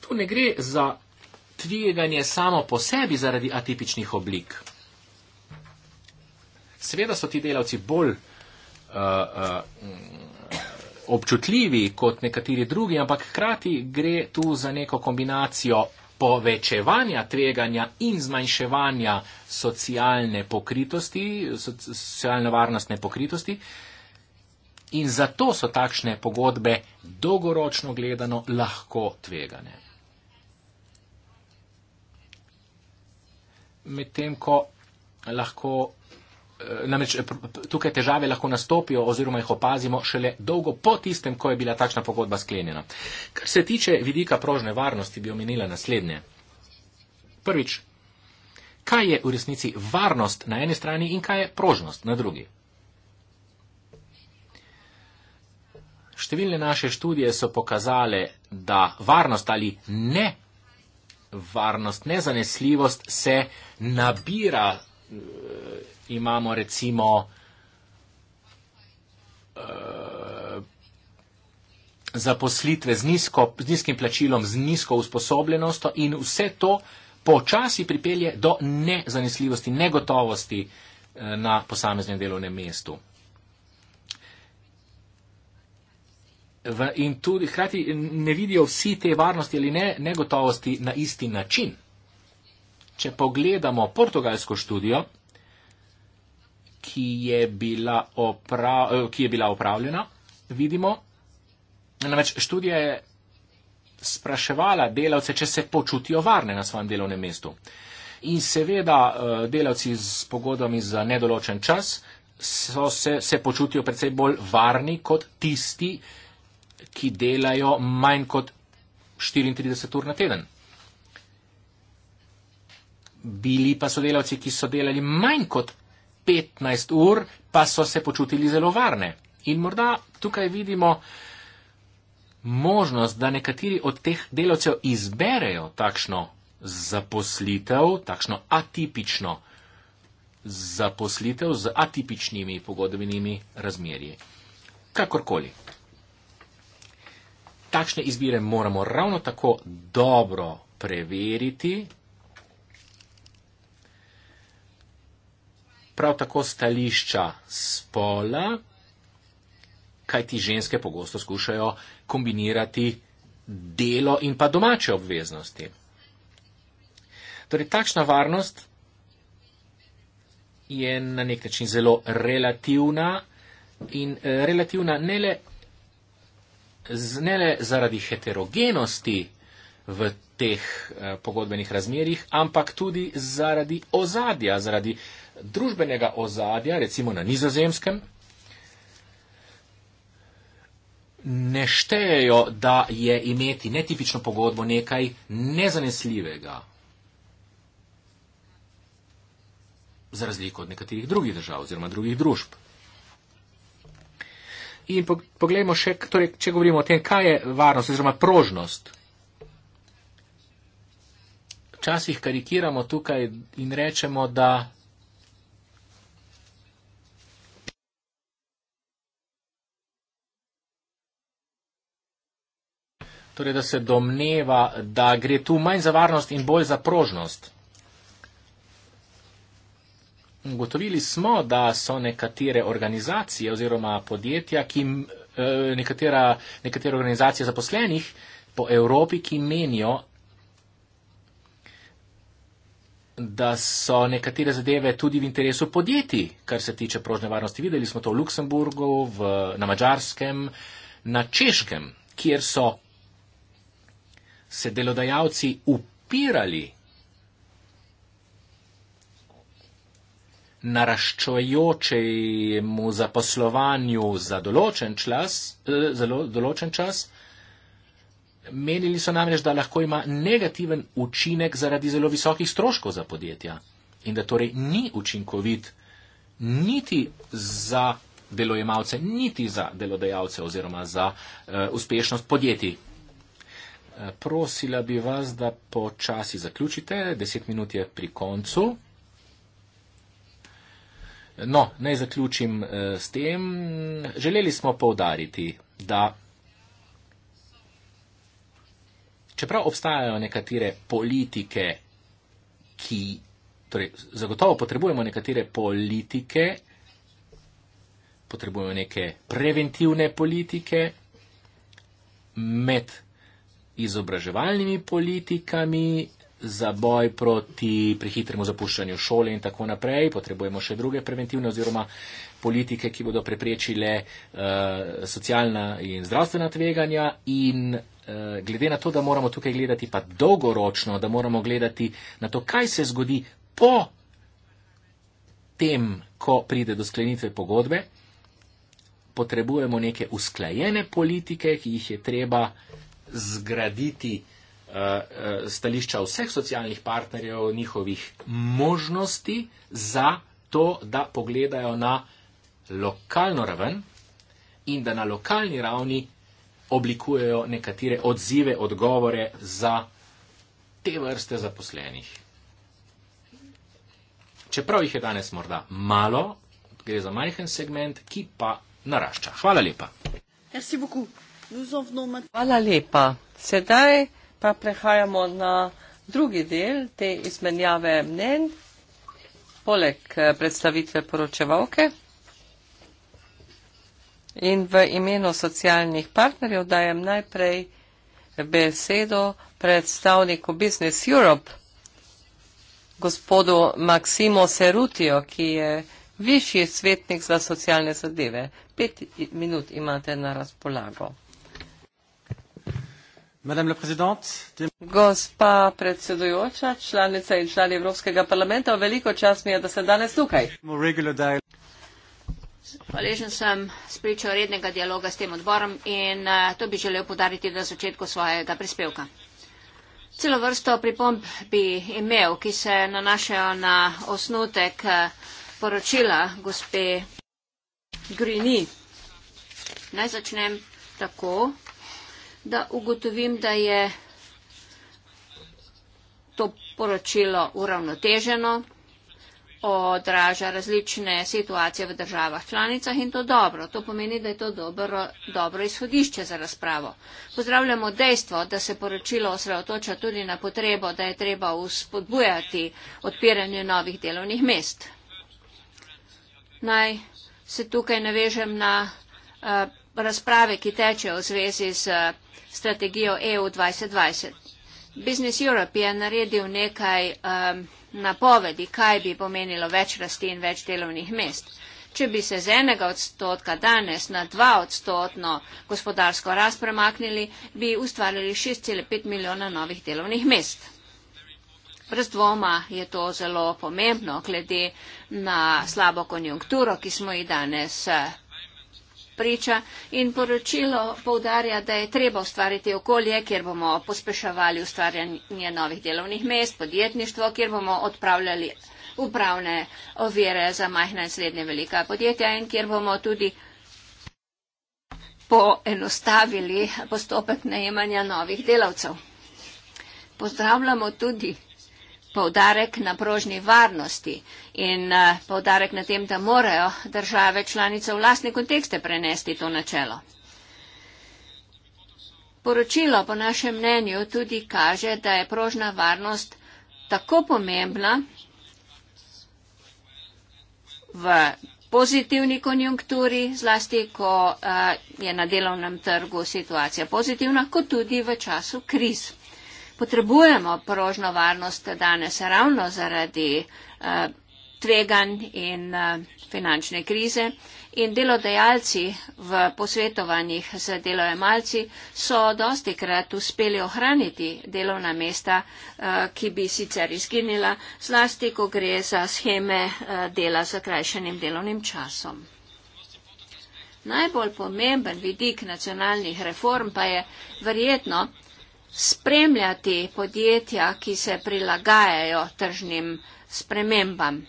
Tu ne gre za tveganje samo po sebi zaradi atipičnih oblik. Seveda so ti delavci bolj uh, uh, občutljivi kot nekateri drugi, ampak hkrati gre tu za neko kombinacijo povečevanja tveganja in zmanjševanja socialne pokritosti, socialno-varnostne pokritosti. In zato so takšne pogodbe dolgoročno gledano lahko tvegane. Medtem ko lahko namreč eh, tukaj težave lahko nastopijo oziroma jih opazimo šele dolgo po tistem, ko je bila takšna pogodba sklenjena. Kar se tiče vidika prožne varnosti, bi omenila naslednje. Prvič, kaj je v resnici varnost na eni strani in kaj je prožnost na drugi? Številne naše študije so pokazale, da varnost ali ne varnost, nezanesljivost se nabira eh, imamo recimo uh, zaposlitve z, nizko, z nizkim plačilom, z nizko usposobljenostjo in vse to počasi pripelje do nezanesljivosti, negotovosti eh, na posameznem delovnem mestu. V, in tudi hkrati ne vidijo vsi te varnosti ali ne, negotovosti na isti način. Če pogledamo portugalsko študijo, ki je bila, opra, eh, ki je bila opravljena, vidimo. Namreč študija je spraševala delavce, če se počutijo varne na svojem delovnem mestu. In seveda eh, delavci z pogodbami za nedoločen čas se, se počutijo predvsej bolj varni kot tisti, ki delajo manj kot 34 ur na teden. Bili pa so delavci, ki so delali manj kot 15 ur, pa so se počutili zelo varne. In morda tukaj vidimo možnost, da nekateri od teh delavcev izberejo takšno zaposlitev, takšno atipično zaposlitev z atipičnimi pogodbenimi razmerji. Kakorkoli. Takšne izbire moramo ravno tako dobro preveriti, prav tako stališča spola, kajti ženske pogosto skušajo kombinirati delo in pa domače obveznosti. Torej, takšna varnost je na nek način zelo relativna in eh, relativna ne le, ne le zaradi heterogenosti v teh eh, pogodbenih razmerjih, ampak tudi zaradi ozadja, zaradi družbenega ozadja, recimo na nizozemskem, ne štejejo, da je imeti netipično pogodbo nekaj nezanesljivega, za razliko od nekaterih drugih držav oziroma drugih družb. In pogledajmo še, torej, če govorimo o tem, kaj je varnost oziroma prožnost. Včasih karikiramo tukaj in rečemo, da Torej, da se domneva, da gre tu manj za varnost in bolj za prožnost. Ugotovili smo, da so nekatere organizacije oziroma podjetja, ki, e, nekatera, nekatera organizacija zaposlenih po Evropi, ki menijo, da so nekatere zadeve tudi v interesu podjetij, kar se tiče prožne varnosti. Videli smo to v Luksemburgu, v, na Mačarskem, na Češkem, kjer so se delodajalci upirali naraščajočemu zaposlovanju za določen čas, eh, zelo določen čas, menili so namreč, da lahko ima negativen učinek zaradi zelo visokih stroškov za podjetja in da torej ni učinkovit niti za delojemalce, niti za delodajalce oziroma za uh, uspešnost podjetij prosila bi vas, da počasi zaključite, deset minut je pri koncu. No, naj zaključim eh, s tem. Želeli smo povdariti, da čeprav obstajajo nekatere politike, ki, torej zagotovo potrebujemo nekatere politike, potrebujemo neke preventivne politike med izobraževalnimi politikami, za boj proti prehitremu zapuščanju šole in tako naprej. Potrebujemo še druge preventivne oziroma politike, ki bodo preprečile uh, socialna in zdravstvena tveganja in uh, glede na to, da moramo tukaj gledati pa dolgoročno, da moramo gledati na to, kaj se zgodi po tem, ko pride do sklenitve pogodbe, potrebujemo neke usklajene politike, ki jih je treba zgraditi eh, eh, stališča vseh socialnih partnerjev, njihovih možnosti za to, da pogledajo na lokalno raven in da na lokalni ravni oblikujejo nekatere odzive, odgovore za te vrste zaposlenih. Čeprav jih je danes morda malo, gre za majhen segment, ki pa narašča. Hvala lepa. Merci beaucoup. Hvala lepa. Sedaj pa prehajamo na drugi del te izmenjave mnen, poleg eh, predstavitve poročevalke. In v imenu socialnih partnerjev dajem najprej besedo predstavniku Business Europe, gospodu Maksimo Serutijo, ki je višji svetnik za socialne zadeve. Pet minut imate na razpolago. Gospa predsedujoča, članica in člani Evropskega parlamenta, veliko čas mi je, da sem danes tukaj. Hvaležen sem spričo rednega dialoga s tem odborom in eh, to bi želel podariti na začetku svojega prispevka. Celo vrsto pripomb bi imel, ki se nanašajo na osnutek eh, poročila gospe Grini. Naj začnem tako, da ugotovim, da je to poročilo uravnoteženo, odraža različne situacije v državah članicah in to dobro. To pomeni, da je to dobro, dobro izhodišče za razpravo. Pozdravljamo dejstvo, da se poročilo osredotoča tudi na potrebo, da je treba uspodbujati odpiranje novih delovnih mest. Naj se tukaj navežem na eh, razprave, ki tečejo v zvezi z eh, strategijo EU 2020. Business Europe je naredil nekaj um, napovedi, kaj bi pomenilo več rasti in več delovnih mest. Če bi se z enega odstotka danes na dva odstotno gospodarsko rast premaknili, bi ustvarili 6,5 milijona novih delovnih mest. Brez dvoma je to zelo pomembno, glede na slabo konjunkturo, ki smo ji danes eh, priča in poročilo povdarja, da je treba ustvariti okolje, kjer bomo pospeševali ustvarjanje novih delovnih mest, podjetništvo, kjer bomo odpravljali upravne ovire za majhna in srednje velika podjetja in kjer bomo tudi poenostavili postopek najemanja novih delavcev. Pozdravljamo tudi Poudarek na prožni varnosti in eh, poudarek na tem, da morajo države članice v vlastne kontekste prenesti to načelo. Poročilo po našem mnenju tudi kaže, da je prožna varnost tako pomembna v pozitivni konjunkturi, zlasti, ko eh, je na delovnem trgu situacija pozitivna, kot tudi v času kriz potrebujemo porožno varnost danes ravno zaradi uh, eh, tvegan in uh, finančne krize. In delodajalci v posvetovanjih z delojemalci so dosti krat uspeli ohraniti delovna mesta, eh, ki bi sicer izginila, zlasti, ko gre za scheme dela z krajšenim delovnim časom. Najbolj pomemben vidik nacionalnih reform pa je verjetno spremljati podjetja, ki se prilagajajo tržnim spremembam.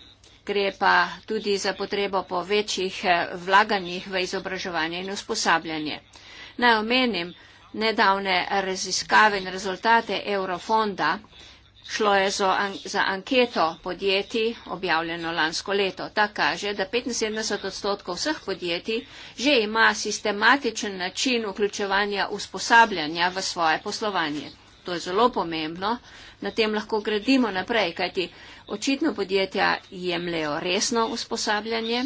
Gre pa tudi za potrebo po večjih eh, vlaganjih v izobraževanje in usposabljanje. Naj omenim nedavne raziskave in rezultate Eurofonda, Šlo je za, an za anketo podjetij, objavljeno lansko leto. Ta kaže, da 75 odstotkov vseh podjetij že ima sistematičen način vključevanja usposabljanja v svoje poslovanje. To je zelo pomembno, na tem lahko gradimo naprej, kajti očitno podjetja jemljajo resno usposabljanje.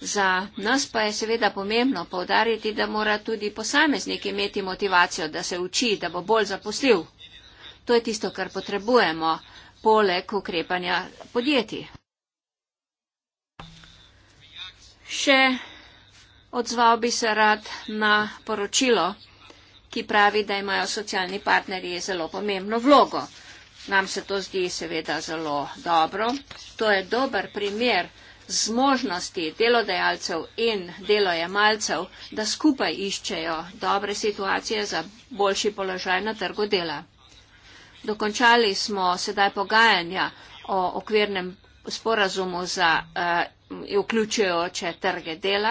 Za nas pa je seveda pomembno povdariti, da mora tudi posameznik imeti motivacijo, da se uči, da bo bolj zaposljiv. To je tisto, kar potrebujemo, poleg ukrepanja podjetij. Še odzval bi se rad na poročilo, ki pravi, da imajo socialni partnerji zelo pomembno vlogo. Nam se to zdi seveda zelo dobro. To je dober primer zmožnosti delodajalcev in delojemalcev, da skupaj iščejo dobre situacije za boljši položaj na trgu dela. Dokončali smo sedaj pogajanja o okvirnem sporazumu za uh, vključujoče trge dela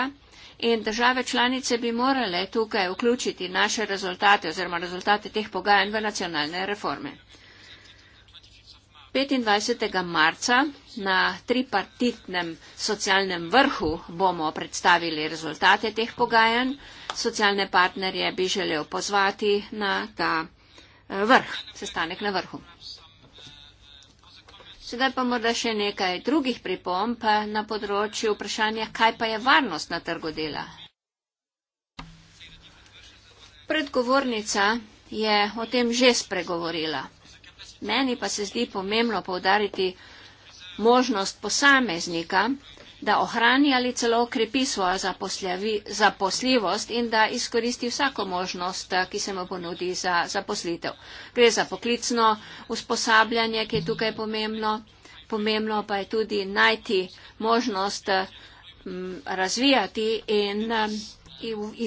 in države članice bi morale tukaj vključiti naše rezultate oziroma rezultate teh pogajanj v nacionalne reforme. 25. marca na tripartitnem socialnem vrhu bomo predstavili rezultate teh pogajanj. Socialne partnerje bi želel pozvati na ta. Eh, vrh, sestanek na vrhu. Sedaj pa morda še nekaj drugih pripomb eh, na področju vprašanja, kaj pa je varnost na trgu dela. Predgovornica je o tem že spregovorila. Meni pa se zdi pomembno povdariti možnost posameznika, da ohrani ali celo okrepi svojo zaposljivost in da izkoristi vsako možnost, eh, ki se mu ponudi za zaposlitev. Gre za poklicno usposabljanje, ki je tukaj pomembno. Pomembno pa je tudi najti možnost eh, razvijati eh, in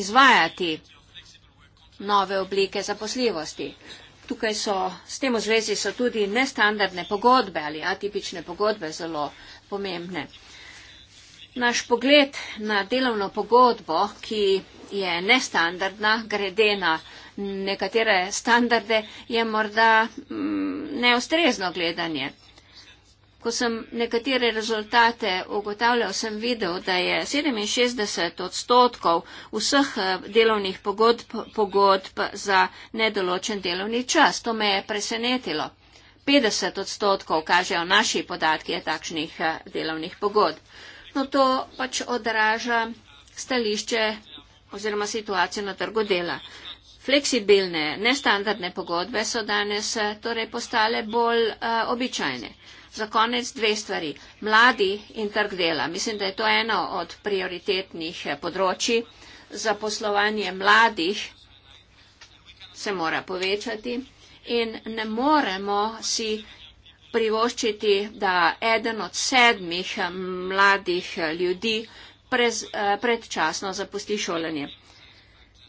izvajati nove oblike zaposljivosti. Tukaj so, s tem v zvezi so tudi nestandardne pogodbe ali atipične pogodbe zelo pomembne. Naš pogled na delovno pogodbo, ki je nestandardna, grede na nekatere standarde, je morda mm, neustrezno gledanje. Ko sem nekatere rezultate ugotavljal, sem videl, da je 67 odstotkov vseh eh, delovnih pogodb, pogodb za nedoločen delovni čas. To me je presenetilo. 50 odstotkov kažejo naši podatki takšnih eh, delovnih pogodb. No, to pač odraža stališče oziroma situacijo na trgu dela. Fleksibilne, nestandardne pogodbe so danes eh, torej postale bolj uh, običajne. Za konec dve stvari. Mladi in trg dela. Mislim, da je to eno od prioritetnih eh, področji. Zaposlovanje mladih se mora povečati in ne moremo si privoščiti, da eden od sedmih eh, mladih eh, ljudi prez, eh, predčasno zapusti šolanje.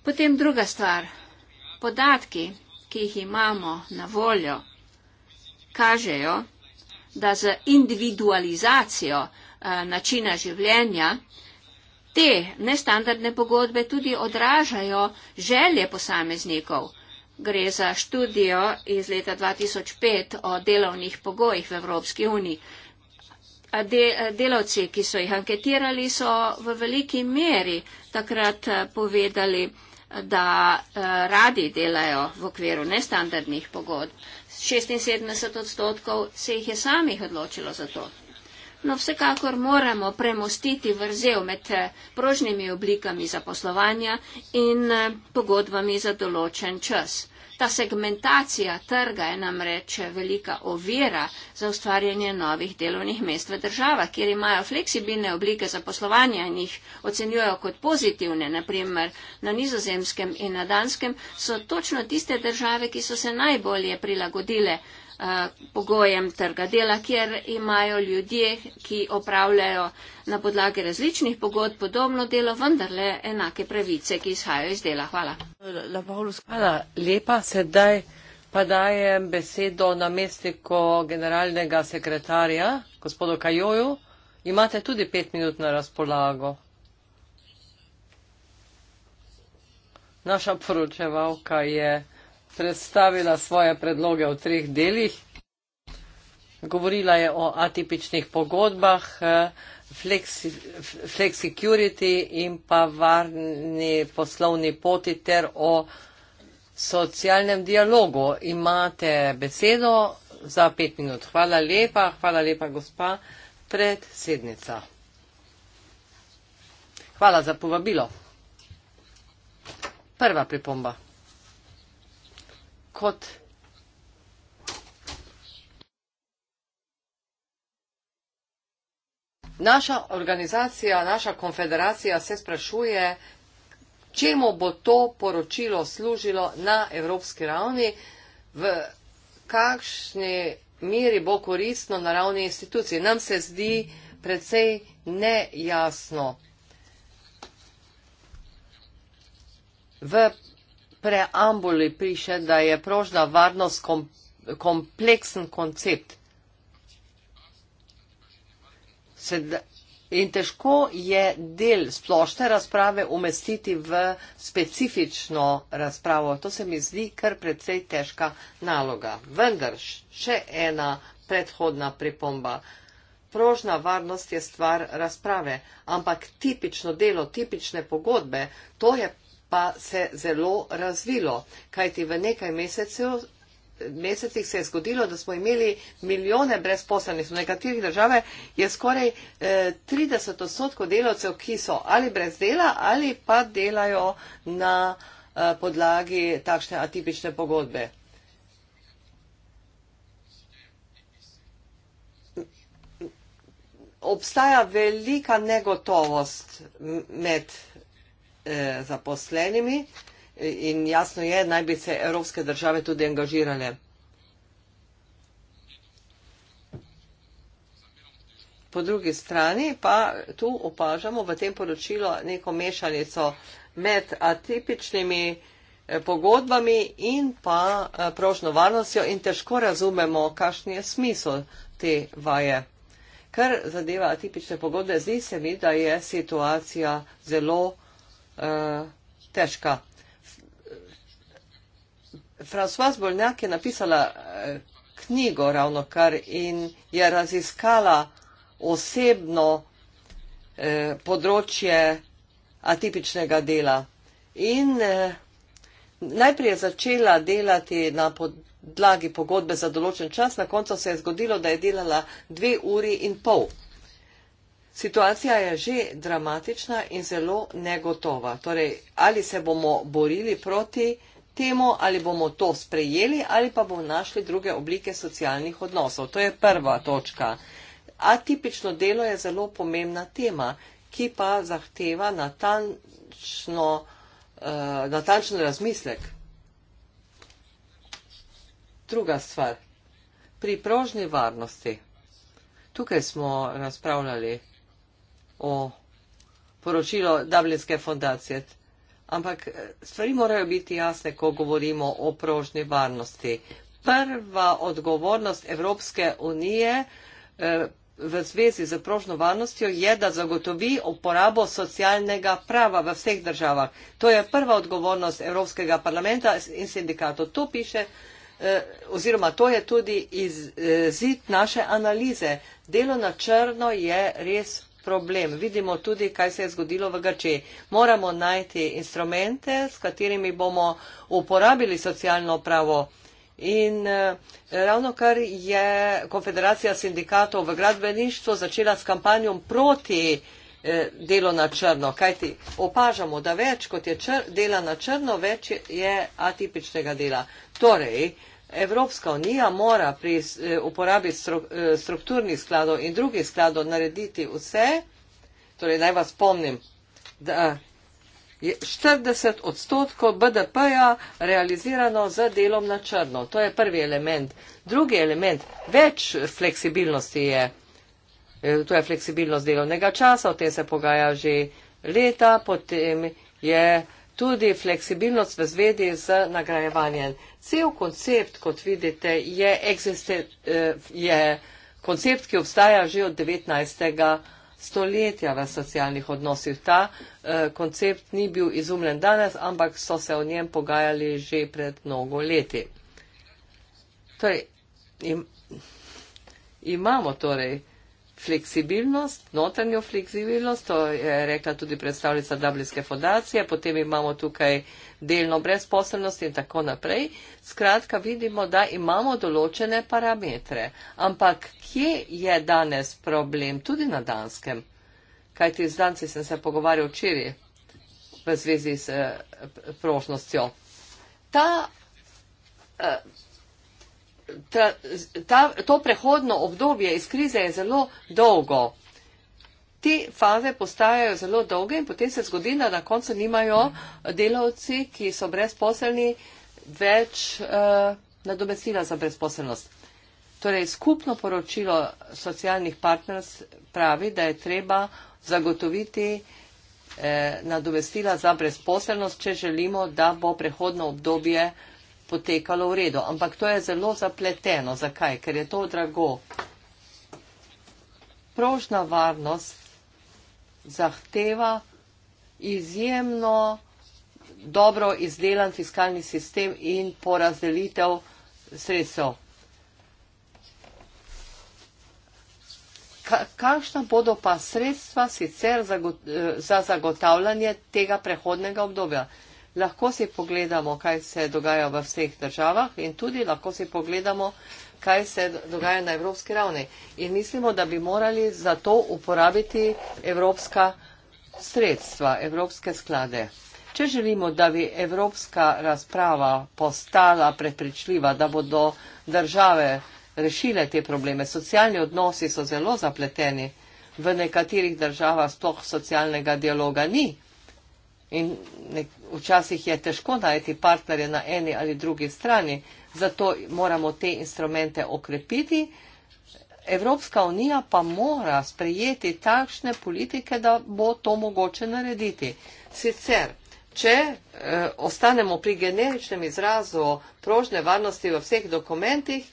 Potem druga stvar. Podatki, ki jih imamo na voljo, kažejo, da z individualizacijo načina življenja te nestandardne pogodbe tudi odražajo želje posameznikov. Gre za študijo iz leta 2005 o delovnih pogojih v Evropski uniji. Delavci, ki so jih anketirali, so v veliki meri takrat eh, povedali, da eh, radi delajo v okviru nestandardnih pogodb. 76 odstotkov se jih je samih odločilo za to. No, vsekakor moramo premostiti vrzel med eh, prožnimi oblikami zaposlovanja in eh, pogodbami za določen čas. Ta segmentacija trga je namreč velika ovira za ustvarjanje novih delovnih mest v državah, kjer imajo fleksibilne oblike zaposlovanja in jih ocenjujejo kot pozitivne, naprimer na nizozemskem in na danskem, so točno tiste države, ki so se najbolje prilagodile Eh, pogojem trga dela, kjer imajo ljudje, ki opravljajo na podlagi različnih pogod podobno delo, vendarle enake pravice, ki izhajajo iz dela. Hvala. Hvala lepa. Sedaj pa dajem besedo na mestiko generalnega sekretarja, gospodu Kajoju. Imate tudi pet minut na razpolago. Naša poročevalka je predstavila svoje predloge v treh delih. Govorila je o atipičnih pogodbah, eh, flexicurity in pa varni poslovni poti ter o socialnem dialogu. Imate besedo za pet minut. Hvala lepa, hvala lepa gospa predsednica. Hvala za povabilo. Prva pripomba kot. Naša organizacija, naša konfederacija se sprašuje, čemu bo to poročilo služilo na evropski ravni, v kakšni miri bo koristno na ravni institucij. Nam se zdi predvsej nejasno. V preambuli piše, da je prožna varnost kom, kompleksen koncept. Sedaj, in težko je del splošne razprave umestiti v specifično razpravo. To se mi zdi kar precej težka naloga. Vendar še ena predhodna pripomba. Prožna varnost je stvar razprave, ampak tipično delo, tipične pogodbe, to je pa se zelo razvilo, kajti v nekaj mesecev mesecih se je zgodilo, da smo imeli milijone brezposelnih. V nekaterih države je skoraj eh, 30 odstotkov delavcev, ki so ali brez dela ali pa delajo na eh, podlagi takšne atipične pogodbe. Obstaja velika negotovost med. Eh, zaposlenimi in jasno je, naj bi se evropske države tudi angažirale. Po drugi strani pa tu opažamo v tem poročilu neko mešanico med atipičnimi eh, pogodbami in pa eh, prošno varnostjo in težko razumemo, kakšen je smisel te vaje. Ker zadeva atipične pogodbe, zdi se mi, da je situacija zelo različna. Eh, težka. Francois Bolnjak je napisala eh, knjigo ravno kar in je raziskala osebno eh, področje atipičnega dela. In eh, najprej je začela delati na podlagi pogodbe za določen čas, na koncu se je zgodilo, da je delala dve uri in pol. Situacija je že dramatična in zelo negotova. Torej, ali se bomo borili proti temu, ali bomo to sprejeli, ali pa bomo našli druge oblike socialnih odnosov. To je prva točka. Atipično delo je zelo pomembna tema, ki pa zahteva natančno, uh, eh, natančno razmislek. Druga stvar. Pri prožni varnosti. Tukaj smo razpravljali o poročilu Dublinske fondacije. Ampak eh, stvari morajo biti jasne, ko govorimo o prožni varnosti. Prva odgovornost Evropske unije eh, v zvezi z prožno varnostjo je, da zagotovi uporabo socialnega prava v vseh državah. To je prva odgovornost Evropskega parlamenta in sindikatov. To piše eh, oziroma to je tudi izzit naše analize. Delo na črno je res problem. Vidimo tudi, kaj se je zgodilo v Grči. Moramo najti instrumente, s katerimi bomo uporabili socialno pravo. In eh, ravno kar je Konfederacija sindikatov v gradbeništvu začela s kampanjo proti eh, delo na črno, kajti opažamo, da več kot je čr, dela na črno, več je atipičnega dela. Torej, Evropska unija mora pri eh, uporabi eh, strukturnih skladov in drugih skladov narediti vse, torej naj vas spomnim, da je 40 odstotkov BDP-ja realizirano z delom na črno. To je prvi element. Drugi element, več fleksibilnosti je, eh, to je fleksibilnost delovnega časa, o tem se pogaja že leta, potem je tudi fleksibilnost v zvedi z nagrajevanjem. Cel koncept, kot vidite, je, eh, je koncept, ki obstaja že od 19. stoletja v socialnih odnosih. Ta eh, koncept ni bil izumljen danes, ampak so se o njem pogajali že pred mnogo leti. Torej, im, imamo torej fleksibilnost, notranjo fleksibilnost, to je rekla tudi predstavnica Dubljanske fondacije, potem imamo tukaj delno brezposobnost in tako naprej. Skratka, vidimo, da imamo določene parametre. Ampak kje je danes problem tudi na Danskem? Kaj ti z Danci sem se pogovarjal včeraj v zvezi s eh, prožnostjo. Ta eh, ta, ta, to prehodno obdobje iz krize je zelo dolgo. Te faze postajajo zelo dolge in potem se zgodi, da na koncu nimajo delavci, ki so brezposelni, več uh, nadomestila za brezposelnost. Torej, skupno poročilo socialnih partners pravi, da je treba zagotoviti eh, nadomestila za brezposelnost, če želimo, da bo prehodno obdobje eh, potekalo v redu. Ampak to je zelo zapleteno. Zakaj? Ker je to drago. Prožna varnost zahteva izjemno dobro izdelan fiskalni sistem in porazdelitev sredstev. Kakšna bodo pa sredstva sicer eh, za zagotavljanje tega prehodnega obdobja? lahko si pogledamo, kaj se dogaja v vseh državah in tudi lahko si pogledamo, kaj se dogaja na evropski ravni. In mislimo, da bi morali za to uporabiti evropska sredstva, evropske sklade. Če želimo, da bi evropska razprava postala prepričljiva, da bodo države rešile te probleme, socialni odnosi so zelo zapleteni, v nekaterih državah sploh socialnega dialoga ni, In nek, včasih je težko najti partnerje na eni ali drugi strani, zato moramo te instrumente okrepiti. Evropska unija pa mora sprejeti takšne politike, da bo to mogoče narediti. Sicer, če e, ostanemo pri generičnem izrazu prožne varnosti v vseh dokumentih,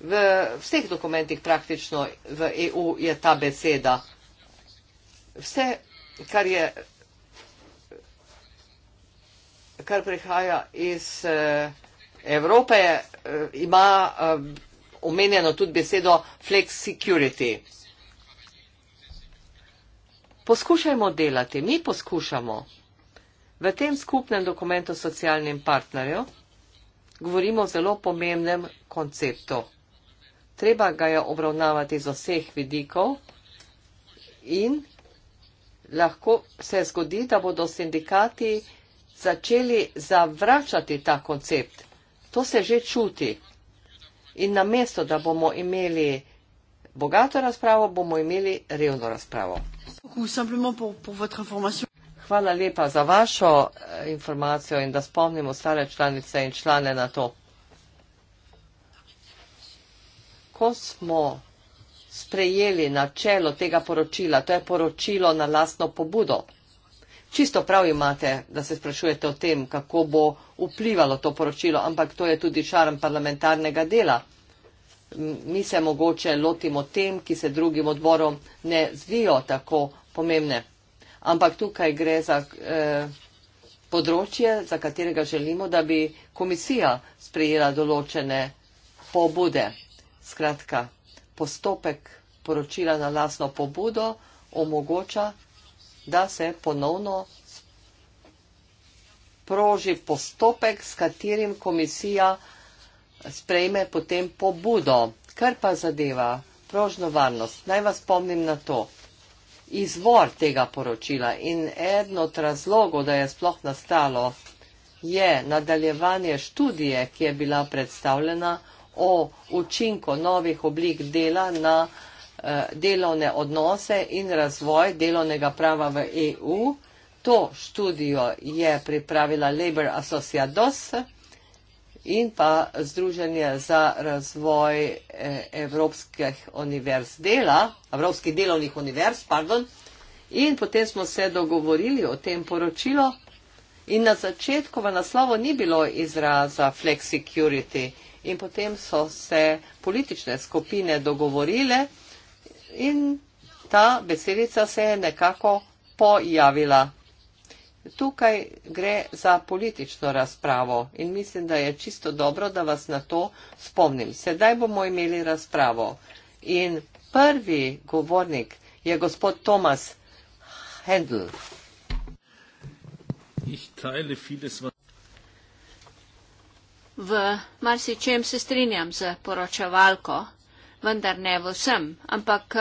v vseh dokumentih praktično v EU je ta beseda. Vse, kar je kar prihaja iz eh, Evrope, eh, ima eh, omenjeno tudi besedo flex security. Poskušajmo delati, mi poskušamo. V tem skupnem dokumentu socialnim partnerjem govorimo o zelo pomembnem konceptu. Treba ga je obravnavati z vseh vidikov in lahko se zgodi, da bodo sindikati začeli zavračati ta koncept. To se že čuti. In namesto, da bomo imeli bogato razpravo, bomo imeli revno razpravo. Hvala lepa za vašo eh, informacijo in da spomnimo stare članice in člane na to. Ko smo sprejeli načelo tega poročila, to je poročilo na lastno pobudo. Čisto prav imate, da se sprašujete o tem, kako bo vplivalo to poročilo, ampak to je tudi šarm parlamentarnega dela. Mi se mogoče lotimo tem, ki se drugim odborom ne zvijo tako pomembne. Ampak tukaj gre za eh, področje, za katerega želimo, da bi komisija sprejela določene pobude. Skratka, postopek poročila na lasno pobudo omogoča da se ponovno proži postopek, s katerim komisija sprejme potem pobudo. Kar pa zadeva prožno varnost, naj vas spomnim na to. Izvor tega poročila in eden od razlogov, da je sploh nastalo, je nadaljevanje študije, ki je bila predstavljena o učinko novih oblik dela na Eh, delovne odnose in razvoj delovnega prava v EU. To študijo je pripravila Labour Associados in pa Združenje za razvoj eh, Evropskih univerz dela, Evropskih delovnih univerz, pardon. In potem smo se dogovorili o tem poročilo in na začetku v naslovu ni bilo izraza flexicurity in potem so se politične skupine dogovorile, in ta besedica se je nekako pojavila. Tukaj gre za politično razpravo in mislim, da je čisto dobro, da vas na to spomnim. Sedaj bomo imeli razpravo in prvi govornik je gospod Tomas Hendl. V marsičem se strinjam z poročevalko, vendar ne vsem. Ampak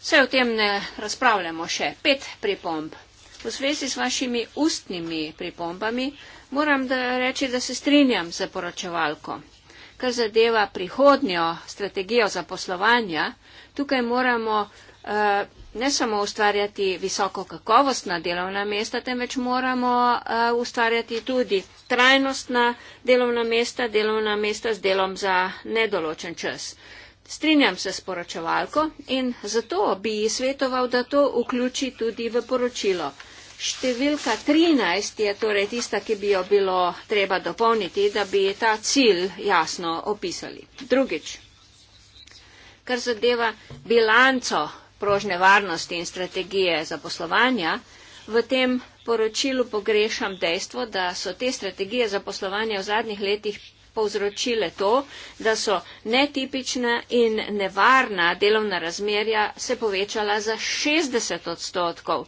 vse eh, o tem ne razpravljamo še. Pet pripomb. V zvezi s vašimi ustnimi pripombami moram da reči, da se strinjam z poročevalko. Kar zadeva prihodnjo strategijo zaposlovanja, tukaj moramo eh, ne samo ustvarjati visoko kakovostna delovna mesta, temveč moramo eh, ustvarjati tudi trajnostna delovna mesta, delovna mesta z delom za nedoločen čas. Strinjam se s poročevalko in zato bi ji svetoval, da to vključi tudi v poročilo. Številka 13 je torej tista, ki bi jo bilo treba dopolniti, da bi ta cilj jasno opisali. Drugič, kar zadeva bilanco prožne varnosti in strategije zaposlovanja, v tem poročilu pogrešam dejstvo, da so te strategije zaposlovanja v zadnjih letih povzročile to, da so netipična in nevarna delovna razmerja se povečala za 60 odstotkov.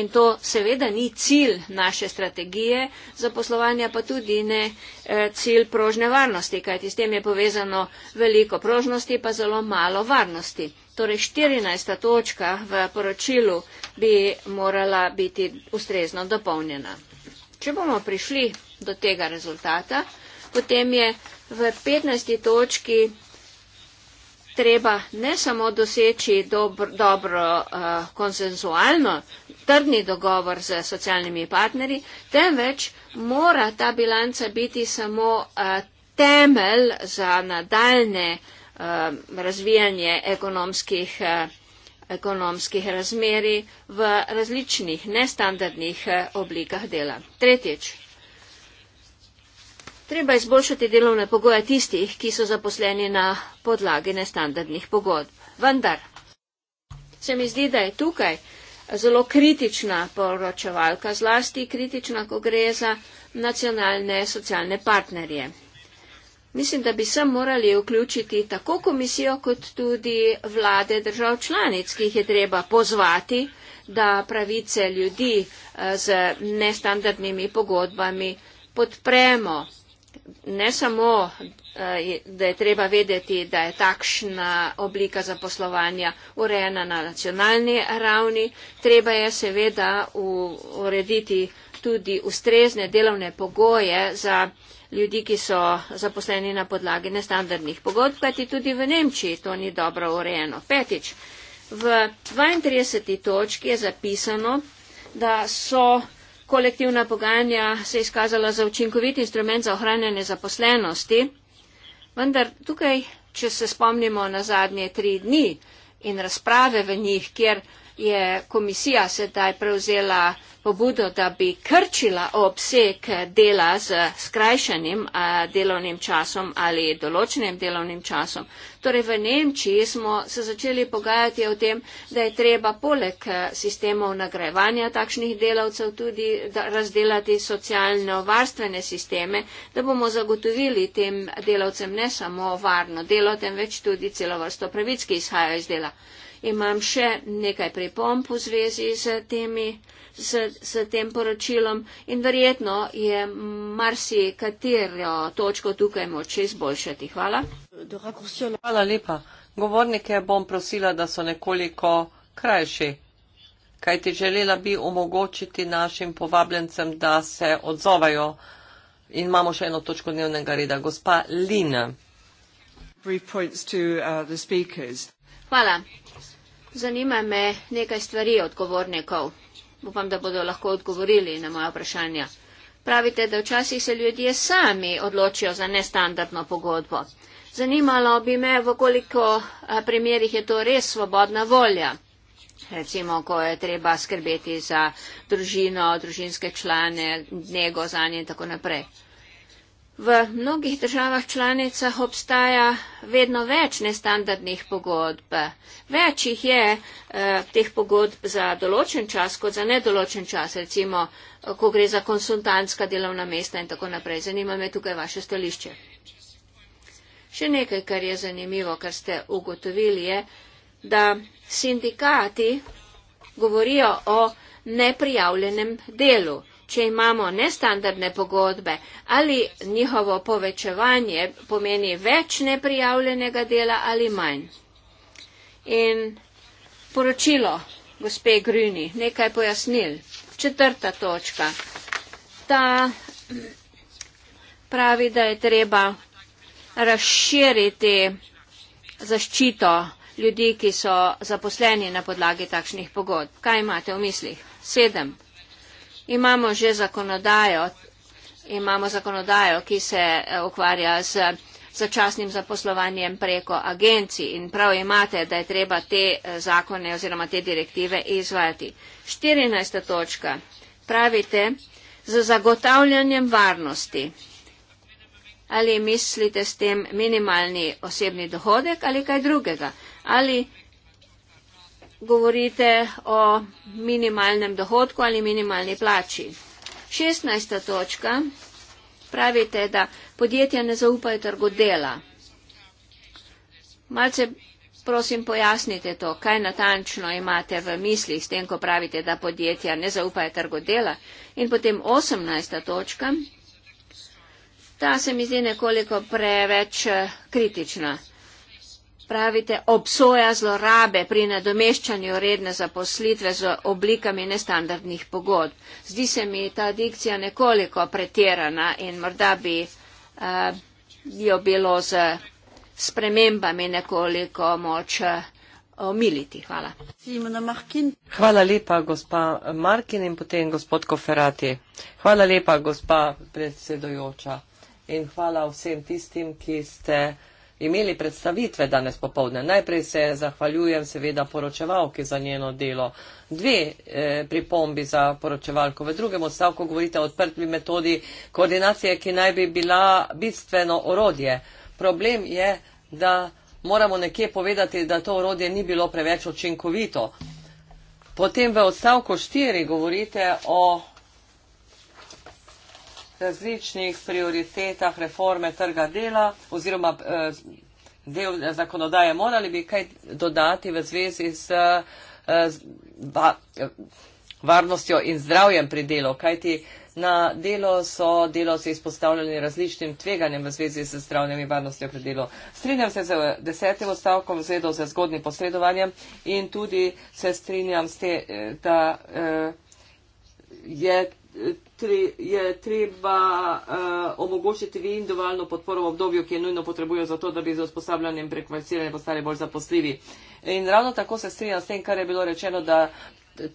In to seveda ni cilj naše strategije zaposlovanja, pa tudi ne eh, cilj prožne varnosti, kajti s tem je povezano veliko prožnosti, pa zelo malo varnosti. Torej 14. točka v poročilu bi morala biti ustrezno dopolnjena. Če bomo prišli do tega rezultata, potem je v 15. točki treba ne samo doseči dobro, dobro eh, konsenzualno, trdni dogovor z socialnimi partnerji, temveč mora ta bilanca biti samo eh, temelj za nadaljne eh, razvijanje ekonomskih, ekonomskih razmeri v različnih nestandardnih oblikah dela. Tretjič. Treba izboljšati delovne pogoje tistih, ki so zaposleni na podlagi nestandardnih pogodb. Vendar se mi zdi, da je tukaj zelo kritična poročevalka, zlasti kritična, ko gre za nacionalne socialne partnerje. Mislim, da bi se morali vključiti tako komisijo, kot tudi vlade držav članic, ki jih je treba pozvati, da pravice ljudi eh, z nestandardnimi pogodbami podpremo ne samo, eh, da je treba vedeti, da je takšna oblika zaposlovanja urejena na nacionalni ravni, treba je seveda urediti tudi ustrezne delovne pogoje za ljudi, ki so zaposleni na podlagi nestandardnih pogodb, kajti tudi v Nemčiji to ni dobro urejeno. Petič, v 32. točki je zapisano, da so kolektivna pogajanja se izkazala za učinkovit instrument za ohranjanje zaposlenosti. Vendar tukaj, če se spomnimo na zadnje tri dni in razprave v njih, kjer je komisija sedaj prevzela pobudo, da bi krčila obseg dela z skrajšanim delovnim časom ali določenim delovnim časom. Torej v Nemčiji smo se začeli pogajati o tem, da je treba poleg sistemov nagrajevanja takšnih delavcev tudi razdelati socialno-varstvene sisteme, da bomo zagotovili tem delavcem ne samo varno delo, temveč tudi celo vrsto pravic, ki izhajajo iz dela imam še nekaj pripomp v zvezi z, temi, z, z tem poročilom in verjetno je marsi katero točko tukaj moče izboljšati. Hvala. Hvala lepa. Govornike bom prosila, da so nekoliko krajši, kajti želela bi omogočiti našim povabljencem, da se odzovajo. In imamo še eno točko dnevnega reda. Gospa Lina. Uh, Hvala. Zanima me nekaj stvari odgovornikov. Upam, da bodo lahko odgovorili na moja vprašanja. Pravite, da včasih se ljudje sami odločijo za nestandardno pogodbo. Zanimalo bi me, v koliko eh, primerjih je to res svobodna volja. Recimo, ko je treba skrbeti za družino, družinske člane, nego zanje in tako naprej. V mnogih državah članicah obstaja vedno več nestandardnih pogodb. Več jih je eh, teh pogodb za določen čas kot za nedoločen čas, recimo, eh, ko gre za konsultantska delovna mesta in tako naprej. Zanima me tukaj vaše stališče. Še nekaj, kar je zanimivo, kar ste ugotovili, je, da sindikati govorijo o neprijavljenem delu če imamo nestandardne pogodbe ali njihovo povečevanje pomeni več neprijavljenega dela ali manj. In poročilo gospe Gruni, nekaj pojasnil. Četrta točka. Ta pravi, da je treba razširiti zaščito ljudi, ki so zaposleni na podlagi takšnih pogodb. Kaj imate v mislih? Sedem. Imamo že zakonodajo, imamo zakonodajo ki se eh, ukvarja z začasnim zaposlovanjem preko agencij in prav imate, da je treba te eh, zakone oziroma te direktive izvajati. 14. točka. Pravite, z zagotavljanjem varnosti. Ali mislite s tem minimalni osebni dohodek ali kaj drugega? Ali govorite o minimalnem dohodku ali minimalni plači. 16. točka. Pravite, da podjetja ne zaupajo trgu dela. Malce, prosim, pojasnite to, kaj natančno imate v mislih s tem, ko pravite, da podjetja ne zaupajo trgu dela. In potem 18. točka. Ta se mi zdi nekoliko preveč eh, kritična pravite, obsoja zlorabe pri nadomeščanju redne zaposlitve z oblikami nestandardnih pogodb. Zdi se mi ta dikcija nekoliko pretirana in morda bi uh, jo bilo z spremembami nekoliko moč eh, omiliti. Hvala. Hvala lepa, gospa Markin in potem gospod Koferati. Hvala lepa, gospa predsedojoča. In hvala vsem tistim, ki ste imeli predstavitve danes popovdne. Najprej se zahvaljujem seveda poročevalki za njeno delo. Dve eh, pripombi za poročevalko. V drugem odstavku govorite o odprtvi metodi koordinacije, ki naj bi bila bistveno orodje. Problem je, da moramo nekje povedati, da to orodje ni bilo preveč učinkovito. Potem v odstavku 4 govorite o različnih prioritetah reforme trga dela oziroma eh, del eh, zakonodaje. Morali bi kaj dodati v zvezi s eh, varnostjo in zdravjem pri delu, kajti na delo so delovci izpostavljeni različnim tveganjem v zvezi s zdravjem in varnostjo pri delu. Strinjam se z desetim odstavkom vzedo za zgodnim posredovanjem in tudi se strinjam s tem, da je tre, je treba uh, omogočiti individualno podporo v obdobju, ki je nujno potrebujo za to, da bi z usposabljanjem prekvalificirani postali bolj zaposljivi. In ravno tako se strinjam s tem, kar je bilo rečeno, da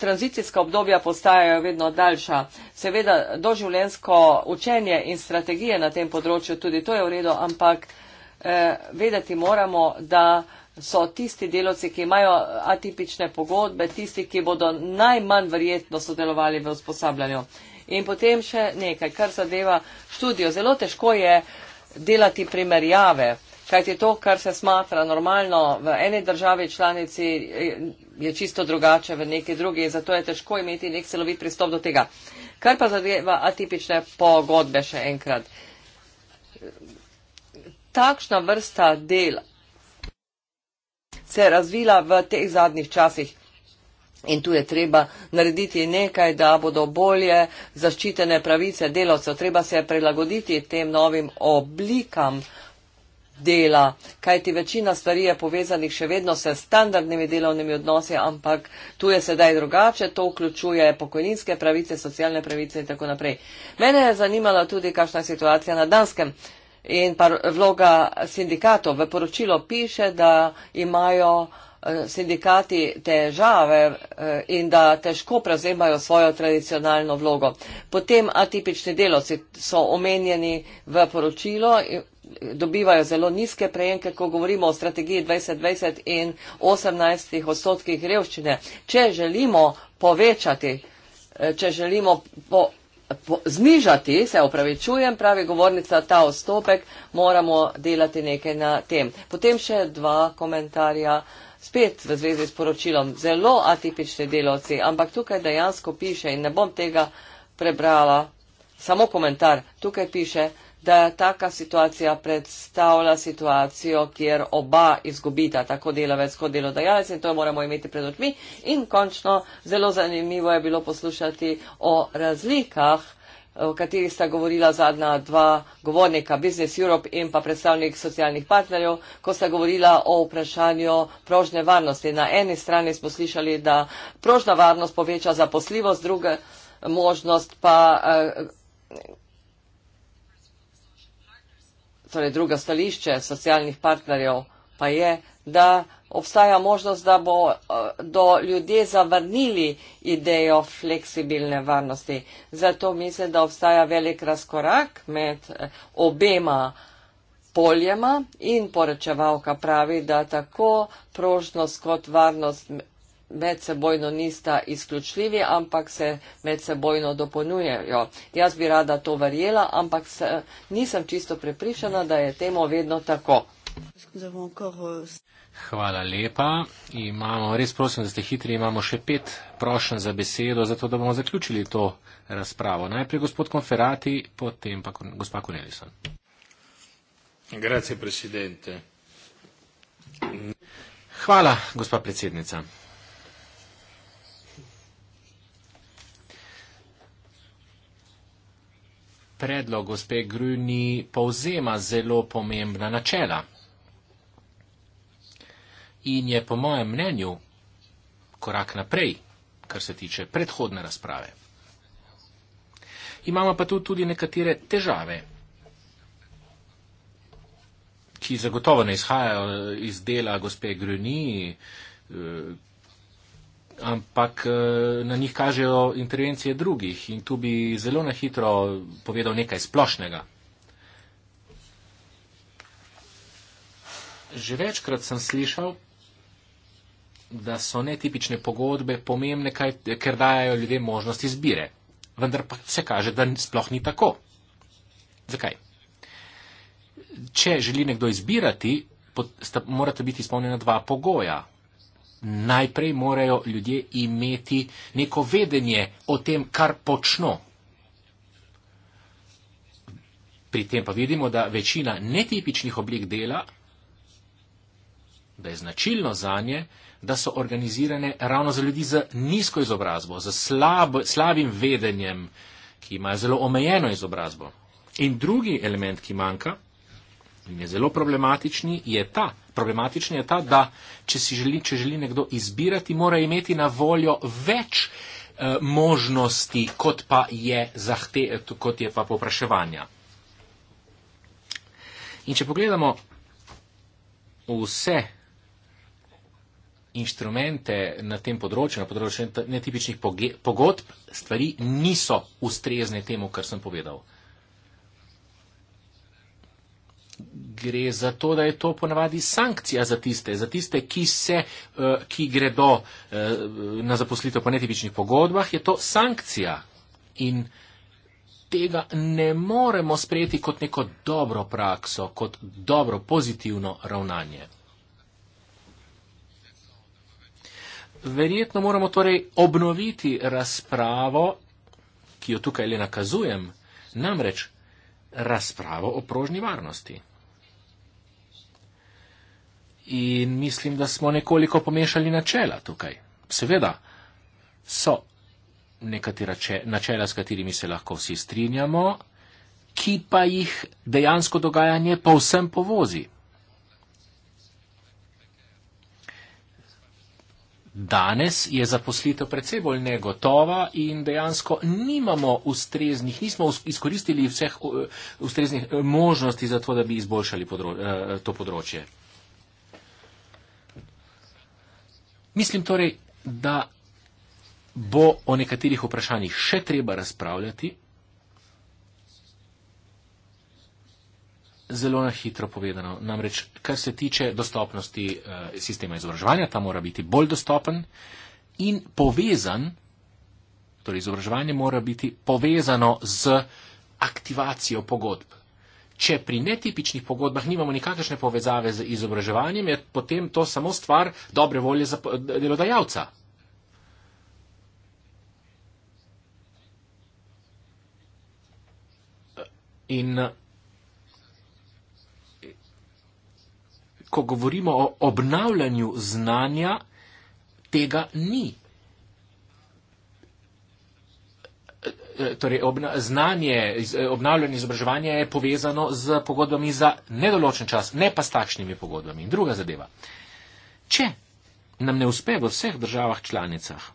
tranzicijska obdobja postajajo vedno daljša. Seveda doživljensko učenje in strategije na tem področju tudi to je v redu, ampak eh, vedeti moramo, da so tisti delovci, ki imajo atipične pogodbe, tisti, ki bodo najmanj verjetno sodelovali v usposabljanju. Eh, In potem še nekaj, kar zadeva študijo. Zelo težko je delati primerjave, kajti to, kar se smatra normalno v eni državi članici, je čisto drugače v neki drugi. Zato je težko imeti nek celovit pristop do tega. Kar pa zadeva atipične pogodbe še enkrat. Takšna vrsta dela se je razvila v teh zadnjih časih. In tu je treba narediti nekaj, da bodo bolje zaščitene pravice delavcev. Treba se je prilagoditi tem novim oblikam dela, kajti večina stvari je povezanih še vedno s standardnimi delovnimi odnosi, ampak tu je sedaj drugače, to vključuje pokojninske pravice, socialne pravice in tako naprej. Mene je zanimala tudi, kakšna je situacija na Danskem. In pa vloga sindikatov v poročilo piše, da imajo Eh, sindikati težave eh, in da težko prevzemajo svojo tradicionalno vlogo. Potem atipični delovci so omenjeni v poročilo eh, dobivajo zelo nizke prejemke, ko govorimo o strategiji 2020 in 18 odstotkih revščine. Če želimo povečati, če želimo po, po, znižati, se opravičujem, pravi govornica, ta odstopek, moramo delati nekaj na tem. Potem še dva komentarja. Uh, spet v zvezi s poročilom, zelo atipični delovci, ampak tukaj dejansko piše in ne bom tega prebrala, samo komentar, tukaj piše, da je taka situacija predstavlja situacijo, kjer oba izgubita, tako delavec kot delodajalec in to moramo imeti pred očmi. In končno, zelo zanimivo je bilo poslušati o razlikah o kateri sta govorila zadnja dva govornika, Business Europe in pa predstavnik socialnih partnerjev, ko sta govorila o vprašanju prožne varnosti. Na eni strani smo slišali, da prožna varnost poveča zaposljivost, druga možnost pa. Eh, torej, druga stališče socialnih partnerjev pa je, da obstaja možnost, da bo eh, do ljudje zavrnili idejo fleksibilne varnosti. Zato mislim, da obstaja velik razkorak med eh, obema poljema in poročevalka pravi, da tako prožnost kot varnost med sebojno nista izključljivi, ampak se med sebojno dopolnjujejo. Jaz bi rada to verjela, ampak se, nisem čisto prepričana, da je temu vedno tako. Zdaj, Hvala lepa. Imamo, res prosim, da ste hitri. Imamo še pet prošen za besedo, zato da bomo zaključili to razpravo. Najprej gospod Konferati, potem pa gospa Kunelison. Grazie, presidente. Hvala, gospa predsednica. Predlog gospe Gruni povzema zelo pomembna načela in je po mojem mnenju korak naprej, kar se tiče predhodne razprave. Imamo pa tu tudi nekatere težave, ki zagotovo ne izhajajo iz dela gospe Gruni, eh, ampak eh, na njih kažejo intervencije drugih in tu bi zelo na hitro povedal nekaj splošnega. Že večkrat sem slišal, da so netipične pogodbe pomembne, kaj, ker dajo ljudem možnost izbire. Vendar pa se kaže, da sploh ni tako. Zakaj? Če želi nekdo izbirati, morata biti izpolnjena dva pogoja. Najprej morajo ljudje imeti neko vedenje o tem, kar počno. Pri tem pa vidimo, da večina netipičnih oblik dela, da je značilno za nje, da so organizirane ravno za ljudi z nizko izobrazbo, z slab, slabim vedenjem, ki ima zelo omejeno izobrazbo. In drugi element, ki manjka in je zelo problematični, je ta, problematični je ta, da če, želi, če želi nekdo izbirati, mora imeti na voljo več e, možnosti, kot pa je zahte, kot je pa popraševanja. In če pogledamo vse inštrumente na tem področju, na področju netipičnih pogodb, stvari niso ustrezne temu, kar sem povedal. Gre za to, da je to ponavadi sankcija za tiste, za tiste, ki, se, eh, ki gredo eh, na zaposlitev po netipičnih pogodbah, je to sankcija. In tega ne moremo sprejeti kot neko dobro prakso, kot dobro pozitivno ravnanje. verjetno moramo torej obnoviti razpravo, ki jo tukaj le nakazujem, namreč razpravo o prožni varnosti. In mislim, da smo nekoliko pomešali načela tukaj. Seveda so nekatera načela, s katerimi se lahko vsi strinjamo, ki pa jih dejansko dogajanje povsem povozi. Danes je zaposlitev predvsej bolj negotova in dejansko nimamo ustreznih, nismo izkoristili vseh uh, ustreznih uh, možnosti za to, da bi izboljšali podro, uh, to področje. Mislim torej, da bo o nekaterih vprašanjih še treba razpravljati. zelo na hitro povedano. Namreč, kar se tiče dostopnosti eh, sistema izobraževanja, ta mora biti bolj dostopen in povezan, torej izobraževanje mora biti povezano z aktivacijo pogodb. Če pri netipičnih pogodbah nimamo nikakršne povezave z izobraževanjem, je potem to samo stvar dobre volje za eh, delodajalca. In eh, ko govorimo o obnavljanju znanja, tega ni. E, e, torej, obna, znanje, e, obnavljanje izobraževanja je povezano z pogodbami za nedoločen čas, ne pa s takšnimi pogodbami. In druga zadeva. Če nam ne uspe v vseh državah članicah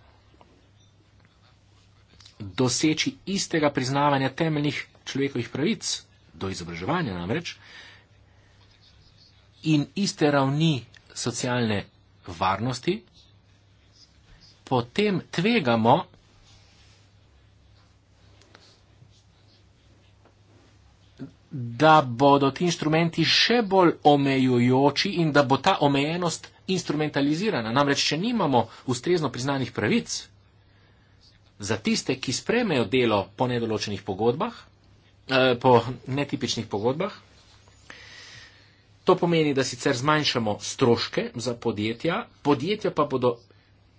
doseči istega priznavanja temeljnih človekovih pravic do izobraževanja namreč, in iste ravni socialne varnosti, potem tvegamo, da bodo ti inštrumenti še bolj omejujoči in da bo ta omejenost instrumentalizirana. Namreč, če nimamo ustrezno priznanih pravic za tiste, ki spremejo delo po nedoločenih pogodbah, eh, po netipičnih pogodbah, To pomeni, da sicer zmanjšamo stroške za podjetja, podjetja pa bodo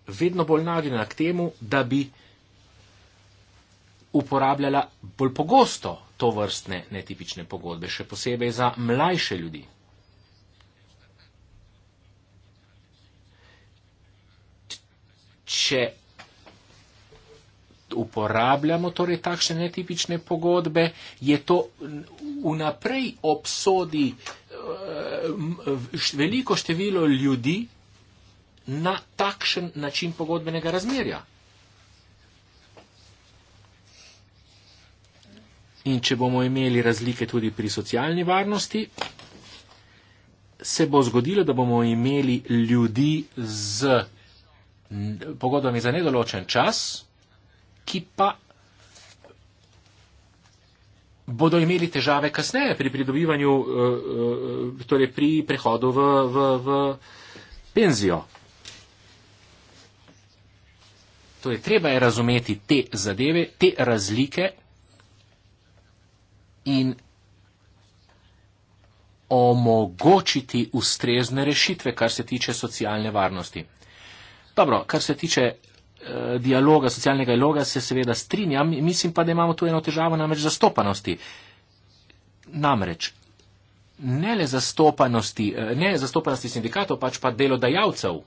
vedno bolj nagnjena k temu, da bi uporabljala bolj pogosto to vrstne netipične pogodbe, še posebej za mlajše ljudi. Če uporabljamo torej takšne netipične pogodbe, je to vnaprej obsodi Eh, veliko število ljudi na takšen način pogodbenega razmerja. In če bomo imeli razlike tudi pri socialni varnosti, se bo zgodilo, da bomo imeli ljudi z pogodbami za nedoločen čas, ki pa bodo imeli težave kasneje pri pridobivanju, eh, eh, torej pri prehodu v, v, v penzijo. Torej, treba je razumeti te zadeve, te razlike in omogočiti ustrezne rešitve, kar se tiče socialne varnosti. Dobro, kar se tiče Eh, dialoga, socialnega dialoga se seveda strinjam, mislim pa, da imamo tu eno težavo, namreč zastopanosti. Namreč ne le zastopanosti, eh, ne zastopanosti sindikatov, pač pa delodajalcev.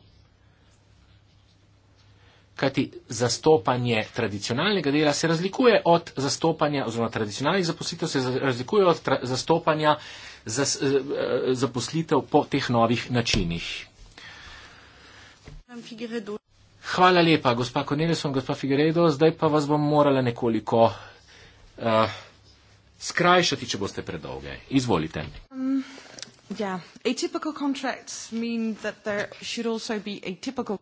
Kajti zastopanje tradicionalnega dela se razlikuje od zastopanja, oziroma tradicionalnih zaposlitev se razlikuje od zastopanja zas, eh, zaposlitev po teh novih načinih. Hvala lepa, gospa Cornelison, gospa Figueredo. Zdaj pa vas bom morala nekoliko uh, skrajšati, če boste predolge. Izvolite. Um, yeah. typical...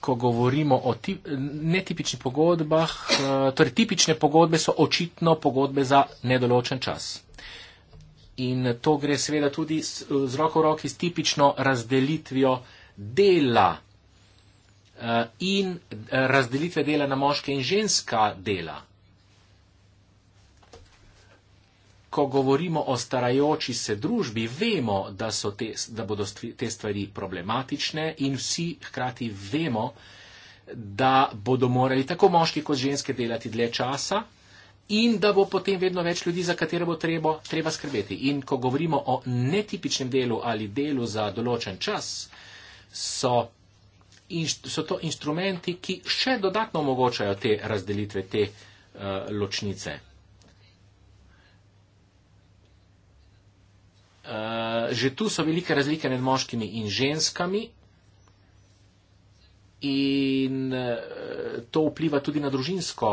Ko govorimo o tip, netipičnih pogodbah, uh, torej tipične pogodbe so očitno pogodbe za nedoločen čas. In to gre seveda tudi z, z roko v roki s tipično razdelitvijo dela. Eh, in eh, razdelitve dela na moške in ženska dela. Ko govorimo o starajoči se družbi, vemo, da, te, da bodo te stvari problematične in vsi hkrati vemo, da bodo morali tako moški kot ženske delati dlje časa in da bo potem vedno več ljudi, za katere bo treba, treba skrbeti. In ko govorimo o netipičnem delu ali delu za določen čas, so so to instrumenti, ki še dodatno omogočajo te razdelitve, te uh, ločnice. Uh, že tu so velike razlike med moškimi in ženskami in uh, to vpliva tudi na družinsko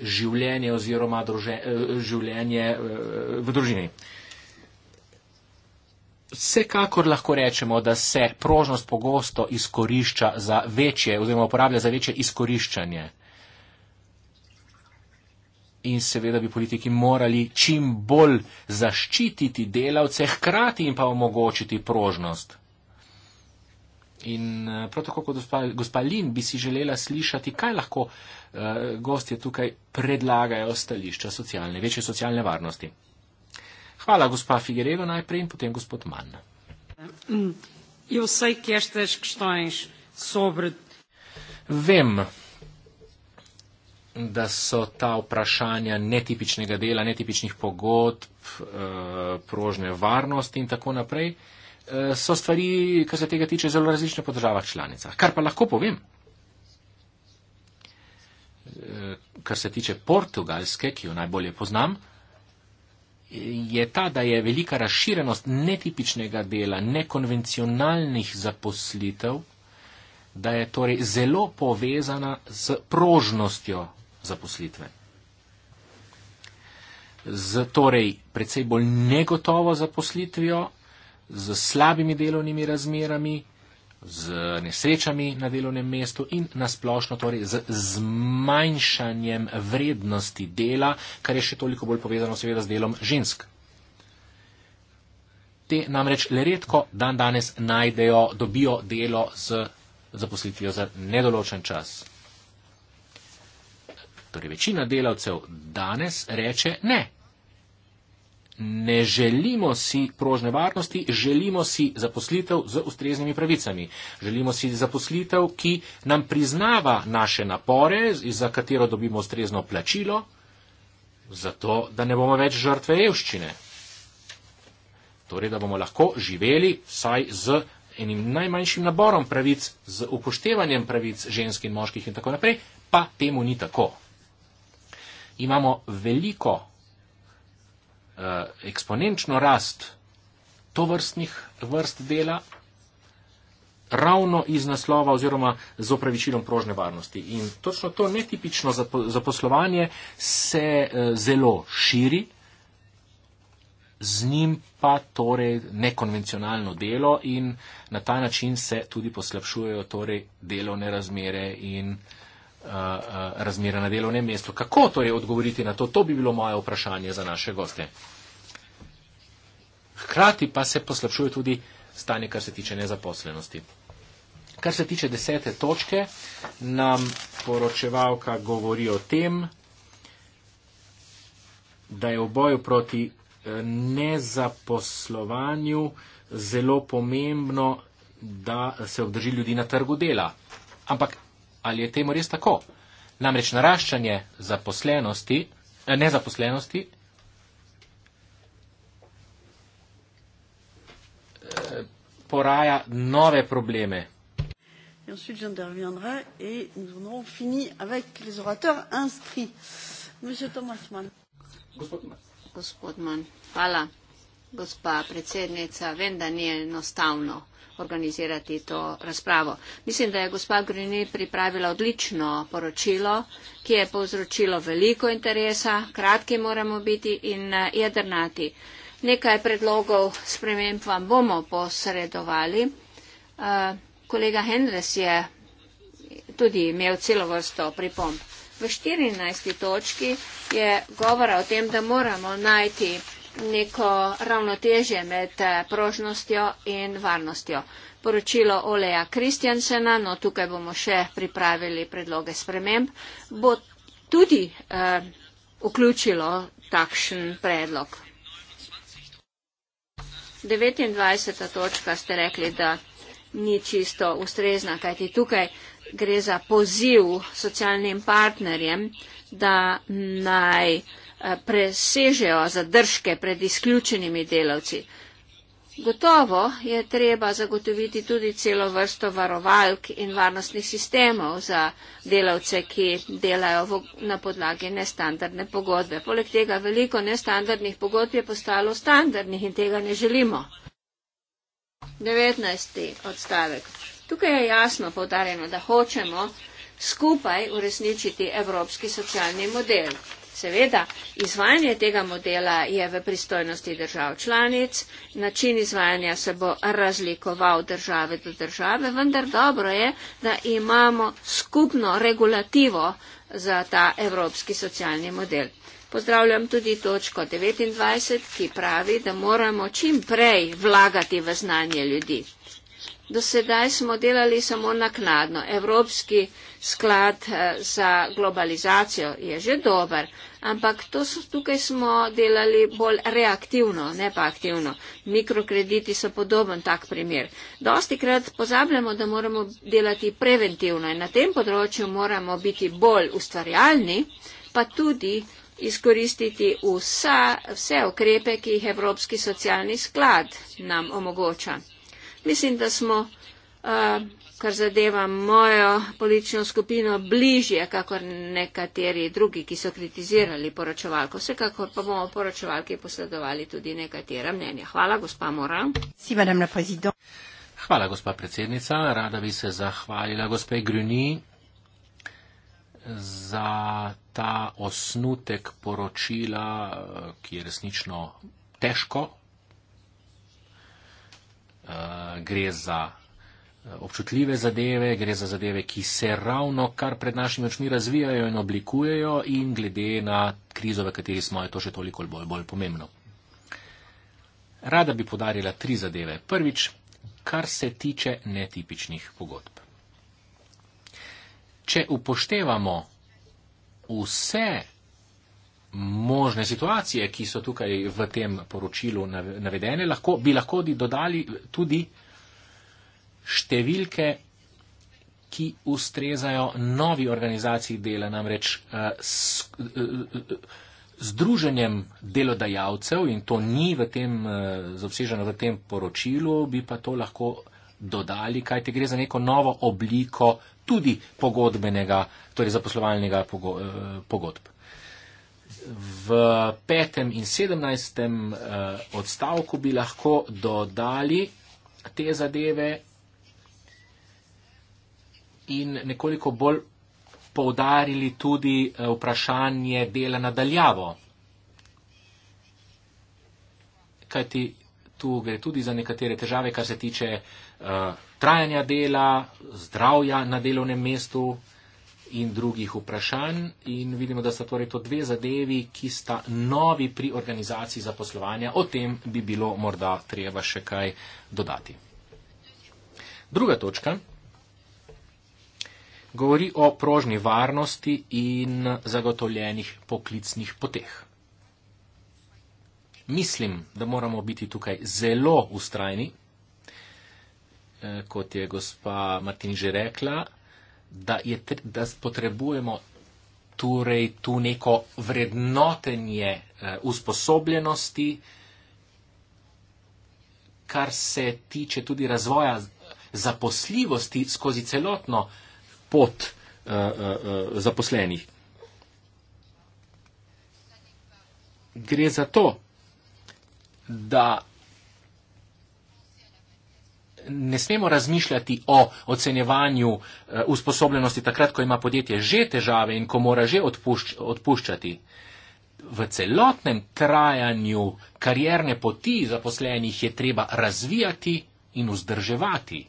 življenje oziroma druže, uh, življenje uh, v družini. Uh, Vsekakor lahko rečemo, da se prožnost pogosto izkorišča za večje oziroma uporablja za večje izkoriščanje. In seveda bi politiki morali čim bolj zaščititi delavce, hkrati jim pa omogočiti prožnost. In eh, prav tako kot gospa, gospa Lin bi si želela slišati, kaj lahko uh, gostje tukaj predlagajo stališča socialne, večje socialne varnosti. Hvala, gospa Figueiredo, najprej in potem gospod Mann. Mm, Vem, da so ta vprašanja netipičnega dela, netipičnih pogodb, eh, prožne varnosti in tako naprej, eh, so stvari, kar se tega tiče, zelo različne po državah članicah. Kar pa lahko povem, eh, kar se tiče portugalske, ki jo najbolje poznam, je ta, da je velika razširenost netipičnega dela, nekonvencionalnih zaposlitev, da je torej zelo povezana z prožnostjo zaposlitve. Z torej predvsej bolj negotovo zaposlitvijo, z slabimi delovnimi razmerami, z nesrečami na delovnem mestu in nasplošno torej z zmanjšanjem vrednosti dela, kar je še toliko bolj povezano seveda z delom žensk. Te namreč le redko dan danes najdejo, dobijo delo z zaposlitvijo za nedoločen čas. Torej večina delavcev danes reče ne, ne želimo si prožne varnosti, želimo si zaposlitev z ustreznimi pravicami. Želimo si zaposlitev, ki nam priznava naše napore, za katero dobimo ustrezno plačilo, zato da ne bomo več žrtve evščine. Torej, da bomo lahko živeli vsaj z enim najmanjšim naborom pravic, z upoštevanjem pravic žensk in moških in tako naprej, pa temu ni tako. Imamo veliko Eh, eksponenčno rast to vrstnih vrst dela ravno iz naslova oziroma z opravičilom prožne varnosti. In točno to netipično zaposlovanje se eh, zelo širi, z njim pa torej nekonvencionalno delo in na ta način se tudi poslabšujejo torej delovne razmere in eh, razmere na delovnem mestu. Kako torej odgovoriti na to? To bi bilo moje vprašanje za naše goste. Hkrati pa se poslabšuje tudi stanje, kar se tiče nezaposlenosti. Kar se tiče desete točke, nam poročevalka govori o tem, da je v boju proti eh, nezaposlovanju zelo pomembno, da se obdrži ljudi na trgu dela. Ampak ali je temu res tako? Namreč naraščanje eh, nezaposlenosti poraja nove probleme. Et ensuite, j'interviendrai et nous en aurons fini avec les orateurs inscrits. Monsieur Thomas Mann. Gospod Mann. Hvala. Gospa predsednica, vem, da ni enostavno organizirati to razpravo. Mislim, da je gospa Grini pripravila odlično poročilo, ki je povzročilo veliko interesa, kratki moramo biti in eh, jedrnati. Uh, Nekaj predlogov sprememb vam bomo posredovali. Eh, kolega Hendres je tudi imel celo vrsto pripomb. V 14. točki je govora o tem, da moramo najti neko ravnoteže med eh, prožnostjo in varnostjo. Poročilo Oleja Kristjansena, no tukaj bomo še pripravili predloge sprememb, bo tudi eh, vključilo takšen predlog. 29. točka ste rekli, da ni čisto ustrezna, kajti tukaj gre za poziv socialnim partnerjem, da naj eh, presežejo zadržke pred izključenimi delavci. Gotovo je treba zagotoviti tudi celo vrsto varovalk in varnostnih sistemov za delavce, ki delajo v, na podlagi nestandardne pogodbe. Poleg tega veliko nestandardnih pogodb je postalo standardnih in tega ne želimo. 19. odstavek. Tukaj je jasno povdarjeno, da hočemo skupaj uresničiti evropski socialni model. Seveda, izvajanje tega modela je v pristojnosti držav članic, način izvajanja se bo razlikoval države do države, vendar dobro je, da imamo skupno regulativo za ta evropski socialni model. Pozdravljam tudi točko 29, ki pravi, da moramo čim prej vlagati v znanje ljudi. Do sedaj smo delali samo naknadno. Evropski sklad eh, za globalizacijo je že dober, ampak to so, tukaj smo delali bolj reaktivno, ne pa aktivno. Mikrokrediti so podoben tak primer. Dosti krat pozabljamo, da moramo delati preventivno in na tem področju moramo biti bolj ustvarjalni, pa tudi izkoristiti vsa, vse ukrepe, ki jih Evropski socialni sklad nam omogoča. Mislim, da smo. Uh, kar zadeva mojo politično skupino, bližje, kakor nekateri drugi, ki so kritizirali poročevalko. Vsekakor pa bomo poročevalki posledovali tudi nekatera mnenja. Hvala, gospa Moran. Si, Hvala, gospa predsednica. Rada bi se zahvalila gospe Gruni za ta osnutek poročila, ki je resnično težko. Uh, gre za Eh, občutljive zadeve, gre za zadeve, ki se ravno kar pred našimi očmi razvijajo in oblikujejo in glede na krizo, v kateri smo, je to še toliko bolj, bolj pomembno. Rada bi podarila tri zadeve. Prvič, kar se tiče netipičnih pogodb. Če upoštevamo vse možne situacije, ki so tukaj v tem poročilu navedene, lahko, bi lahko dodali tudi številke, ki ustrezajo novi organizaciji dela, namreč uh, s, uh, združenjem delodajalcev in to ni v tem, uh, zobseženo v tem poročilu, bi pa to lahko dodali, kaj te gre za neko novo obliko tudi pogodbenega, torej zaposlovalnega pogo, uh, pogodb. V petem in sedemnajstem uh, odstavku bi lahko dodali te zadeve, in nekoliko bolj poudarili tudi eh, vprašanje dela nadaljavo. Kajti tu gre tudi za nekatere težave, kar se tiče uh, trajanja dela, zdravja na delovnem mestu in drugih vprašanj. In vidimo, da sta torej to dve zadevi, ki sta novi pri organizaciji zaposlovanja. O tem bi bilo morda treba še kaj dodati. Druga točka govori o prožni varnosti in zagotovljenih poklicnih poteh. Mislim, da moramo biti tukaj zelo ustrajni, eh, kot je gospa Martin že rekla, da, je, da potrebujemo torej tu neko vrednotenje eh, usposobljenosti, kar se tiče tudi razvoja zaposljivosti skozi celotno pod uh, eh, uh, eh, eh, zaposlenih. Gre za to, da ne smemo razmišljati o ocenjevanju uh, usposobljenosti takrat, ko ima podjetje že težave in ko mora že odpušč, odpuščati. V celotnem trajanju karierne poti zaposlenih je treba razvijati in vzdrževati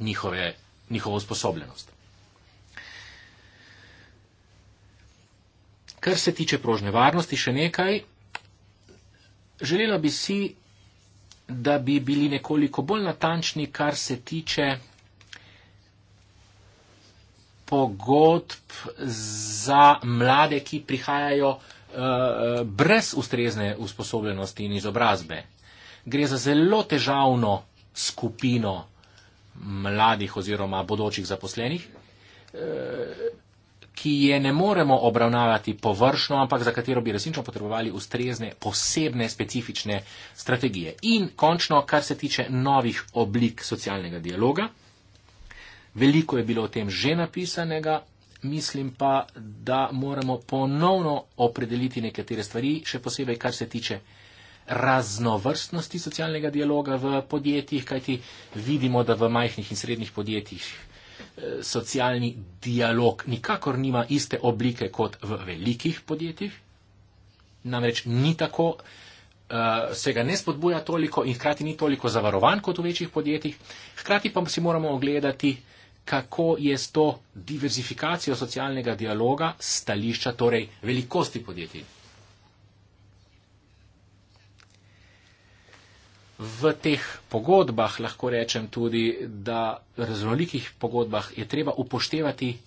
njihove njihovo sposobnost. Kar se tiče prožne varnosti, še nekaj. Želela bi si, da bi bili nekoliko bolj natančni, kar se tiče pogodb za mlade, ki prihajajo uh, brez ustrezne usposobljenosti in izobrazbe. Gre za zelo težavno skupino mladih oziroma bodočih zaposlenih, eh, ki je ne moremo obravnavati površno, ampak za katero bi resnično potrebovali ustrezne, posebne, specifične strategije. In končno, kar se tiče novih oblik socialnega dialoga, veliko je bilo o tem že napisanega. Mislim pa, da moramo ponovno opredeliti nekatere stvari, še posebej kar se tiče uh, raznovrstnosti socialnega dialoga v podjetjih, kajti vidimo, da v majhnih in srednjih podjetjih eh, socialni dialog nikakor nima iste oblike kot v velikih podjetjih. Namreč ni tako, eh, se ga ne spodbuja toliko in hkrati ni toliko zavarovan kot v večjih podjetjih. Hkrati pa si moramo ogledati, kako je s to diverzifikacijo socialnega dialoga stališča, torej velikosti podjetij. v teh pogodbah, lahko rečem tudi, da v raznolikih pogodbah je treba upoštevati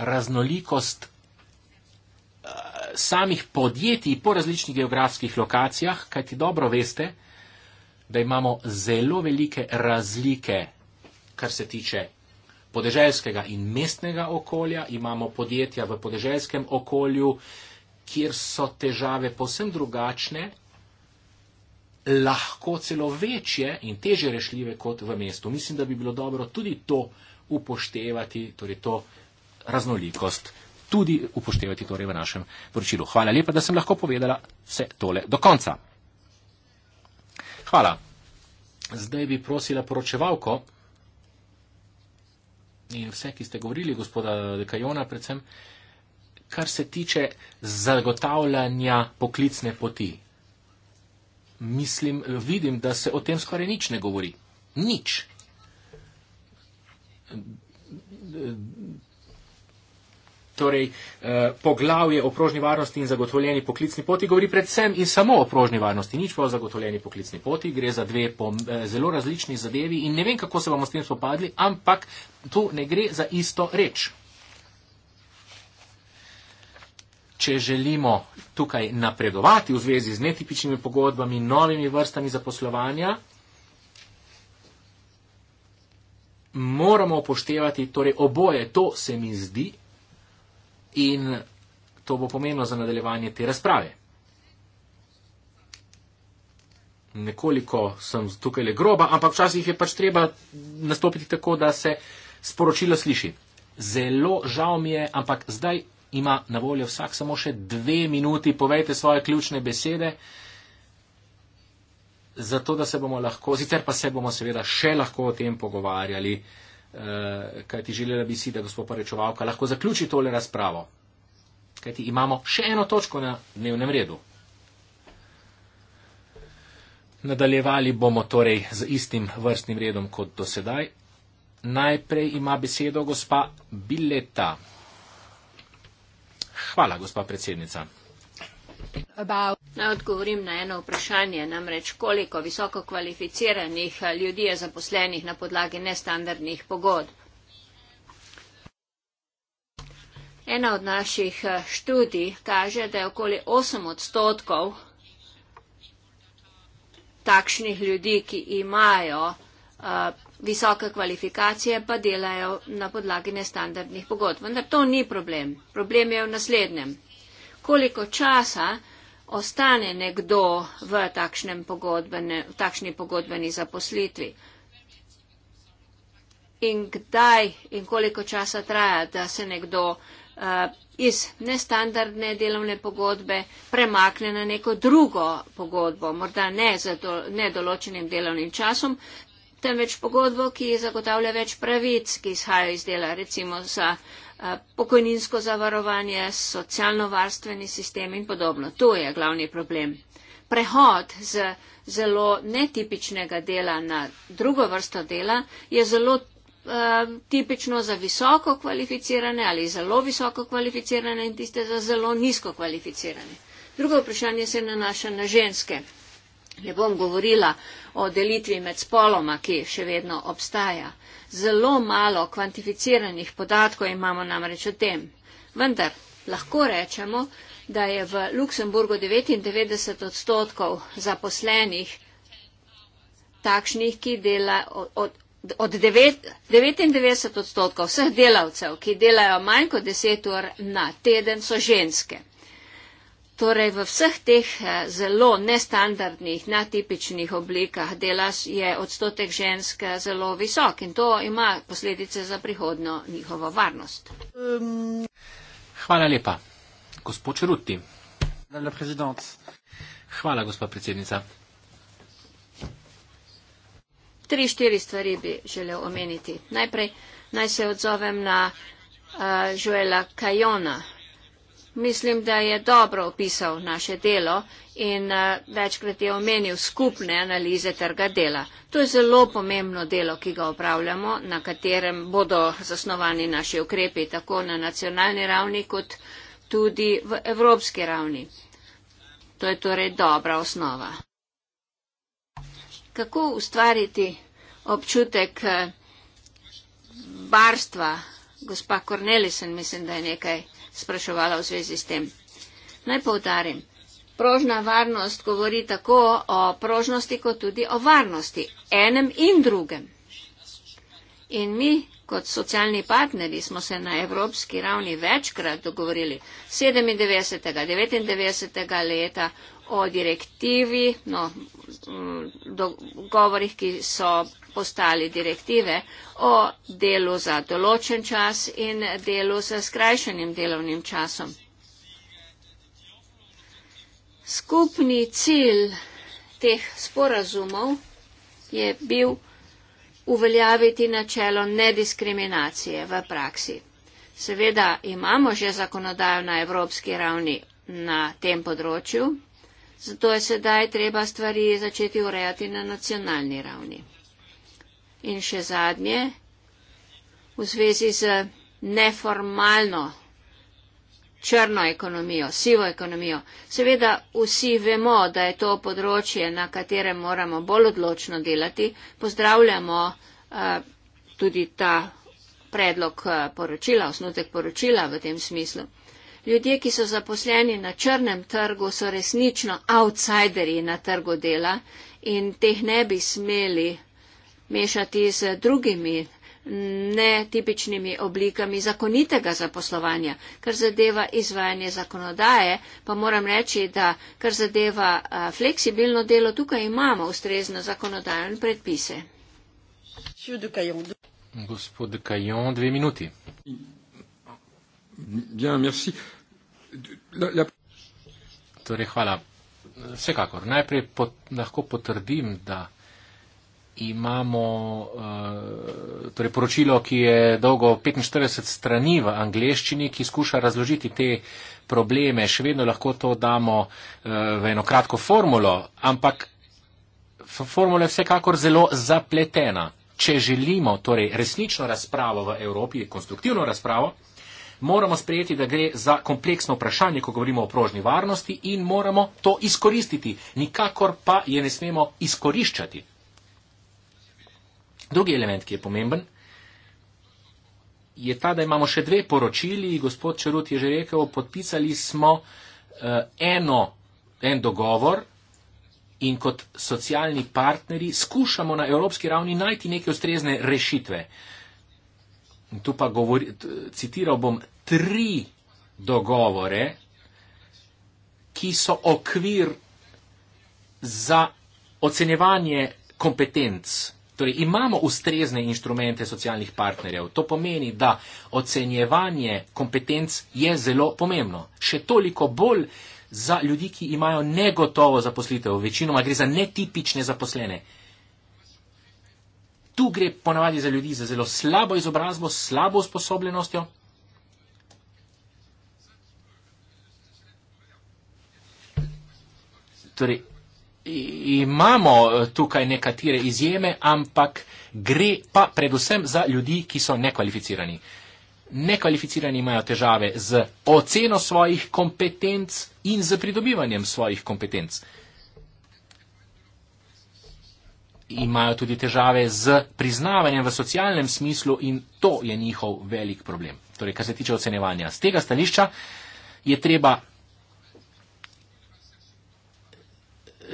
raznolikost eh, samih podjetij po različnih geografskih lokacijah, kajti dobro veste, da imamo zelo velike razlike, kar se tiče podeželjskega in mestnega okolja. Imamo podjetja v podeželjskem okolju, kjer so težave posebno drugačne lahko celo večje in teže rešljive kot v mestu. Mislim, da bi bilo dobro tudi to upoštevati, torej to raznolikost tudi upoštevati torej v našem poročilu. Hvala lepa, da sem lahko povedala vse tole do konca. Hvala. Zdaj bi prosila poročevalko in vse, ki ste govorili, gospoda Dekajona predvsem, kar se tiče zagotavljanja poklicne poti mislim, vidim, da se o tem skoraj nič ne govori. Nič. Torej, eh, poglavje o prožni varnosti in zagotovljeni poklicni poti govori predvsem in samo o prožni varnosti, nič pa o zagotovljeni poklicni poti, gre za dve pom, eh, zelo različni zadevi in ne vem, kako se bomo s tem spopadli, ampak tu ne gre za isto reč. če želimo tukaj napredovati v zvezi z netipičnimi pogodbami, novimi vrstami zaposlovanja, moramo upoštevati torej oboje. To se mi zdi in to bo pomenilo za nadaljevanje te razprave. Nekoliko sem tukaj le groba, ampak včasih je pač treba nastopiti tako, da se sporočilo sliši. Zelo žal mi je, ampak zdaj ima na voljo vsak samo še dve minuti, povejte svoje ključne besede, zato da se bomo lahko, sicer pa se bomo seveda še lahko o tem pogovarjali, eh, kaj ti želela bi si, da gospod Parečovalka lahko zaključi tole razpravo. Kaj ti imamo še eno točko na dnevnem redu. Nadaljevali bomo torej z istim vrstnim redom kot do sedaj. Najprej ima besedo gospa Bileta. Hvala, gospa predsednica. Naj odgovorim na eno vprašanje, namreč koliko visoko kvalificiranih eh, ljudi je zaposlenih na podlagi nestandardnih pogodb. Ena od naših eh, študij kaže, da je okoli 8 odstotkov takšnih ljudi, ki imajo eh, visoke kvalifikacije pa delajo na podlagi nestandardnih pogodb. Vendar to ni problem. Problem je v naslednjem. Koliko časa ostane nekdo v, v takšni pogodbeni zaposlitvi? In kdaj in koliko časa traja, da se nekdo uh, iz nestandardne delovne pogodbe premakne na neko drugo pogodbo, morda ne z nedoločenim delovnim časom, temveč pogodbo, ki zagotavlja več pravic, ki izhajajo iz dela, recimo za eh, pokojninsko zavarovanje, socialno-varstveni sistem in podobno. To je glavni problem. Prehod z zelo netipičnega dela na drugo vrsto dela je zelo uh, tipično za visoko kvalificirane ali zelo visoko kvalificirane in tiste za zelo nizko kvalificirane. Drugo vprašanje se nanaša na ženske. Ne bom govorila o delitvi med spoloma, ki še vedno obstaja. Zelo malo kvantificiranih podatkov imamo namreč o tem. Vendar lahko rečemo, da je v Luksemburgu 99 odstotkov zaposlenih takšnih, ki dela od. Od 99 odstotkov vseh delavcev, ki delajo manj kot 10 ur na teden, so ženske. Torej, v vseh teh eh, zelo nestandardnih, natipičnih oblikah dela je odstotek žensk eh, zelo visok in to ima posledice za prihodno njihovo varnost. Hvala lepa. Gospod Čeruti. Hvala, gospod predsednica. Tri, štiri stvari bi želel omeniti. Najprej naj se odzovem na uh, eh, Žuela Kajona, Mislim, da je dobro opisal naše delo in uh, večkrat je omenil skupne analize trga dela. To je zelo pomembno delo, ki ga upravljamo, na katerem bodo zasnovani naši ukrepi tako na nacionalni ravni kot tudi v evropski ravni. To je torej dobra osnova. Kako ustvariti občutek eh, barstva, gospa Kornelisen, mislim, da je nekaj spraševala v zvezi s tem. Naj povdarim, prožna varnost govori tako o prožnosti, kot tudi o varnosti, enem in drugem. In mi kot socialni partneri smo se na evropski ravni večkrat dogovorili 97. 99. leta o direktivi, no, mm, dogovorih, ki so postali direktive o delu za določen čas in delu za skrajšanim delovnim časom. Skupni cilj teh sporazumov je bil uveljaviti načelo nediskriminacije v praksi. Seveda imamo že zakonodajo na evropski ravni na tem področju, zato je sedaj treba stvari začeti urejati na nacionalni ravni. In še zadnje, v zvezi z neformalno črno ekonomijo, sivo ekonomijo. Seveda vsi vemo, da je to področje, na katerem moramo bolj odločno delati. Pozdravljamo uh, tudi ta predlog eh, poročila, osnutek poročila v tem smislu. Ljudje, ki so zaposleni na črnem trgu, so resnično outsideri na trgu dela in teh ne bi smeli mešati z drugimi netipičnimi oblikami zakonitega zaposlovanja. Kar zadeva izvajanje zakonodaje, pa moram reči, da kar zadeva fleksibilno delo, tukaj imamo ustrezno zakonodajo in predpise. Gospod Kajon, dve minuti. Bien, merci. La, la... Torej, hvala. Vsekakor, najprej pot, lahko potrdim, da imamo eh, torej poročilo, ki je dolgo 45 strani v angleščini, ki skuša razložiti te probleme. Še vedno lahko to damo eh, v eno kratko formulo, ampak formula je vsekakor zelo zapletena. Če želimo torej resnično razpravo v Evropi, konstruktivno razpravo, moramo sprejeti, da gre za kompleksno vprašanje, ko govorimo o prožni varnosti in moramo to izkoristiti. Nikakor pa je ne smemo izkoriščati. Drugi element, ki je pomemben, je ta, da imamo še dve poročili. Gospod Čerut je že rekel, podpisali smo eh, eno, en dogovor in kot socialni partneri skušamo na evropski ravni najti neke ustrezne rešitve. In tu pa govori, citiral bom tri dogovore, ki so okvir za ocenjevanje kompetenc Torej, imamo ustrezne inštrumente socialnih partnerjev. To pomeni, da ocenjevanje kompetenc je zelo pomembno. Še toliko bolj za ljudi, ki imajo negotovo zaposlitev. Večinoma gre za netipične zaposlene. Tu gre ponavadi za ljudi z zelo slabo izobrazbo, slabo usposobljenostjo. Torej, imamo eh, tukaj nekatere izjeme, ampak gre pa predvsem za ljudi, ki so nekvalificirani. Nekvalificirani imajo težave z oceno svojih kompetenc in z pridobivanjem svojih kompetenc. Imajo tudi težave z priznavanjem v socialnem smislu in to je njihov velik problem. Torej, kar se tiče ocenevanja. Z tega stališča je treba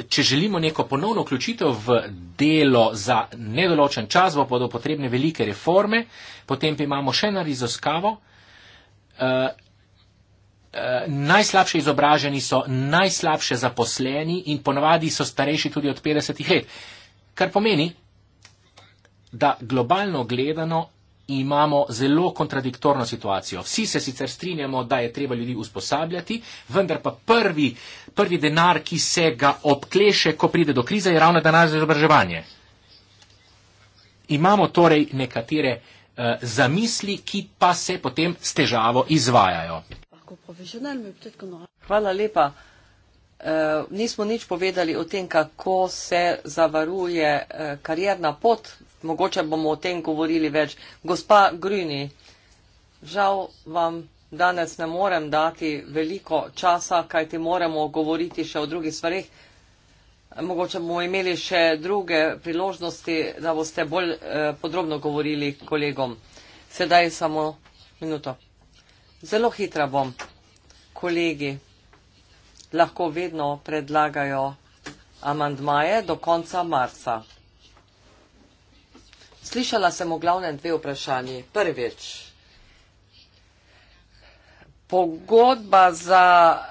če želimo neko ponovno vključitev v delo za nedoločen čas, bo bodo potrebne velike reforme, potem pa imamo še na rizoskavo. Uh, eh, Uh, eh, najslabše izobraženi so, najslabše zaposleni in ponavadi so starejši tudi od 50 let. Kar pomeni, da globalno gledano imamo zelo kontradiktorno situacijo. Vsi se sicer strinjamo, da je treba ljudi usposabljati, vendar pa prvi, prvi denar, ki se ga obkleše, ko pride do krize, je ravno denar za izobraževanje. Imamo torej nekatere uh, zamisli, ki pa se potem s težavo izvajajo. Hvala lepa. Uh, nismo nič povedali o tem, kako se zavaruje uh, eh, karjerna pot mogoče bomo o tem govorili več. Gospa Gruni, žal vam danes ne morem dati veliko časa, kaj ti moramo govoriti še o drugih stvarih. Mogoče bomo imeli še druge priložnosti, da boste bolj eh, podrobno govorili kolegom. Sedaj samo minuto. Zelo hitra bom. Kolegi lahko vedno predlagajo amandmaje do konca marca. Slišala sem v glavnem dve vprašanji. Prvič, pogodba za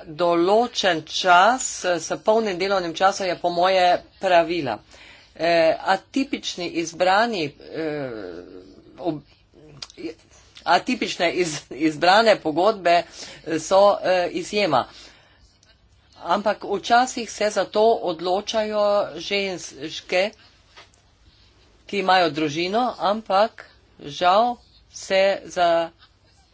določen čas s polnim delovnim časom je po moje pravila. E, atipični izbrani, e, ob, atipične iz, izbrane pogodbe so e, izjema. Ampak včasih se za to odločajo ženske, ki imajo družino, ampak žal se za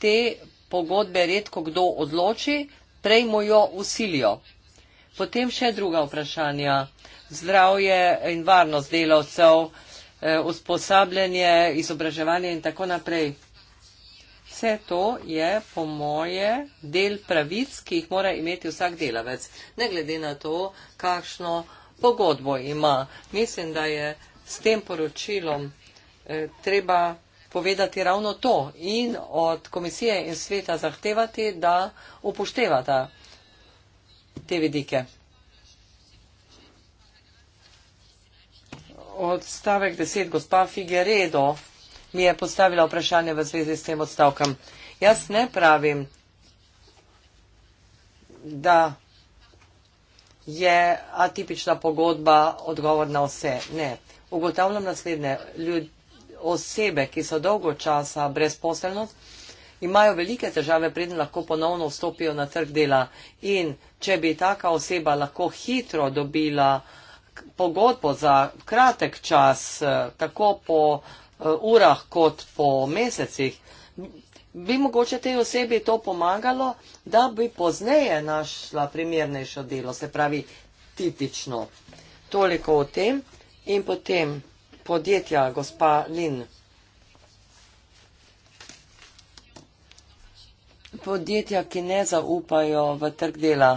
te pogodbe redko kdo odloči, prej mu jo usilijo. Potem še druga vprašanja. Zdravje in varnost delavcev, eh, usposabljanje, izobraževanje in tako naprej. Vse to je po moje del pravic, ki jih mora imeti vsak delavec, ne glede na to, kakšno pogodbo ima. Mislim, da je s tem poročilom eh, treba povedati ravno to in od komisije in sveta zahtevati, da upoštevata te vidike. Odstavek 10, gospa Figueredo mi je postavila vprašanje v zvezi s tem odstavkom. Jaz ne pravim, da je atipična pogodba odgovor na vse. Ne, ugotavljam naslednje. Ljud, osebe, ki so dolgo časa brezposelnost, imajo velike težave, preden lahko ponovno vstopijo na trg dela. In če bi taka oseba lahko hitro dobila pogodbo za kratek čas, eh, tako po eh, urah kot po mesecih, bi mogoče tej osebi to pomagalo, da bi pozneje našla primernejšo delo, se pravi tipično. Toliko o tem. In potem podjetja, gospa Lin. Podjetja, ki ne zaupajo v trg dela.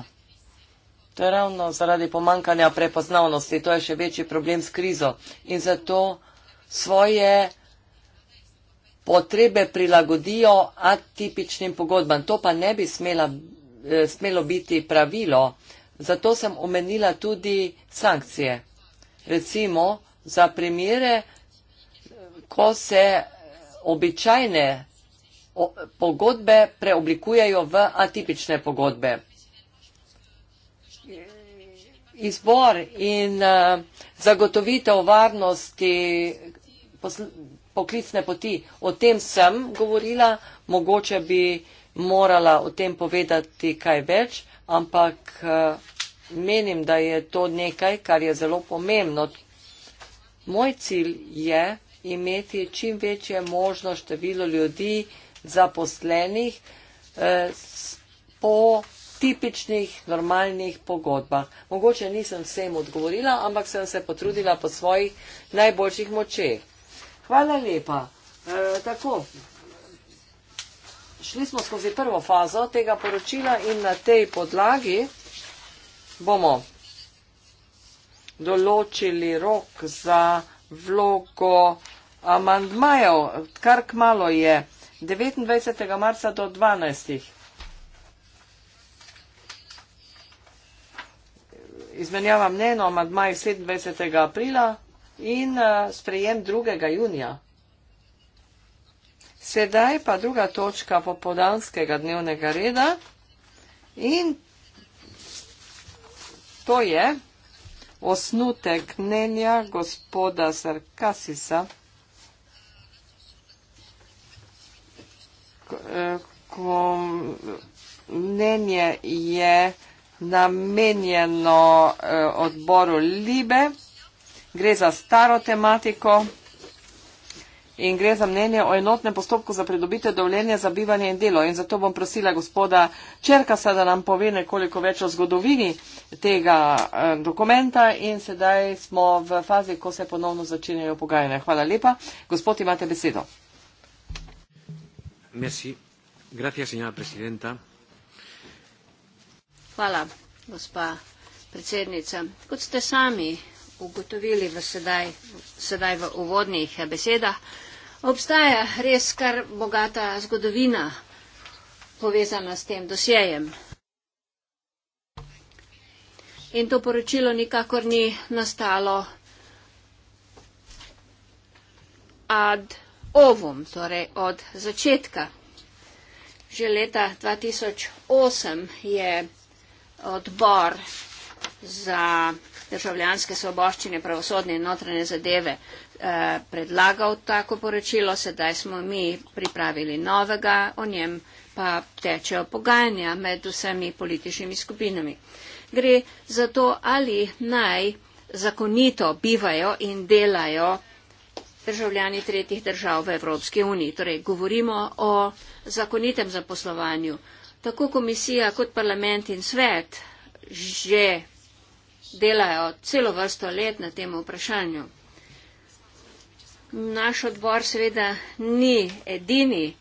To je ravno zaradi pomankanja prepoznavnosti. To je še večji problem s krizo. In zato svoje potrebe prilagodijo atipičnim pogodbam. To pa ne bi smela, eh, smelo biti pravilo. Zato sem omenila tudi sankcije recimo za primere, ko se običajne pogodbe preoblikujejo v atipične pogodbe. Izbor in eh, zagotovitev varnosti poklicne poti, o tem sem govorila, mogoče bi morala o tem povedati kaj več, ampak eh, menim, da je to nekaj, kar je zelo pomembno. Moj cilj je imeti čim večje možno število ljudi zaposlenih eh, po tipičnih, normalnih pogodbah. Mogoče nisem vsem odgovorila, ampak sem se potrudila po svojih najboljših močeh. Hvala lepa. E, tako, šli smo skozi prvo fazo tega poročila in na tej podlagi bomo določili rok za vlogo amandmajev, kar kmalo je, 29. marca do 12. Izmenjava mneno amandmaj 27. aprila in eh, sprejem 2. junija. Sedaj pa druga točka popodanskega dnevnega reda in To je osnutek mnenja gospoda Sarkasisa, e, ko mnenje je namenjeno e, odboru Libe, gre za staro tematiko, in gre za mnenje o enotnem postopku za pridobitev dovoljenja za bivanje in delo. In zato bom prosila gospoda Čerkasa, da nam pove nekoliko več o zgodovini tega eh, dokumenta in sedaj smo v fazi, ko se ponovno začenjajo pogajanja. Hvala lepa. Gospod, imate besedo. Merci. Gracias, señora presidenta. Hvala, gospa predsednica. Kot ste sami ugotovili v sedaj, sedaj v uvodnih besedah, Obstaja res kar bogata zgodovina povezana s tem dosjejem. In to poročilo nikakor ni nastalo ad ovom, torej od začetka. Že leta 2008 je odbor za državljanske svoboščine, pravosodne in notranje zadeve Eh, predlagal tako poročilo, sedaj smo mi pripravili novega, o njem pa tečejo pogajanja med vsemi političnimi skupinami. Gre za to, ali naj zakonito bivajo in delajo državljani tretjih držav v Evropski uniji. Torej, govorimo o zakonitem zaposlovanju. Tako komisija kot parlament in svet že delajo celo vrsto let na tem vprašanju. Naš odbor seveda ni edini,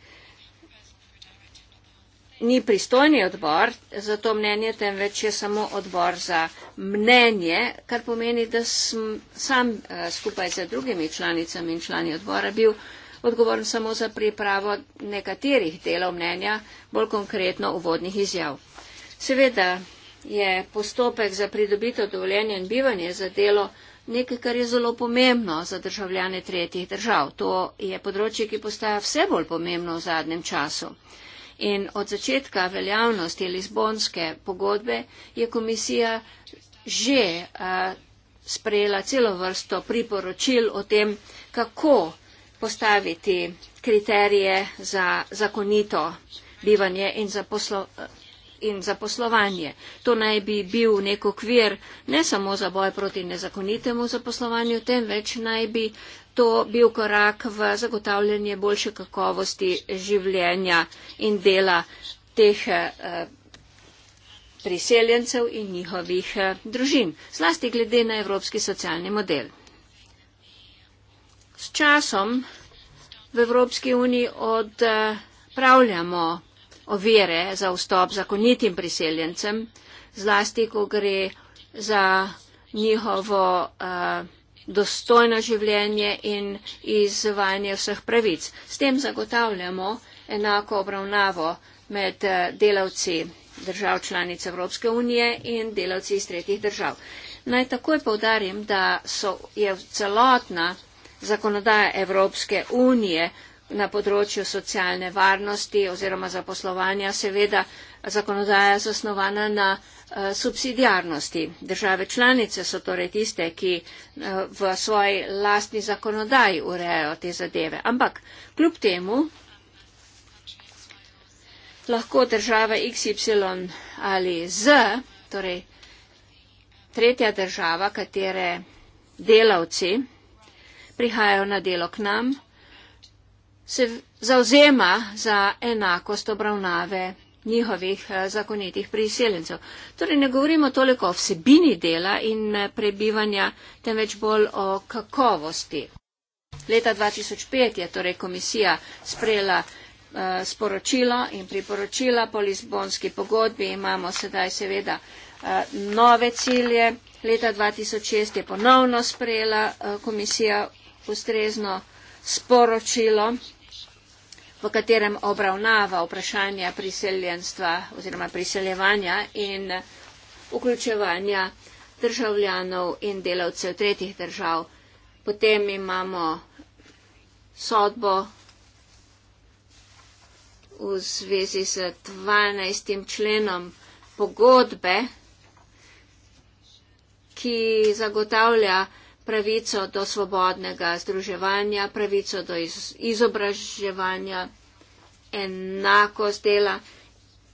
ni pristojni odbor za to mnenje, temveč je samo odbor za mnenje, kar pomeni, da sem sam eh, skupaj z drugimi članicami in člani odbora bil odgovoren samo za pripravo nekaterih delov mnenja, bolj konkretno uvodnih izjav. Seveda je postopek za pridobitev dovoljenja in bivanje za delo nekaj, kar je zelo pomembno za državljane tretjih držav. To je področje, ki postaja vse bolj pomembno v zadnjem času. In od začetka veljavnosti Lizbonske pogodbe je komisija že uh, sprejela celo vrsto priporočil o tem, kako postaviti kriterije za zakonito bivanje in za poslo, in zaposlovanje. To naj bi bil nek okvir ne samo za boj proti nezakonitemu zaposlovanju, temveč naj bi to bil korak v zagotavljanje boljše kakovosti življenja in dela teh eh, priseljencev in njihovih eh, družin, zlasti glede na evropski socialni model. S časom v Evropski uniji odpravljamo ovire za vstop zakonitim priseljencem, zlasti, ko gre za njihovo uh, dostojno življenje in izvajanje vseh pravic. S tem zagotavljamo enako obravnavo med eh, delavci držav članic Evropske unije in delavci iz tretjih držav. Naj takoj povdarim, da so, je celotna zakonodaja Evropske unije na področju socialne varnosti oziroma zaposlovanja seveda zakonodaja zasnovana na eh, subsidijarnosti. Države članice so torej tiste, ki eh, v svoji lastni zakonodaji urejajo te zadeve. Ampak kljub temu lahko država XY ali Z, torej tretja država, katere delavci prihajajo na delo k nam, se zauzema za enakost obravnave njihovih eh, zakonitih priseljencev. Torej ne govorimo toliko o vsebini dela in eh, prebivanja, temveč bolj o kakovosti. Leta 2005 je torej komisija sprejela uh, sporočilo in priporočila po Lizbonski pogodbi. Imamo sedaj seveda uh, nove cilje. Leta 2006 je ponovno sprejela uh, komisija ustrezno sporočilo v katerem obravnava vprašanja priseljenstva oziroma priseljevanja in vključevanja državljanov in delavcev tretjih držav. Potem imamo sodbo v zvezi z 12. členom pogodbe, ki zagotavlja pravico do svobodnega združevanja, pravico do izobraževanja, enakost dela.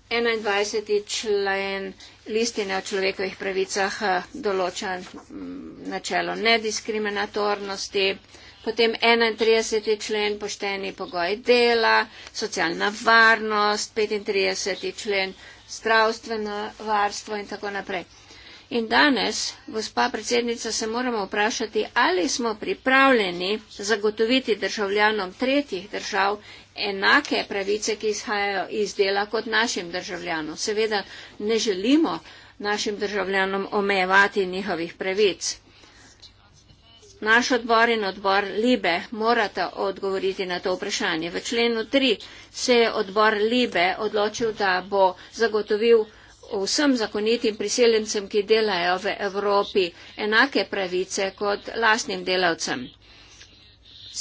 21. člen listine o človekovih pravicah eh, določa mm, načelo nediskriminatornosti, potem 31. člen pošteni pogoj dela, socialna varnost, 35. člen zdravstveno varstvo in tako naprej. In danes, gospa predsednica, se moramo vprašati, ali smo pripravljeni zagotoviti državljanom tretjih držav enake pravice, ki izhajajo iz dela kot našim državljanom. Seveda ne želimo našim državljanom omejevati njihovih pravic. Naš odbor in odbor Libe morata odgovoriti na to vprašanje. V členu 3 se je odbor Libe odločil, da bo zagotovil vsem zakonitim priseljencem, ki delajo v Evropi, enake pravice kot lastnim delavcem.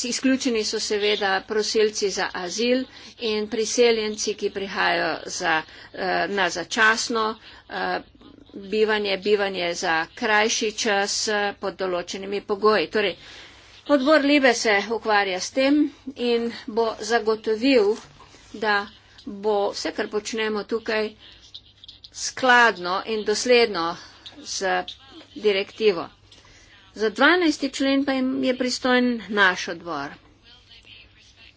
Izključeni so seveda prosilci za azil in priseljenci, ki prihajajo za, eh, na začasno eh, bivanje, bivanje za krajši čas eh, pod določenimi pogoji. Torej, odbor Libe se ukvarja s tem in bo zagotovil, da bo vse, kar počnemo tukaj, skladno in dosledno z direktivo. Za 12. člen pa jim je pristojen naš odbor.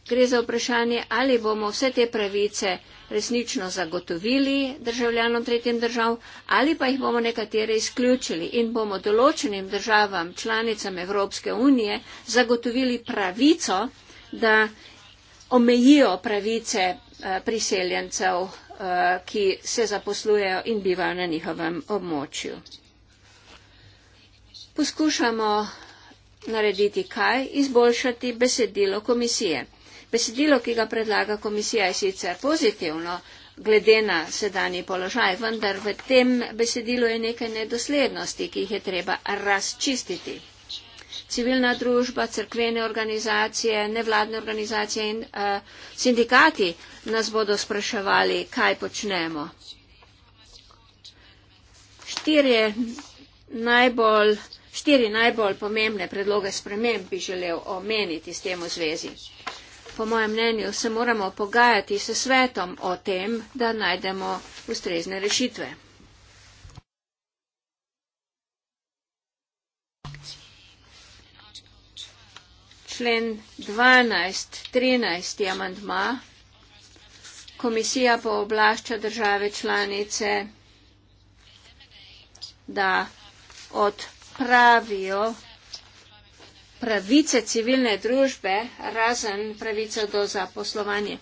Gre za vprašanje, ali bomo vse te pravice resnično zagotovili državljanom tretjim držav, ali pa jih bomo nekatere izključili in bomo določenim državam, članicam Evropske unije, zagotovili pravico, da omejijo pravice eh, priseljencev Eh, ki se zaposlujejo in bivajo na njihovem območju. Poskušamo narediti kaj? Izboljšati besedilo komisije. Besedilo, ki ga predlaga komisija, je sicer pozitivno glede na sedanji položaj, vendar v tem besedilu je nekaj nedoslednosti, ki jih je treba razčistiti civilna družba, crkvene organizacije, nevladne organizacije in uh, sindikati nas bodo spraševali, kaj počnemo. Štirje najbolj, štiri najbolj pomembne predloge sprememb bi želel omeniti s tem v zvezi. Po mojem mnenju se moramo pogajati s svetom o tem, da najdemo ustrezne rešitve. člen 12, 13 amantma. Komisija pooblašča države članice, da odpravijo pravice civilne družbe, razen pravice do zaposlovanja.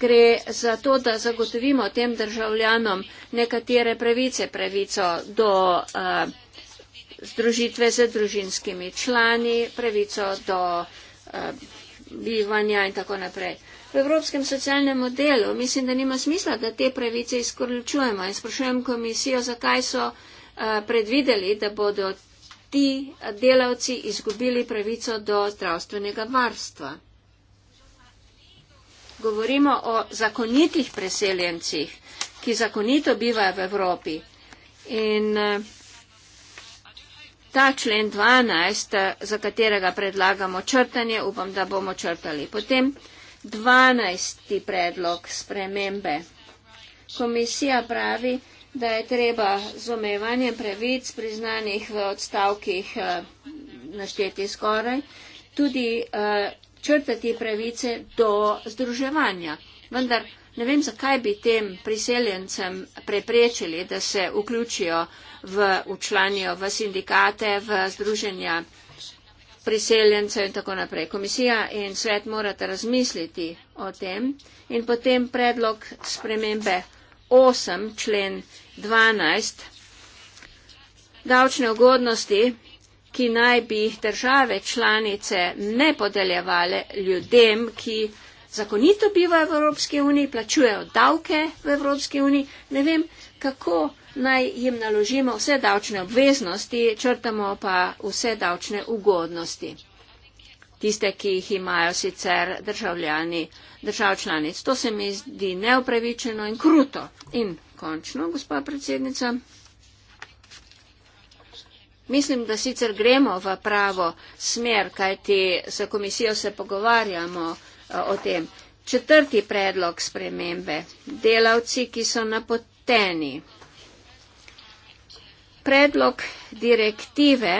gre za to, da zagotovimo tem državljanom nekatere pravice, pravico do uh, združitve z družinskimi člani, pravico do uh, bivanja in tako naprej. V evropskem socialnem modelu mislim, da nima smisla, da te pravice izkoriščujemo in sprašujem komisijo, zakaj so uh, predvideli, da bodo ti delavci izgubili pravico do zdravstvenega varstva govorimo o zakonitih preseljencih, ki zakonito bivajo v Evropi. In eh, ta člen 12, eh, za katerega predlagamo črtanje, upam, da bomo črtali. Potem 12. predlog spremembe. Komisija pravi, da je treba z omejevanjem pravic priznanih v odstavkih eh, našteti skoraj tudi črtati pravice do združevanja. Vendar ne vem, zakaj bi tem priseljencem preprečili, da se vključijo v učlanjo, v sindikate, v združenja priseljencev in tako naprej. Komisija in svet morate razmisliti o tem in potem predlog spremembe 8, člen 12, davčne ugodnosti ki naj bi države članice ne podeljevale ljudem, ki zakonito bivajo v Evropski uniji, plačujejo davke v Evropski uniji. Ne vem, kako naj jim naložimo vse davčne obveznosti, črtamo pa vse davčne ugodnosti. Tiste, ki jih imajo sicer državljani držav članic. To se mi zdi neupravičeno in kruto. In končno, gospod predsednica. Mislim, da sicer gremo v pravo smer, kajti s komisijo se pogovarjamo eh, o tem. Četrti predlog spremembe. Delavci, ki so napoteni. Predlog direktive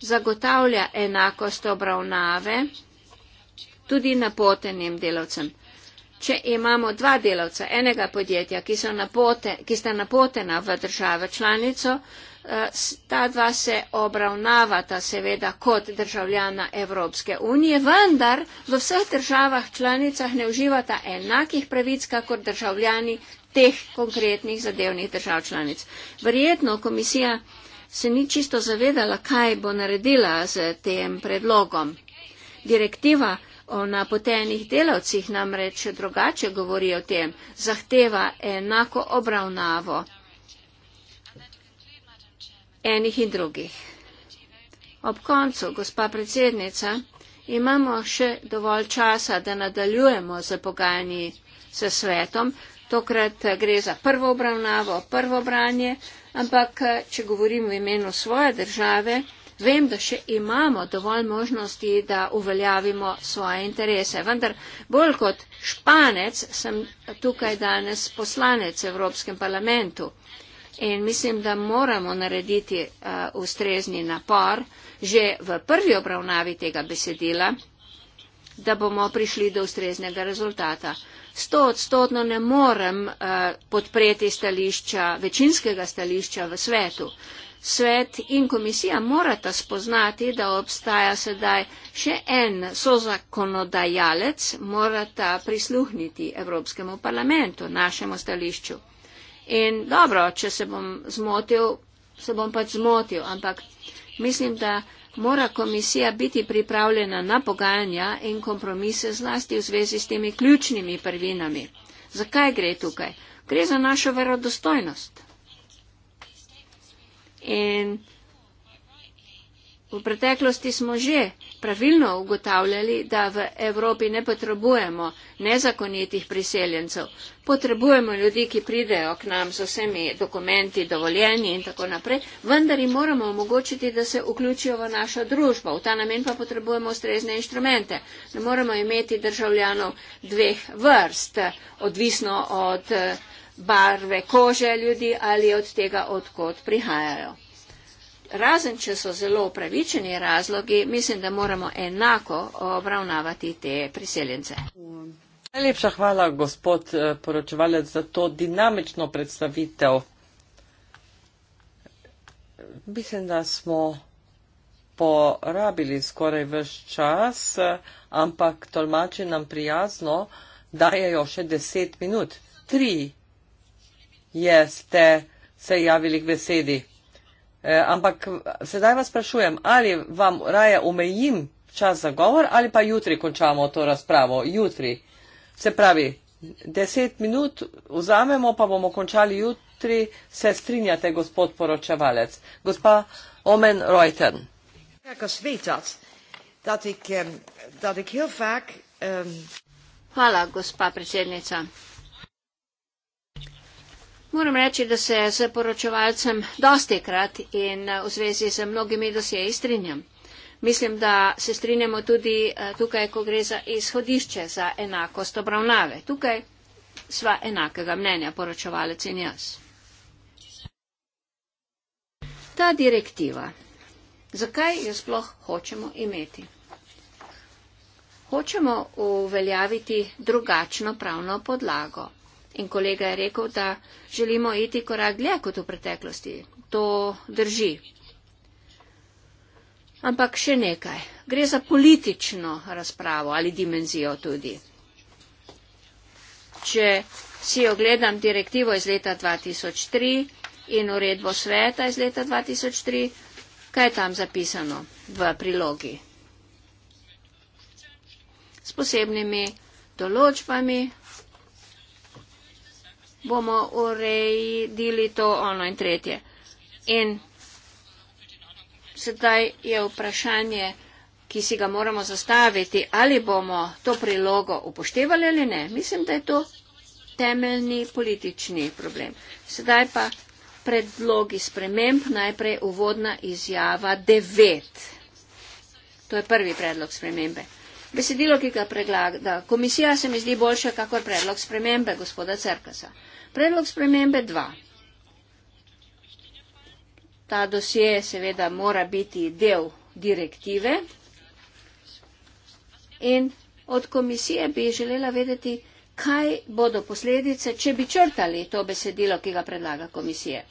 zagotavlja enakost obravnave tudi napotenim delavcem. Če imamo dva delavca enega podjetja, ki, napote, ki sta napotena v državo članico, Eh, ta dva se obravnavata seveda kot državljana Evropske unije, vendar v vseh državah članicah ne uživata enakih pravic, kakor državljani teh konkretnih zadevnih držav članic. Verjetno komisija se ni čisto zavedala, kaj bo naredila z tem predlogom. Direktiva o napotenih delavcih namreč drugače govori o tem, zahteva enako obravnavo enih in drugih. Ob koncu, gospa predsednica, imamo še dovolj časa, da nadaljujemo z pogajanji s svetom. Tokrat gre za prvo obravnavo, prvo branje, ampak če govorim v imenu svoje države, vem, da še imamo dovolj možnosti, da uveljavimo svoje interese. Vendar bolj kot španec sem tukaj danes poslanec Evropskem parlamentu. In mislim, da moramo narediti uh, ustrezni napor že v prvi obravnavi tega besedila, da bomo prišli do ustreznega rezultata. Sto odstotno ne morem uh, podpreti stališča, večinskega stališča v svetu. Svet in komisija morata spoznati, da obstaja sedaj še en sozakonodajalec, morata prisluhniti Evropskemu parlamentu, našemu stališču. In dobro, če se bom zmotil, se bom pač zmotil, ampak mislim, da mora komisija biti pripravljena na pogajanja in kompromise zlasti v zvezi s temi ključnimi prvinami. Zakaj gre tukaj? Gre za našo verodostojnost. In V preteklosti smo že pravilno ugotavljali, da v Evropi ne potrebujemo nezakonitih priseljencev. Potrebujemo ljudi, ki pridejo k nam z vsemi dokumenti, dovoljeni in tako naprej, vendar jim moramo omogočiti, da se vključijo v našo družbo. V ta namen pa potrebujemo ustrezne inštrumente. Ne moramo imeti državljanov dveh vrst, odvisno od barve kože ljudi ali od tega, odkot prihajajo razen če so zelo upravičeni razlogi, mislim, da moramo enako obravnavati te priseljence. Najlepša hvala, gospod eh, poročevalec, za to dinamično predstavitev. Mislim, da smo porabili skoraj vse čas, eh, ampak tolmači nam prijazno, dajejo še deset minut. Tri jeste se javili k besedi. Eh, ampak sedaj vas sprašujem, ali vam raje omejim čas za govor ali pa jutri končamo to razpravo. Jutri. Se pravi, deset minut vzamemo, pa bomo končali jutri. Se strinjate, gospod poročevalec. Gospa Omen Reuten. Ehm, ehm, Hvala, gospa predsednica. Moram reči, da se z poročevalcem dosti krat in eh, v zvezi z mnogimi dosjeji strinjam. Mislim, da se strinjamo tudi eh, tukaj, ko gre za izhodišče za enakost obravnave. Tukaj sva enakega mnenja, poročevalec in jaz. Ta direktiva. Zakaj jo sploh hočemo imeti? Hočemo uveljaviti drugačno pravno podlago. In kolega je rekel, da želimo iti korak dlje kot v preteklosti. To drži. Ampak še nekaj. Gre za politično razpravo ali dimenzijo tudi. Če si ogledam direktivo iz leta 2003 in uredbo sveta iz leta 2003, kaj je tam zapisano v prilogi? S posebnimi določbami, bomo uredili to ono in tretje. In sedaj je vprašanje, ki si ga moramo zastaviti, ali bomo to prilogo upoštevali ali ne. Mislim, da je to temeljni politični problem. Sedaj pa predlogi sprememb, najprej uvodna izjava 9. To je prvi predlog spremembe. Besedilo, ki ga predlaga komisija, se mi zdi boljše, kakor predlog spremembe gospoda Cerkasa. Predlog spremembe 2. Ta dosje seveda mora biti del direktive in od komisije bi želela vedeti, kaj bodo posledice, če bi črtali to besedilo, ki ga predlaga komisije.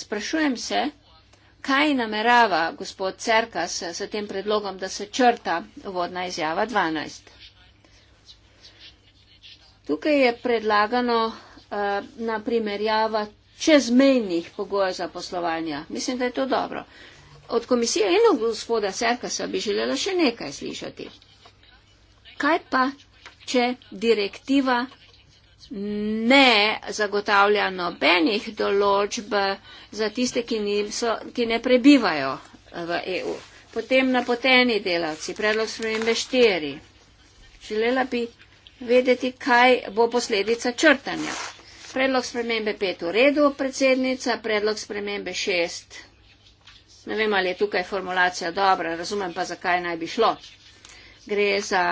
Sprašujem se, kaj namerava gospod Cerkas s tem predlogom, da se črta vodna izjava 12. Tukaj je predlagano uh, na primerjava čezmejnih pogojev za poslovanje. Mislim, da je to dobro. Od komisije in od gospoda Serkasa bi želela še nekaj slišati. Kaj pa, če direktiva ne zagotavlja nobenih določb za tiste, ki, niso, ki ne prebivajo eh, v EU? Potem napoteni delavci, predlog spremembe 4. Želela bi vedeti, kaj bo posledica črtanja. Predlog spremembe 5 v redu, predsednica, predlog spremembe 6. Ne vem, ali je tukaj formulacija dobra, razumem pa, zakaj naj bi šlo. Gre za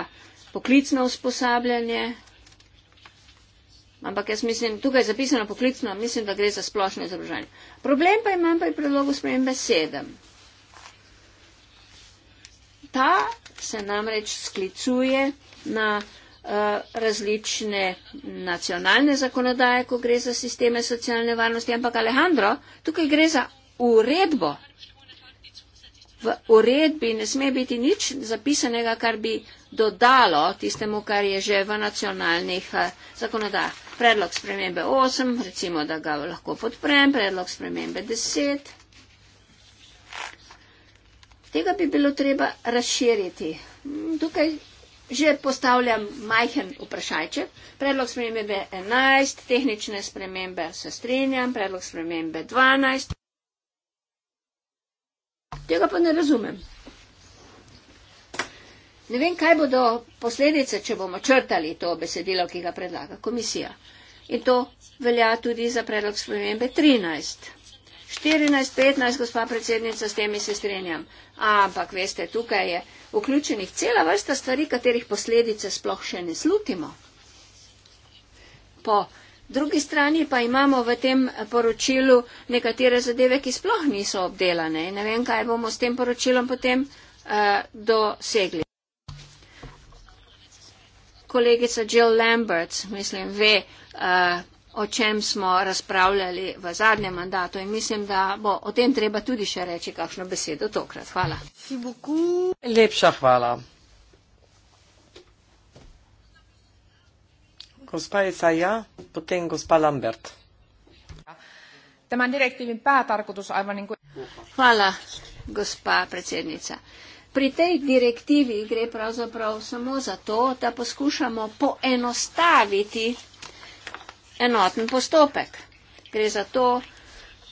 poklicno usposabljanje, ampak jaz mislim, tukaj je zapisano poklicno, mislim, da gre za splošno izobraževanje. Problem pa imam pri predlogu spremembe 7. Ta se namreč sklicuje na Eh, različne nacionalne zakonodaje, ko gre za sisteme socialne varnosti, ampak Alejandro, tukaj gre za uredbo. V uredbi ne sme biti nič zapisanega, kar bi dodalo tistemu, kar je že v nacionalnih eh, zakonodajah. Predlog spremembe 8, recimo, da ga lahko podprem, predlog spremembe 10. Tega bi bilo treba razširiti. Mm, tukaj že postavljam majhen vprašajček. Predlog spremembe 11, tehnične spremembe se strinjam, predlog spremembe 12. Tega pa ne razumem. Ne vem, kaj bodo posledice, če bomo črtali to besedilo, ki ga predlaga komisija. In to velja tudi za predlog spremembe 13. 14-15, gospa predsednica, s temi se strenjam. Ampak veste, tukaj je vključenih cela vrsta stvari, katerih posledice sploh še ne slutimo. Po drugi strani pa imamo v tem poročilu nekatere zadeve, ki sploh niso obdelane. Ne vem, kaj bomo s tem poročilom potem uh, dosegli. Kolegica Jill Lambert, mislim, ve, uh, o čem smo razpravljali v zadnjem mandatu in mislim, da bo o tem treba tudi še reči kakšno besedo tokrat. Hvala. Lepša hvala. Gospa Isaja, potem gospa Lambert. Hvala, gospa predsednica. Pri tej direktivi gre pravzaprav samo za to, da poskušamo poenostaviti enoten postopek. Gre za to,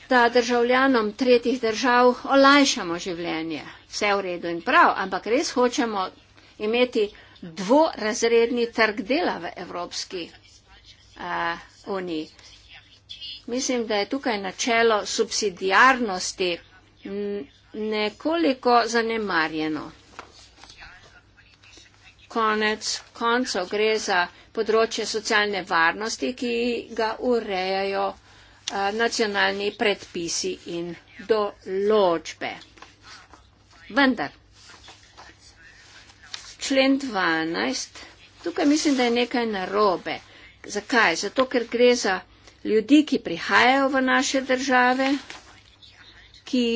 da državljanom tretjih držav olajšamo življenje. Vse v redu in prav, ampak res hočemo imeti dvorazredni trg dela v Evropski uh, uniji. Mislim, da je tukaj načelo subsidijarnosti nekoliko zanemarjeno konec koncev gre za področje socialne varnosti, ki ga urejajo eh, nacionalni predpisi in določbe. Vendar, člen 12, tukaj mislim, da je nekaj narobe. Zakaj? Zato, ker gre za ljudi, ki prihajajo v naše države, ki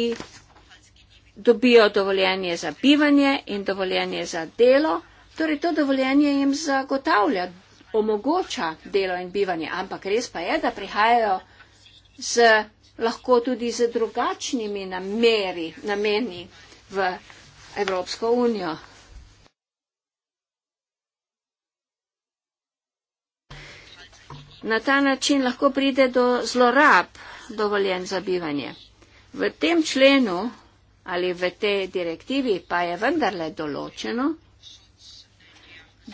dobijo dovoljenje za bivanje in dovoljenje za delo Torej, to dovoljenje jim zagotavlja, omogoča delo in bivanje, ampak res pa je, da prihajajo z, lahko tudi z drugačnimi nameri, nameni v Evropsko unijo. Na ta način lahko pride do zlorab dovoljen za bivanje. V tem členu ali v tej direktivi pa je vendarle določeno,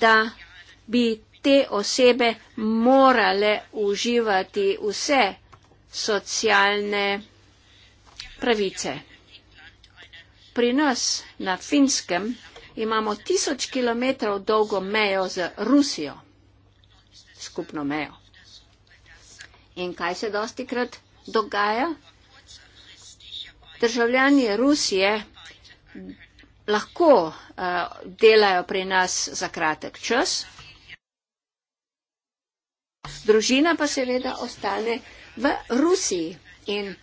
da bi te osebe morale uživati vse socialne pravice. Pri nas na Finskem imamo tisoč kilometrov dolgo mejo z Rusijo, skupno mejo. In kaj se dosti krat dogaja? Državljani Rusije lahko uh, delajo pri nas za kratek čas. Družina pa seveda ostane v Rusiji. In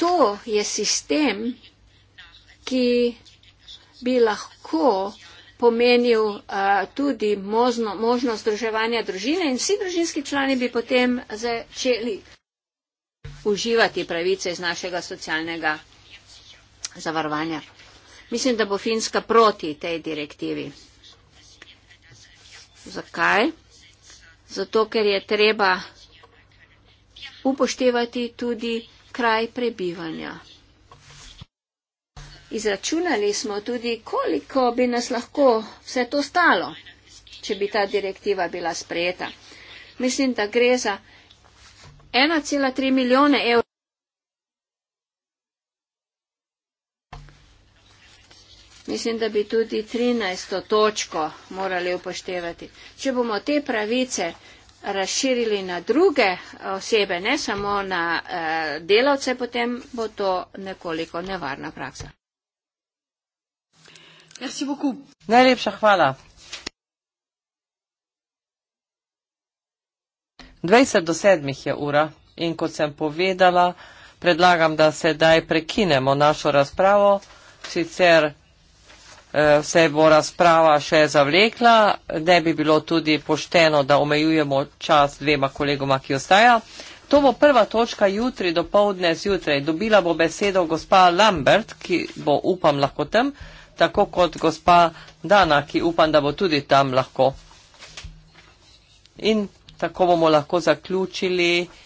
to je sistem, ki bi lahko pomenil uh, tudi možno, možnost združevanja družine in vsi družinski člani bi potem začeli uživati pravice iz našega socialnega zavarovanja. Mislim, da bo Finska proti tej direktivi. Zakaj? Zato, ker je treba upoštevati tudi kraj prebivanja. Izračunali smo tudi, koliko bi nas lahko vse to stalo, če bi ta direktiva bila sprejeta. Mislim, da gre za 1,3 milijone evrov. mislim, da bi tudi 13. točko morali upoštevati. Če bomo te pravice razširili na druge eh, osebe, ne samo na eh, delavce, potem bo to nekoliko nevarna praksa. Najlepša hvala. 20 do 7 je ura in kot sem povedala, predlagam, da sedaj prekinemo našo razpravo, sicer Eh, se bo razprava še zavlekla. Ne bi bilo tudi pošteno, da omejujemo čas dvema kolegoma, ki ostaja. To bo prva točka jutri do povdne zjutraj. Dobila bo besedo gospa Lambert, ki bo upam lahko tam, tako kot gospa Dana, ki upam, da bo tudi tam lahko. In tako bomo lahko zaključili.